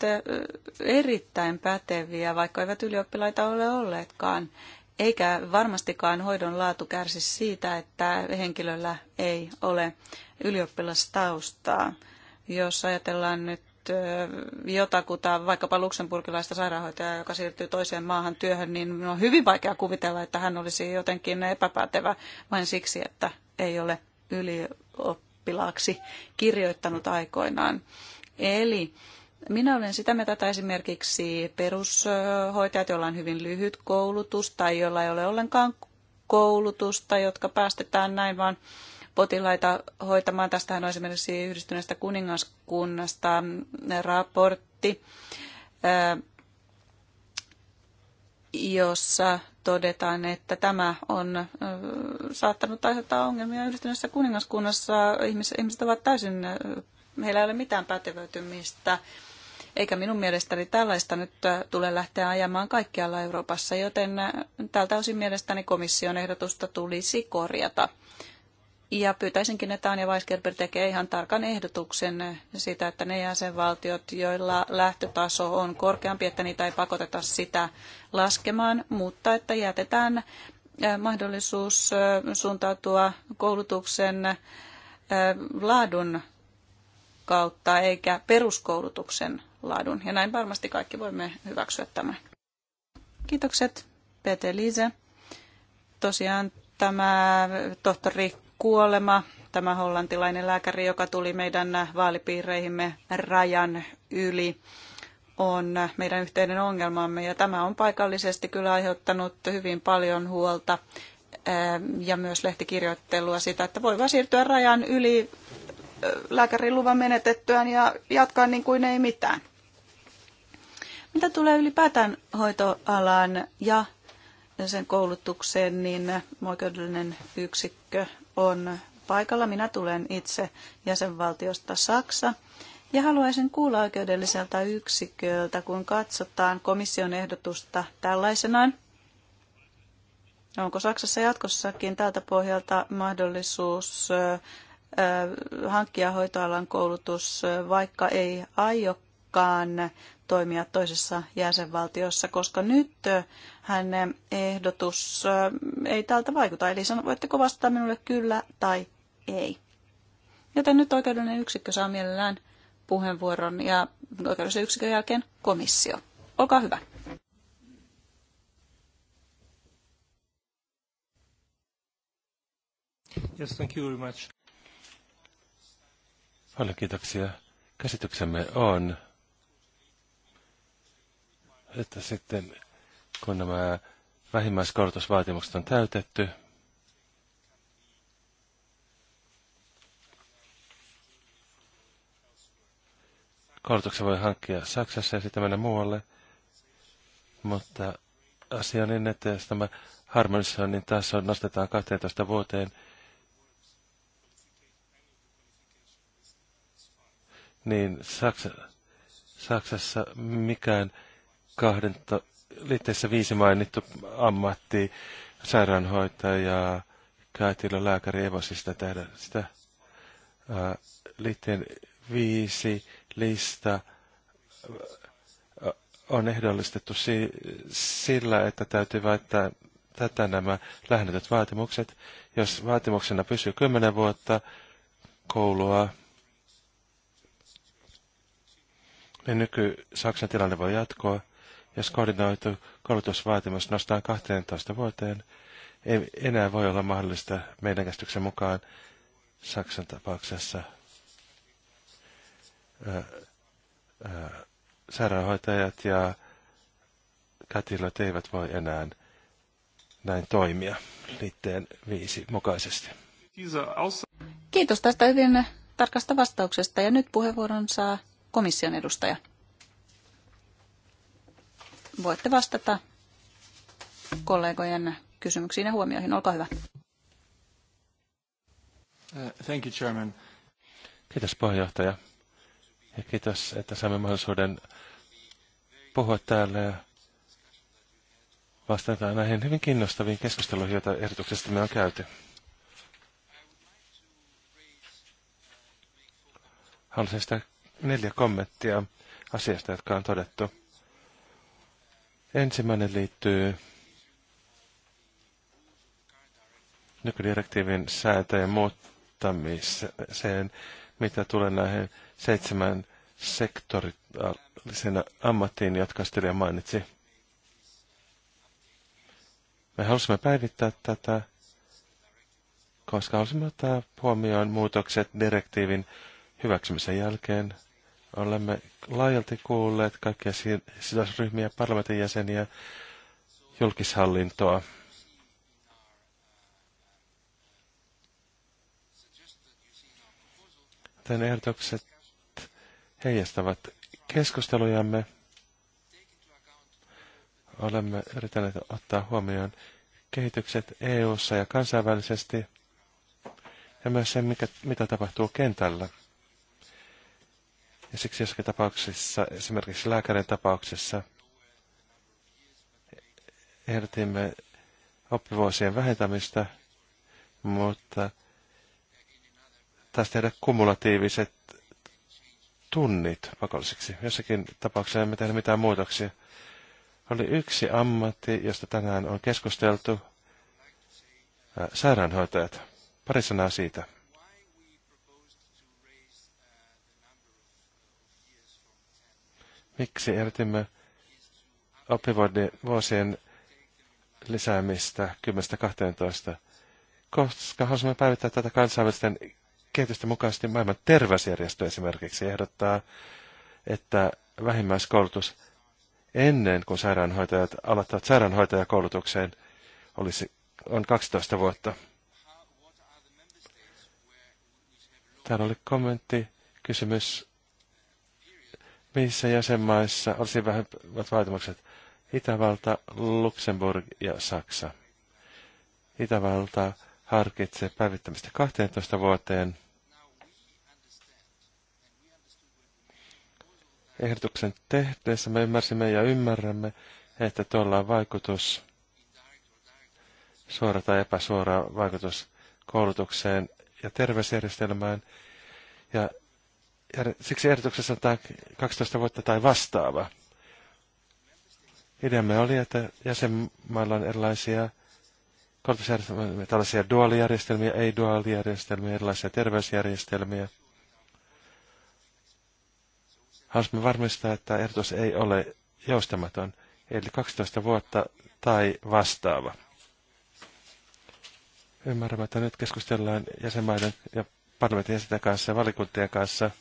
erittäin päteviä, vaikka eivät ylioppilaita ole olleetkaan. Eikä varmastikaan hoidon laatu kärsi siitä, että henkilöllä ei ole ylioppilastaustaa. Jos ajatellaan nyt jotakuta, vaikkapa luksemburgilaista sairaanhoitajaa, joka siirtyy toiseen maahan työhön, niin on hyvin vaikea kuvitella, että hän olisi jotenkin epäpätevä vain siksi, että ei ole ylioppilaaksi kirjoittanut aikoinaan. Eli minä olen sitä mieltä, että esimerkiksi perushoitajat, joilla on hyvin lyhyt koulutus tai joilla ei ole ollenkaan koulutusta, jotka päästetään näin vaan potilaita hoitamaan. Tästähän on esimerkiksi yhdistyneestä kuningaskunnasta raportti, jossa todetaan, että tämä on saattanut aiheuttaa ongelmia yhdistyneessä kuningaskunnassa. Ihmiset, ovat täysin, heillä ei ole mitään pätevöitymistä, eikä minun mielestäni tällaista nyt tule lähteä ajamaan kaikkialla Euroopassa, joten tältä osin mielestäni komission ehdotusta tulisi korjata. Ja pyytäisinkin, että Anja Weisgerber tekee ihan tarkan ehdotuksen siitä, että ne jäsenvaltiot, joilla lähtötaso on korkeampi, että niitä ei pakoteta sitä laskemaan, mutta että jätetään eh, mahdollisuus eh, suuntautua koulutuksen eh, laadun kautta eikä peruskoulutuksen laadun. Ja näin varmasti kaikki voimme hyväksyä tämän. Kiitokset, Pete Liise. Tosiaan tämä tohtori kuolema. Tämä hollantilainen lääkäri, joka tuli meidän vaalipiireihimme rajan yli, on meidän yhteinen ongelmamme ja tämä on paikallisesti kyllä aiheuttanut hyvin paljon huolta eh, ja myös lehtikirjoittelua sitä, että voi vaan siirtyä rajan yli eh, lääkärin luvan menetettyään ja jatkaa niin kuin ei mitään. Mitä tulee ylipäätään hoitoalaan ja sen koulutukseen, niin oikeudellinen yksikkö on paikalla. Minä tulen itse jäsenvaltiosta Saksa. Ja haluaisin kuulla oikeudelliselta yksiköltä, kun katsotaan komission ehdotusta tällaisenaan. Onko Saksassa jatkossakin tältä pohjalta mahdollisuus hankkia hoitoalan koulutus, vaikka ei aiokkaan toimia toisessa jäsenvaltiossa, koska nyt hänen ehdotus ei tältä vaikuta. Eli voitteko vastata minulle kyllä tai ei. Joten nyt oikeudellinen yksikkö saa mielellään puheenvuoron ja oikeudellisen yksikön jälkeen komissio. Olkaa hyvä. Yes, thank you very much. Paljon kiitoksia. Käsityksemme on, että sitten kun nämä vähimmäiskorotusvaatimukset on täytetty, koulutuksen voi hankkia Saksassa ja sitten mennä muualle. Mutta asia on niin, että jos tämä harmonisoinnin taso nostetaan 12 vuoteen, niin Saksa, Saksassa mikään kahden liitteessä viisi mainittu ammatti sairaanhoitaja, kätilö, lääkäri Evosista tehdä sitä ää, liitteen viisi lista on ehdollistettu si- sillä, että täytyy väittää tätä nämä lähennetyt vaatimukset. Jos vaatimuksena pysyy kymmenen vuotta koulua, niin nyky-Saksan tilanne voi jatkoa jos koordinoitu koulutusvaatimus nostaa 12 vuoteen, ei enää voi olla mahdollista meidän käsityksen mukaan Saksan tapauksessa ää, sairaanhoitajat ja kätilöt eivät voi enää näin toimia liitteen viisi mukaisesti. Kiitos tästä hyvin tarkasta vastauksesta ja nyt puheenvuoron saa komission edustaja voitte vastata kollegojen kysymyksiin ja huomioihin. Olkaa hyvä. Uh, thank you, Chairman. Kiitos puheenjohtaja. Ja kiitos, että saimme mahdollisuuden puhua täällä ja vastata näihin hyvin kiinnostaviin keskusteluihin, joita ehdotuksesta me on käyty. Haluaisin sitä neljä kommenttia asiasta, jotka on todettu. Ensimmäinen liittyy nykydirektiivin sääntöjen muuttamiseen, mitä tulee näihin seitsemän sektorisena ammattiin, jotka Stilja mainitsi. Me halusimme päivittää tätä, koska halusimme ottaa huomioon muutokset direktiivin hyväksymisen jälkeen – Olemme laajalti kuulleet kaikkia sidosryhmiä, parlamentin jäseniä, julkishallintoa. Tämän ehdotukset heijastavat keskustelujamme. Olemme yrittäneet ottaa huomioon kehitykset EU:ssa ja kansainvälisesti ja myös sen, mikä, mitä tapahtuu kentällä. Ja siksi jossakin tapauksessa, esimerkiksi lääkärin tapauksessa, ehdotimme oppivuosien vähentämistä, mutta taas tehdä kumulatiiviset tunnit pakolliseksi. Jossakin tapauksessa emme tehneet mitään muutoksia. Oli yksi ammatti, josta tänään on keskusteltu, sairaanhoitajat. Pari sanaa siitä. Miksi ehdotimme oppivuosien lisäämistä 10-12? Koska haluamme päivittää tätä kansainvälisten kehitystä mukaisesti maailman terveysjärjestö esimerkiksi ehdottaa, että vähimmäiskoulutus ennen kuin sairaanhoitajat aloittavat sairaanhoitajakoulutukseen olisi, on 12 vuotta. Täällä oli kommentti, kysymys missä jäsenmaissa olisi vähemmät vaatimukset? Itävalta, Luxemburg ja Saksa. Itävalta harkitsee päivittämistä 12 vuoteen. Ehdotuksen tehtäessä me ymmärsimme ja ymmärrämme, että tuolla on vaikutus, suora tai epäsuora vaikutus koulutukseen ja terveysjärjestelmään ja siksi ehdotuksessa tämä 12 vuotta tai vastaava. Ideamme oli, että jäsenmailla on erilaisia koulutusjärjestelmiä, tällaisia duaalijärjestelmiä, ei-duaalijärjestelmiä, erilaisia terveysjärjestelmiä. Haluaisimme varmistaa, että ehdotus ei ole joustamaton, eli 12 vuotta tai vastaava. Ymmärrämme, että nyt keskustellaan jäsenmaiden ja parlamentin jäsenten kanssa ja valikuntien kanssa –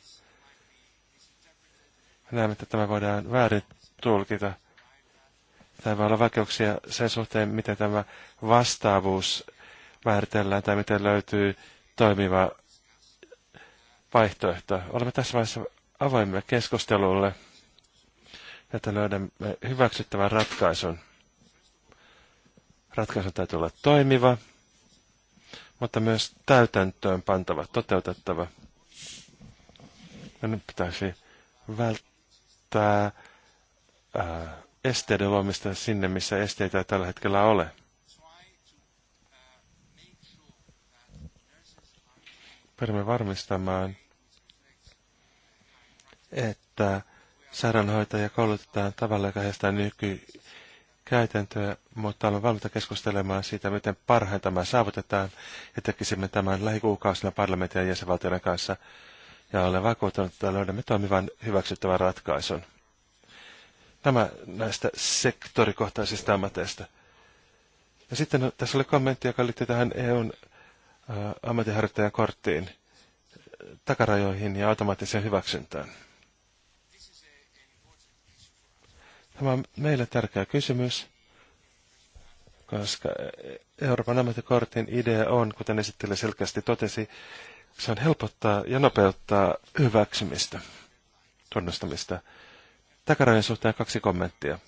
Näemme, että tämä voidaan väärin tulkita. Tai voi olla vaikeuksia sen suhteen, miten tämä vastaavuus määritellään tai miten löytyy toimiva vaihtoehto. Olemme tässä vaiheessa avoimia keskustelulle, että löydämme hyväksyttävän ratkaisun. Ratkaisun täytyy olla toimiva, mutta myös täytäntöön pantava, toteutettava. nyt pitäisi välttää ää, esteiden luomista sinne, missä esteitä ei tällä hetkellä ole. Pyrimme varmistamaan, että sairaanhoitajia koulutetaan tavalla, joka heistä nykykäytäntöä, mutta olemme valmiita keskustelemaan siitä, miten parhain tämä saavutetaan, ja tekisimme tämän lähikuukausina parlamentin ja jäsenvaltioiden kanssa ja olen vakuuttanut, että löydämme toimivan hyväksyttävän ratkaisun. Tämä näistä sektorikohtaisista ammateista. Ja sitten no, tässä oli kommentti, joka liittyy tähän EUn äh, ammattiharjoittajan korttiin, takarajoihin ja automaattiseen hyväksyntään. Tämä on meille tärkeä kysymys, koska Euroopan ammattikortin idea on, kuten esittely selkeästi totesi, sehän on helpottaa ja nopeuttaa hyväksymistä, tunnustamista. Takarajan suhteen kaksi kommenttia.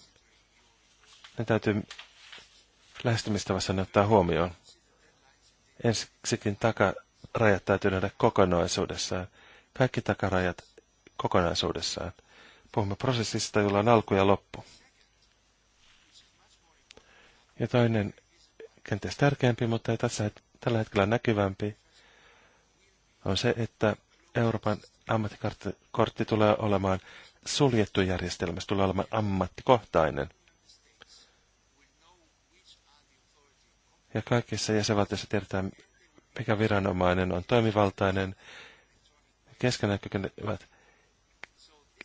Ne täytyy lähestymistavassa ottaa huomioon. Ensiksikin takarajat täytyy nähdä kokonaisuudessaan. Kaikki takarajat kokonaisuudessaan. Puhumme prosessista, jolla on alku ja loppu. Ja toinen, kenties tärkeämpi, mutta ei tässä tällä hetkellä näkyvämpi, on se, että Euroopan ammattikortti tulee olemaan suljettu järjestelmä, se tulee olemaan ammattikohtainen. Ja kaikissa jäsenvaltioissa tiedetään, mikä viranomainen on toimivaltainen. Keskenään kykenevät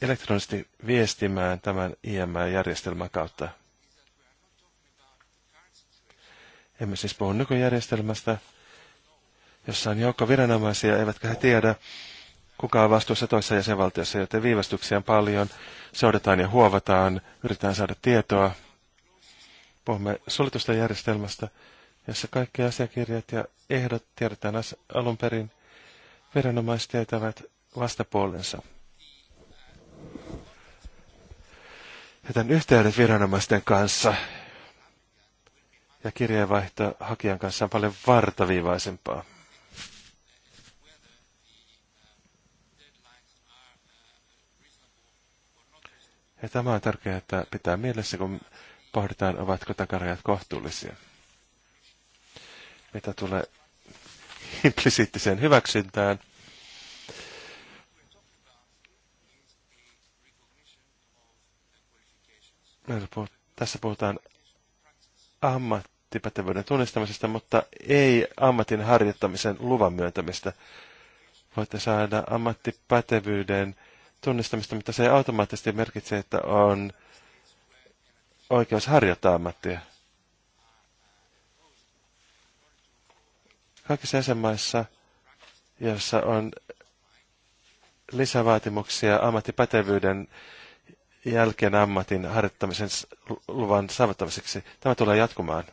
elektronisesti viestimään tämän IMA-järjestelmän kautta. Emme siis puhu nykyjärjestelmästä, jossa on joukko viranomaisia, eivätkä he tiedä, kuka on vastuussa toisessa jäsenvaltiossa, joten viivästyksiä on paljon, seurataan ja huovataan, yritetään saada tietoa. Puhumme suljetusta järjestelmästä, jossa kaikki asiakirjat ja ehdot tiedetään alun perin. Viranomaiset tietävät vastapuolensa. Jätän yhteydet viranomaisten kanssa ja kirjeenvaihto hakijan kanssa on paljon vartaviivaisempaa. Ja tämä on tärkeää, että pitää mielessä, kun pohditaan, ovatko takarajat kohtuullisia. Mitä tulee implisiittiseen hyväksyntään, tässä puhutaan ammattipätevyyden tunnistamisesta, mutta ei ammatin harjoittamisen luvan myöntämistä. Voitte saada ammattipätevyyden tunnistamista, mutta se ei automaattisesti merkitse, että on oikeus harjoittaa ammattia. Kaikissa jäsenmaissa, joissa on lisävaatimuksia ammattipätevyyden jälkeen ammatin harjoittamisen luvan saavuttamiseksi, tämä tulee jatkumaan.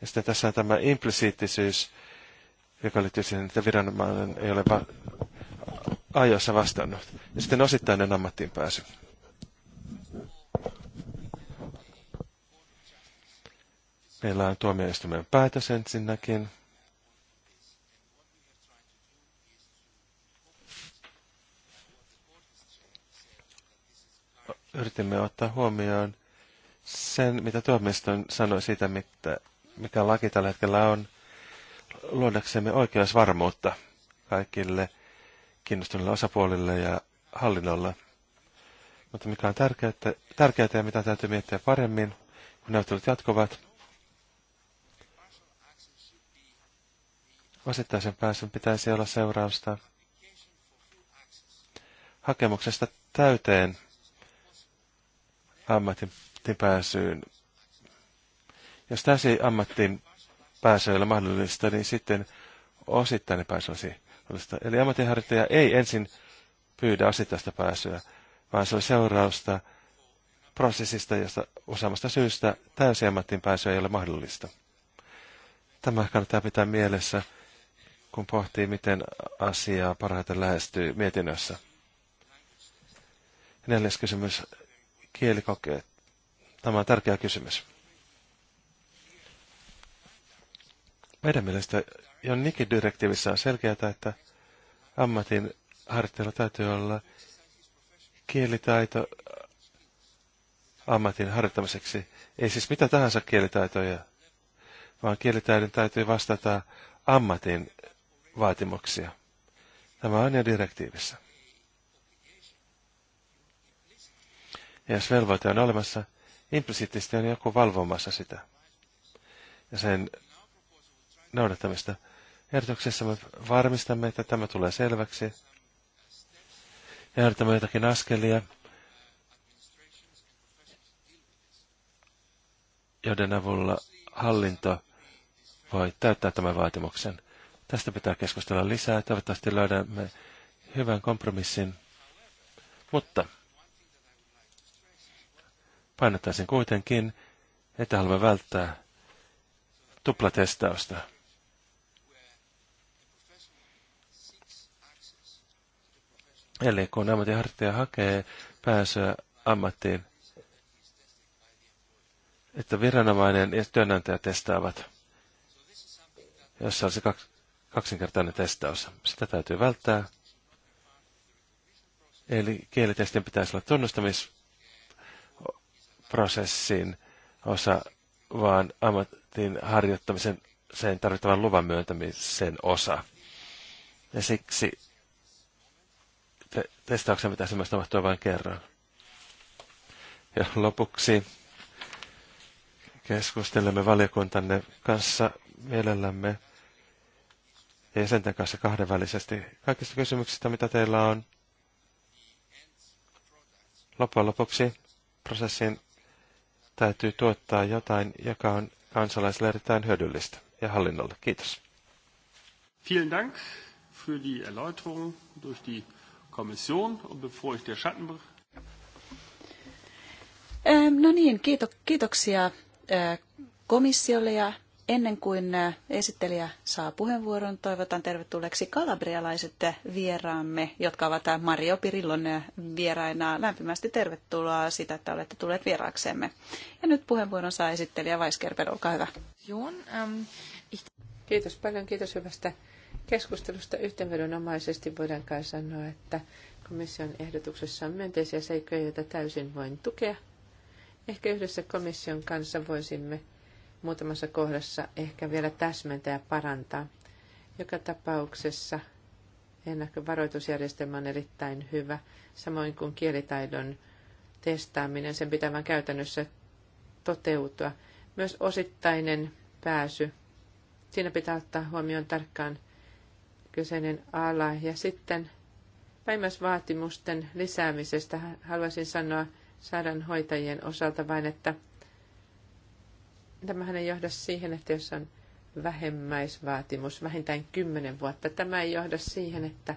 Ja sitten tässä on tämä implisiittisyys, joka liittyy siihen, että viranomainen ei ole ajoissa vastannut. Ja sitten osittainen ammattiin pääsy. Meillä on tuomioistuimen päätös ensinnäkin. Yritimme ottaa huomioon sen, mitä tuomioistuin sanoi siitä, mitä, mikä laki tällä hetkellä on, luodaksemme oikeusvarmuutta kaikille – kiinnostuneille osapuolille ja hallinnolle. Mutta mikä on tärkeää, tärkeää ja mitä täytyy miettiä paremmin, kun neuvottelut jatkuvat, osittaisen pääsyn pitäisi olla seurausta hakemuksesta täyteen ammatin pääsyyn. Jos täysi ammattiin pääsy ei ole mahdollista, niin sitten osittainen pääsy olisi Eli ammatinharjoittaja ei ensin pyydä asittaista pääsyä, vaan se on seurausta prosessista, josta useammasta syystä täysin ammattiin pääsy ei ole mahdollista. Tämä kannattaa pitää mielessä, kun pohtii, miten asiaa parhaiten lähestyy mietinnössä. Neljäs kysymys, kielikokeet. Tämä on tärkeä kysymys. Meidän mielestä jo nikin direktiivissä on selkeää, että ammatin harjoittelu täytyy olla kielitaito ammatin harjoittamiseksi. Ei siis mitä tahansa kielitaitoja, vaan kielitaidon täytyy vastata ammatin vaatimuksia. Tämä on jo direktiivissä. Ja jos velvoite on olemassa, implisiittisesti on joku valvomassa sitä ja sen noudattamista. Herätyksessä me varmistamme, että tämä tulee selväksi. Ja ehdotamme jotakin askelia, joiden avulla hallinto voi täyttää tämän vaatimuksen. Tästä pitää keskustella lisää. Toivottavasti löydämme hyvän kompromissin. Mutta painottaisin kuitenkin, että haluamme välttää tuplatestausta. Eli kun ammattiharjoittaja hakee pääsyä ammattiin, että viranomainen ja työnantaja testaavat, jossa on se kaksinkertainen testaus. Sitä täytyy välttää. Eli kielitestin pitäisi olla tunnustamisprosessin osa, vaan ammatin harjoittamisen sen tarvittavan luvan myöntämisen osa. Ja siksi te- testauksen pitäisi myös tapahtua vain kerran. Ja lopuksi keskustelemme valiokuntanne kanssa mielellämme ja jäsenten kanssa kahdenvälisesti kaikista kysymyksistä, mitä teillä on. Loppujen lopuksi prosessin täytyy tuottaa jotain, joka on kansalaisille erittäin hyödyllistä ja hallinnolle. Kiitos. Vielen Dank für die Erläuterung durch die Kommission. Und bevor ich der Ähm, No niin, kiito, kiitoksia äh, komissiolle ja ennen kuin äh, esittelijä saa puheenvuoron, toivotan tervetulleeksi kalabrialaiset äh, vieraamme, jotka ovat Mario Pirillon vieraina. Lämpimästi tervetuloa sitä, että olette tulleet vieraaksemme. Ja nyt puheenvuoron saa esittelijä Weisgerber, olkaa hyvä. Ähm, kiitos paljon, kiitos hyvästä Keskustelusta yhteenvedonomaisesti voidaan kai sanoa, että komission ehdotuksessa on myönteisiä seikkoja, joita täysin voin tukea. Ehkä yhdessä komission kanssa voisimme muutamassa kohdassa ehkä vielä täsmentää ja parantaa. Joka tapauksessa ennakkovaroitusjärjestelmä on erittäin hyvä, samoin kuin kielitaidon testaaminen, sen pitää vain käytännössä toteutua. Myös osittainen pääsy, siinä pitää ottaa huomioon tarkkaan kyseinen ala. Ja sitten päimäsvaatimusten lisäämisestä haluaisin sanoa sairaanhoitajien osalta vain, että tämähän ei johda siihen, että jos on vähemmäisvaatimus vähintään 10 vuotta, tämä ei johda siihen, että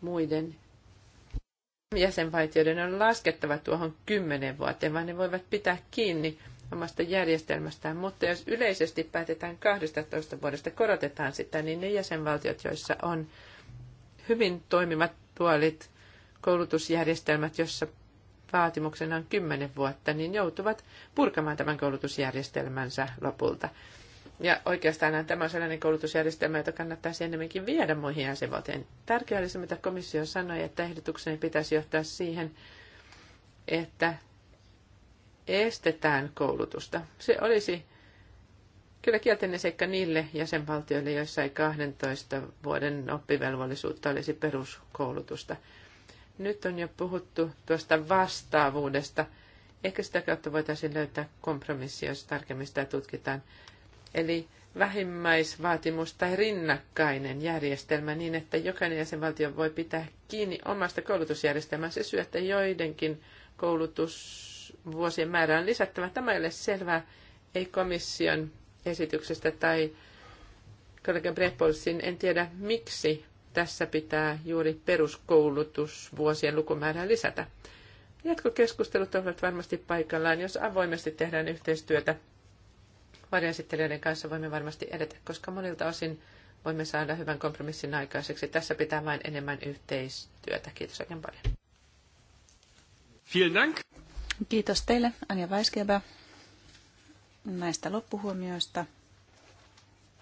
muiden jäsenvaltioiden on laskettava tuohon 10 vuoteen, vaan ne voivat pitää kiinni omasta järjestelmästään, mutta jos yleisesti päätetään 12 vuodesta, korotetaan sitä, niin ne jäsenvaltiot, joissa on hyvin toimivat tuolit, koulutusjärjestelmät, jossa vaatimuksena on 10 vuotta, niin joutuvat purkamaan tämän koulutusjärjestelmänsä lopulta. Ja oikeastaan tämä on sellainen koulutusjärjestelmä, jota kannattaisi enemmänkin viedä muihin jäsenvaltioihin. Tärkeää oli se, mitä komissio sanoi, että ehdotuksen pitäisi johtaa siihen, että estetään koulutusta. Se olisi kyllä kielteinen seikka niille jäsenvaltioille, joissa ei 12 vuoden oppivelvollisuutta olisi peruskoulutusta. Nyt on jo puhuttu tuosta vastaavuudesta. Ehkä sitä kautta voitaisiin löytää kompromissi, jos tarkemmin sitä tutkitaan. Eli vähimmäisvaatimus tai rinnakkainen järjestelmä niin, että jokainen jäsenvaltio voi pitää kiinni omasta Se syö, että joidenkin koulutus vuosien määrä on lisättävä. Tämä ei ole selvää, ei komission esityksestä tai kollega Brepolsin. En tiedä, miksi tässä pitää juuri peruskoulutusvuosien lukumäärää lisätä. Jatkokeskustelut ovat varmasti paikallaan. Jos avoimesti tehdään yhteistyötä varjoesittelijöiden kanssa, voimme varmasti edetä, koska monilta osin voimme saada hyvän kompromissin aikaiseksi. Tässä pitää vain enemmän yhteistyötä. Kiitos oikein paljon. Vielen Dank. Kiitos teille, Anja Väiskevä, näistä loppuhuomioista.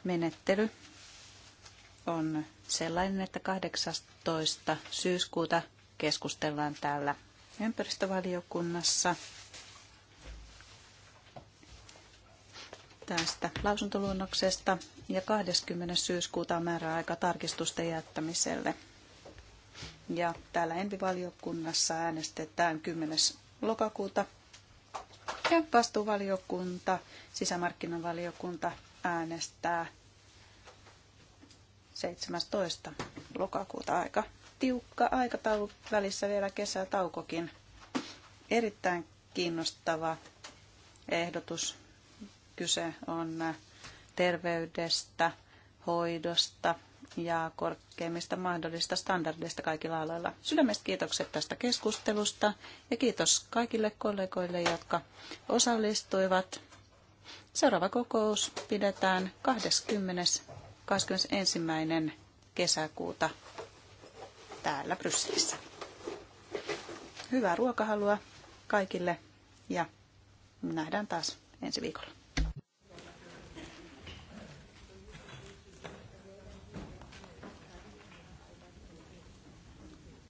Menettely on sellainen, että 18. syyskuuta keskustellaan täällä ympäristövaliokunnassa tästä lausuntoluonnoksesta ja 20. syyskuuta on määräaika tarkistusten jättämiselle. Ja täällä envivaliokunnassa äänestetään 10 lokakuuta. Ja vastuuvaliokunta, sisämarkkinavaliokunta äänestää 17. lokakuuta aika tiukka aikataulu välissä vielä kesätaukokin. Erittäin kiinnostava ehdotus. Kyse on terveydestä, hoidosta, ja korkeimmista mahdollisista standardeista kaikilla aloilla. Sydämestä kiitokset tästä keskustelusta ja kiitos kaikille kollegoille, jotka osallistuivat. Seuraava kokous pidetään 20. 21. kesäkuuta täällä Brysselissä. Hyvää ruokahalua kaikille ja nähdään taas ensi viikolla.